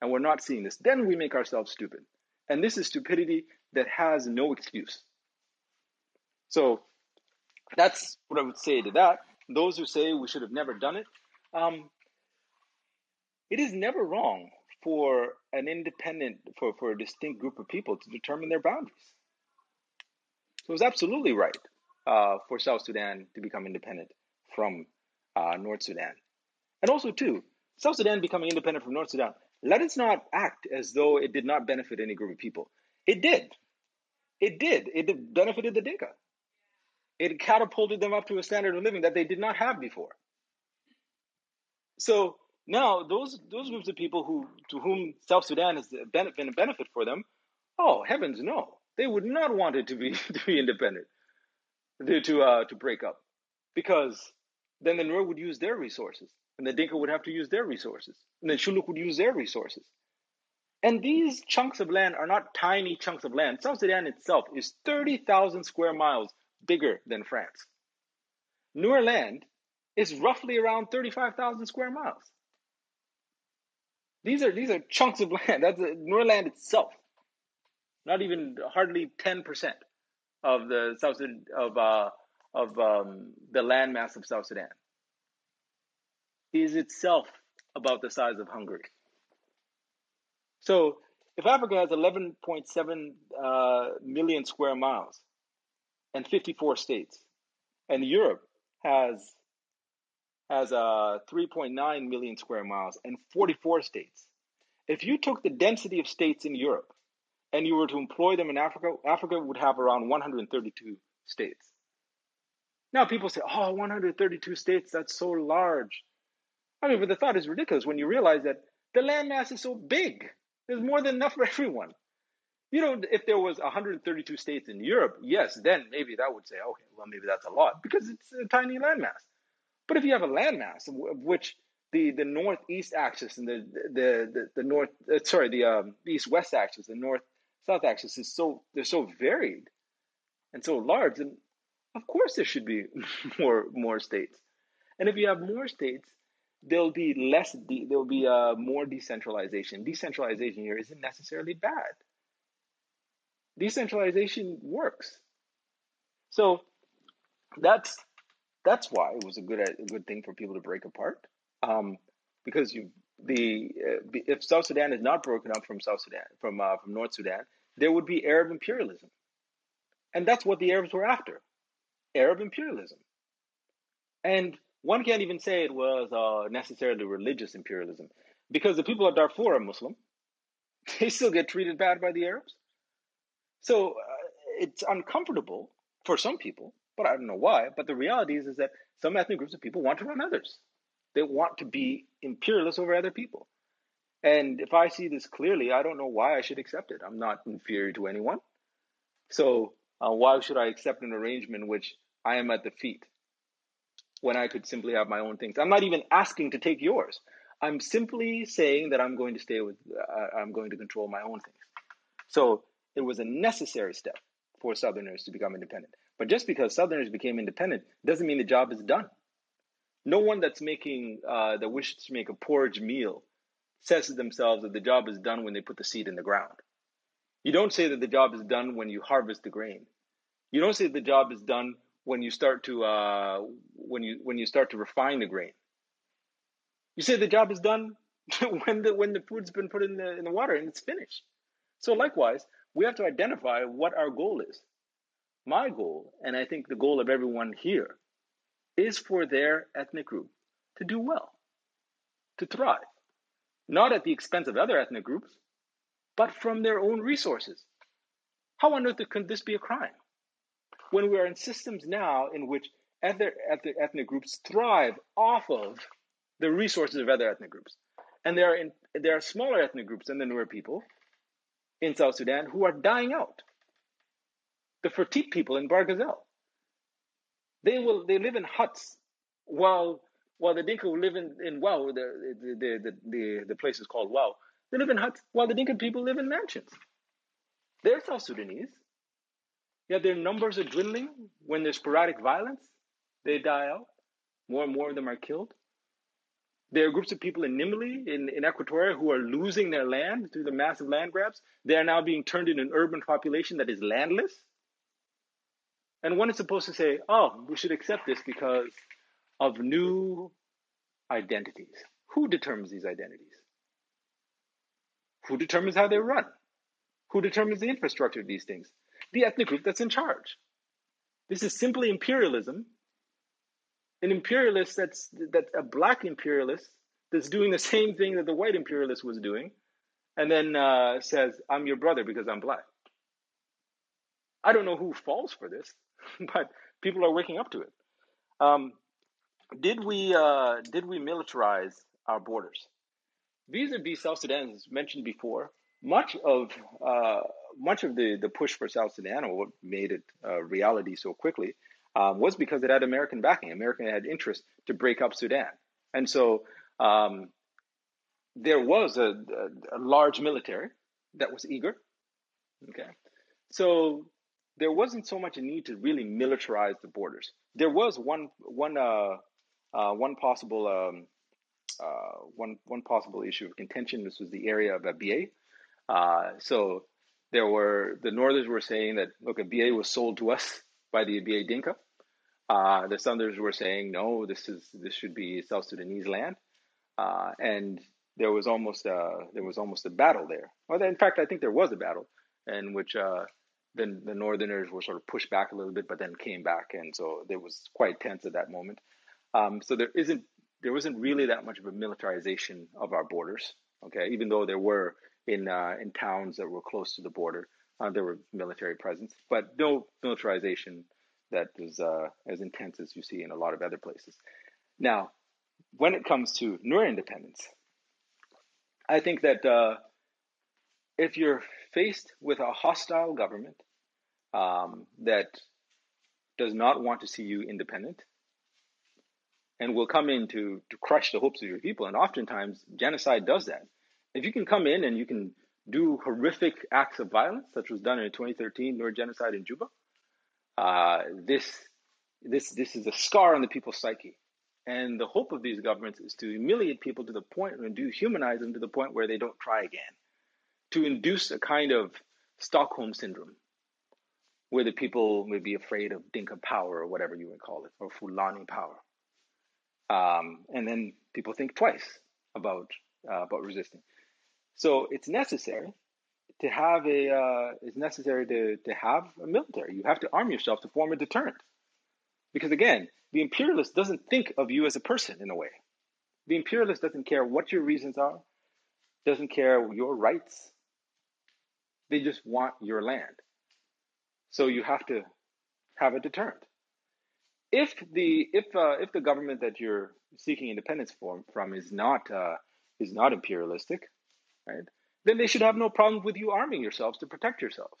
and we're not seeing this, then we make ourselves stupid. And this is stupidity that has no excuse. So that's what I would say to that. Those who say we should have never done it, um, it is never wrong for an independent, for, for a distinct group of people to determine their boundaries. So was absolutely right uh, for South Sudan to become independent from uh, North Sudan. And also, too, South Sudan becoming independent from North Sudan, let us not act as though it did not benefit any group of people. It did. It did. It benefited the Dinka. It catapulted them up to a standard of living that they did not have before. So now those those groups of people who to whom South Sudan has been a benefit for them, oh heavens no, they would not want it to be to be independent to uh, to break up, because then the Nur would use their resources, and the Dinka would have to use their resources, and then Shuluk would use their resources. And these chunks of land are not tiny chunks of land. South Sudan itself is 30,000 square miles bigger than France. Nur land is roughly around 35,000 square miles. These are these are chunks of land. That's a, Nur land itself. Not even hardly 10% of the South of uh, of um, the landmass of South Sudan is itself about the size of Hungary. So, if Africa has 11.7 uh, million square miles and 54 states, and Europe has has uh, 3.9 million square miles and 44 states. If you took the density of states in Europe and you were to employ them in Africa, Africa would have around 132 states. Now people say, oh, 132 states, that's so large. I mean, but the thought is ridiculous when you realize that the landmass is so big. There's more than enough for everyone. You know, if there was 132 states in Europe, yes, then maybe that would say, okay, well, maybe that's a lot because it's a tiny landmass. But if you have a landmass of which the, the northeast axis and the the the, the north uh, sorry the um, east west axis, the north South axis is so they're so varied and so large, and of course there should be more more states. And if you have more states, there'll be less de- there'll be uh, more decentralization. Decentralization here isn't necessarily bad. Decentralization works. So that's that's why it was a good a good thing for people to break apart um, because you the uh, if South Sudan is not broken up from South Sudan from uh, from North Sudan, there would be Arab imperialism, and that's what the Arabs were after, Arab imperialism. And one can't even say it was uh, necessarily religious imperialism, because the people of Darfur are Muslim, they still get treated bad by the Arabs. So uh, it's uncomfortable for some people, but I don't know why. But the reality is, is that some ethnic groups of people want to run others. They want to be imperialist over other people. And if I see this clearly, I don't know why I should accept it. I'm not inferior to anyone. So uh, why should I accept an arrangement in which I am at the feet when I could simply have my own things? I'm not even asking to take yours. I'm simply saying that I'm going to stay with, uh, I'm going to control my own things. So it was a necessary step for Southerners to become independent. But just because Southerners became independent doesn't mean the job is done no one that's making uh, that wishes to make a porridge meal says to themselves that the job is done when they put the seed in the ground. You don't say that the job is done when you harvest the grain. You don't say the job is done when you start to uh, when you when you start to refine the grain. You say the job is done when the when the food's been put in the in the water and it's finished. So likewise, we have to identify what our goal is. My goal, and I think the goal of everyone here, is for their ethnic group to do well, to thrive, not at the expense of other ethnic groups, but from their own resources. How on earth could this be a crime? When we are in systems now in which other ethnic groups thrive off of the resources of other ethnic groups. And there are, in, there are smaller ethnic groups and the newer people in South Sudan who are dying out. The Fertit people in Barghazel, they will they live in huts while while the Dinka live in, in Wow, the the, the the the place is called Wow, they live in huts while the Dinka people live in mansions. They're South Sudanese. Yet their numbers are dwindling when there's sporadic violence, they die out. More and more of them are killed. There are groups of people in Nimili, in, in Equatoria, who are losing their land through the massive land grabs. They are now being turned into an urban population that is landless. And one is supposed to say, oh, we should accept this because of new identities. Who determines these identities? Who determines how they run? Who determines the infrastructure of these things? The ethnic group that's in charge. This is simply imperialism. An imperialist that's, that a black imperialist that's doing the same thing that the white imperialist was doing, and then uh, says, I'm your brother because I'm black. I don't know who falls for this. but people are waking up to it. Um, did we uh, did we militarize our borders? Vis-a-vis South Sudan, as mentioned before, much of uh, much of the, the push for South Sudan, or what made it reality so quickly, um, was because it had American backing. America had interest to break up Sudan, and so um, there was a, a, a large military that was eager. Okay, so there wasn't so much a need to really militarize the borders. There was one one uh, uh, one possible um, uh, one one possible issue of contention. This was the area of Abia. Uh, so there were the Northerners were saying that look, Abia was sold to us by the Abia Dinka. Uh, the Southerners were saying no, this is this should be South Sudanese land, uh, and there was almost a, there was almost a battle there. Well, in fact, I think there was a battle in which uh, then the Northerners were sort of pushed back a little bit, but then came back, and so there was quite tense at that moment. Um, so there isn't there wasn't really that much of a militarization of our borders. Okay, even though there were in uh, in towns that were close to the border, uh, there were military presence, but no militarization that was uh, as intense as you see in a lot of other places. Now, when it comes to Nur independence, I think that uh, if you're faced with a hostile government um, that does not want to see you independent and will come in to, to crush the hopes of your people. And oftentimes, genocide does that. If you can come in and you can do horrific acts of violence, such was done in 2013 Nur genocide in Juba, uh, this, this, this is a scar on the people's psyche. And the hope of these governments is to humiliate people to the point and dehumanize them to the point where they don't try again, to induce a kind of Stockholm syndrome where the people may be afraid of Dinka power or whatever you would call it, or Fulani power. Um, and then people think twice about uh, about resisting. So it's necessary to have a uh, it's necessary to, to have a military. You have to arm yourself to form a deterrent, because again, the imperialist doesn't think of you as a person in a way. The imperialist doesn't care what your reasons are, doesn't care your rights. They just want your land. So you have to have a deterrent. If the if uh, if the government that you're seeking independence from from is not uh, is not imperialistic, right? Then they should have no problem with you arming yourselves to protect yourselves.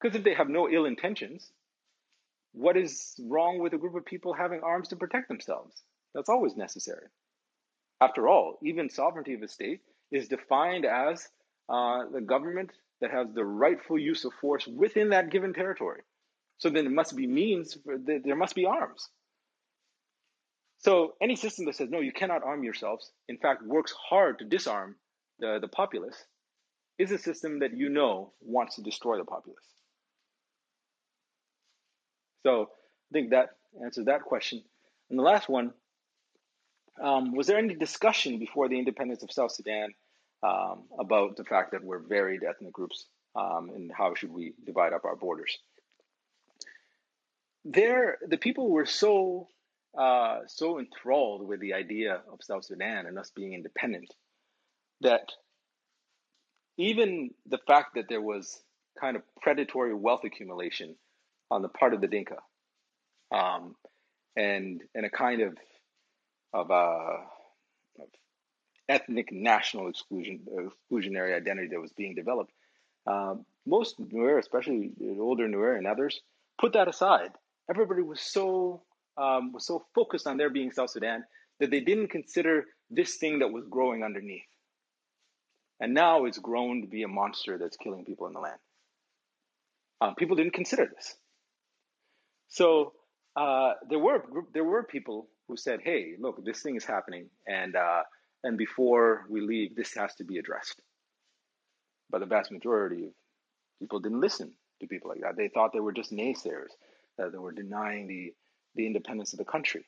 Because if they have no ill intentions, what is wrong with a group of people having arms to protect themselves? That's always necessary. After all, even sovereignty of a state is defined as uh, the government that have the rightful use of force within that given territory. So then it must be means, for, there must be arms. So any system that says, no, you cannot arm yourselves, in fact, works hard to disarm the, the populace, is a system that you know wants to destroy the populace. So I think that answers that question. And the last one um, was there any discussion before the independence of South Sudan um, about the fact that we're varied ethnic groups um, and how should we divide up our borders. There, the people were so uh, so enthralled with the idea of South Sudan and us being independent that even the fact that there was kind of predatory wealth accumulation on the part of the Dinka, um, and and a kind of of, uh, of ethnic national exclusion exclusionary identity that was being developed. Um, most Nuer, especially older Nuer and others, put that aside. Everybody was so um, was so focused on there being South Sudan that they didn't consider this thing that was growing underneath. And now it's grown to be a monster that's killing people in the land. Um, people didn't consider this. So uh, there were there were people who said, "Hey, look, this thing is happening, and uh, and before we leave, this has to be addressed. But the vast majority of people didn't listen to people like that. They thought they were just naysayers, that they were denying the, the independence of the country.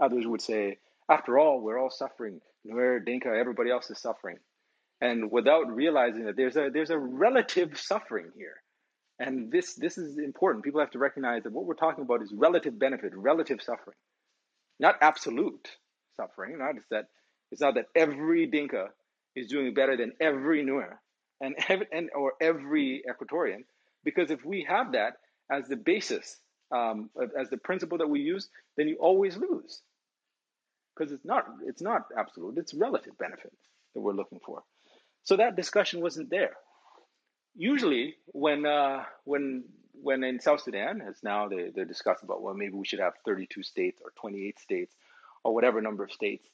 Others would say, after all, we're all suffering. Nuer, Dinka, everybody else is suffering. And without realizing that there's a there's a relative suffering here. And this this is important. People have to recognize that what we're talking about is relative benefit, relative suffering, not absolute suffering. Not that it's not that every Dinka is doing better than every Nuer and, every, and or every Equatorian, because if we have that as the basis, um, as the principle that we use, then you always lose, because it's not it's not absolute; it's relative benefit that we're looking for. So that discussion wasn't there. Usually, when uh, when when in South Sudan, as now they, they're discussing about, well, maybe we should have 32 states or 28 states or whatever number of states.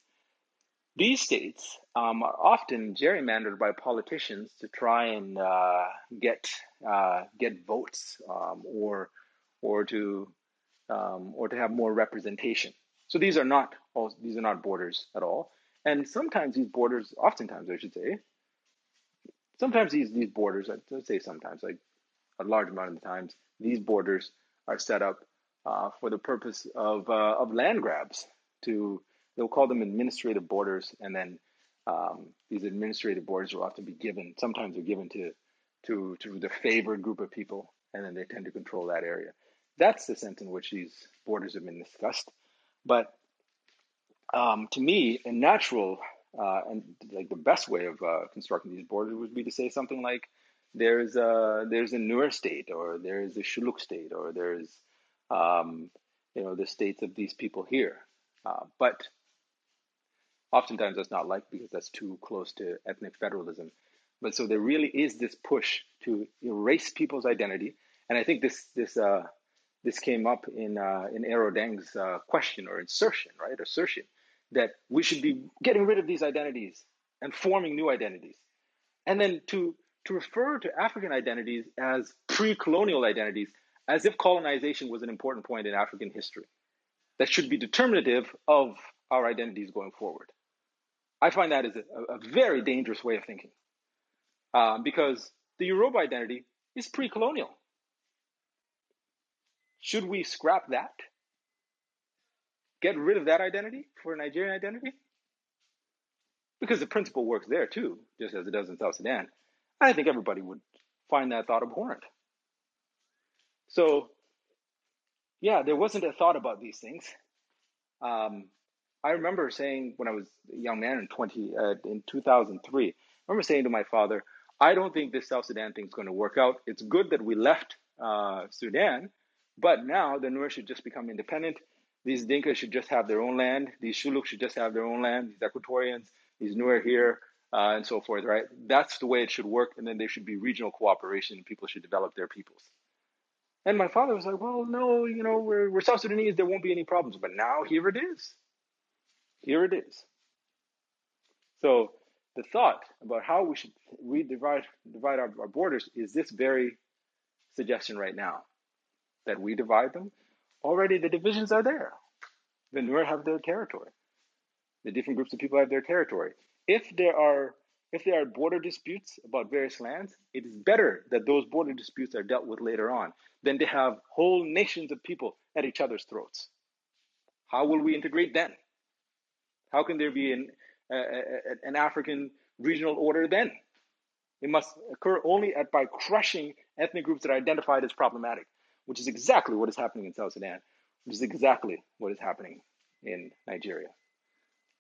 These states um, are often gerrymandered by politicians to try and uh, get uh, get votes um, or or to um, or to have more representation. So these are not all, these are not borders at all. And sometimes these borders, oftentimes I should say, sometimes these these borders, I'd say sometimes, like a large amount of the times, these borders are set up uh, for the purpose of uh, of land grabs to They'll call them administrative borders, and then um, these administrative borders will often be given. Sometimes they're given to to to the favored group of people, and then they tend to control that area. That's the sense in which these borders have been discussed. But um, to me, a natural uh, and like the best way of uh, constructing these borders would be to say something like, "There's a there's a Nur state, or there's a Shuluk state, or there's um, you know the states of these people here." Uh, but Oftentimes that's not liked because that's too close to ethnic federalism. But so there really is this push to erase people's identity, and I think this this uh, this came up in uh, in Aerodang's uh, question or insertion, right? Assertion that we should be getting rid of these identities and forming new identities, and then to to refer to African identities as pre-colonial identities, as if colonization was an important point in African history that should be determinative of our identities going forward. I find that is a, a very dangerous way of thinking uh, because the Yoruba identity is pre colonial. Should we scrap that? Get rid of that identity for a Nigerian identity? Because the principle works there too, just as it does in South Sudan. I think everybody would find that thought abhorrent. So, yeah, there wasn't a thought about these things. Um, I remember saying when I was a young man in 20, uh, in 2003, I remember saying to my father, I don't think this South Sudan thing is going to work out. It's good that we left uh, Sudan, but now the Nuer should just become independent. These Dinkas should just have their own land. These Shuluk should just have their own land. These Equatorians, these Nuer here, uh, and so forth, right? That's the way it should work. And then there should be regional cooperation and people should develop their peoples. And my father was like, well, no, you know, we're, we're South Sudanese. There won't be any problems. But now here it is. Here it is. So the thought about how we should redivide divide our, our borders is this very suggestion right now that we divide them. Already the divisions are there. The Nur have their territory. The different groups of people have their territory. If there are if there are border disputes about various lands, it is better that those border disputes are dealt with later on than to have whole nations of people at each other's throats. How will we integrate then? How can there be an, an African regional order then? It must occur only at, by crushing ethnic groups that are identified as problematic, which is exactly what is happening in South Sudan, which is exactly what is happening in Nigeria.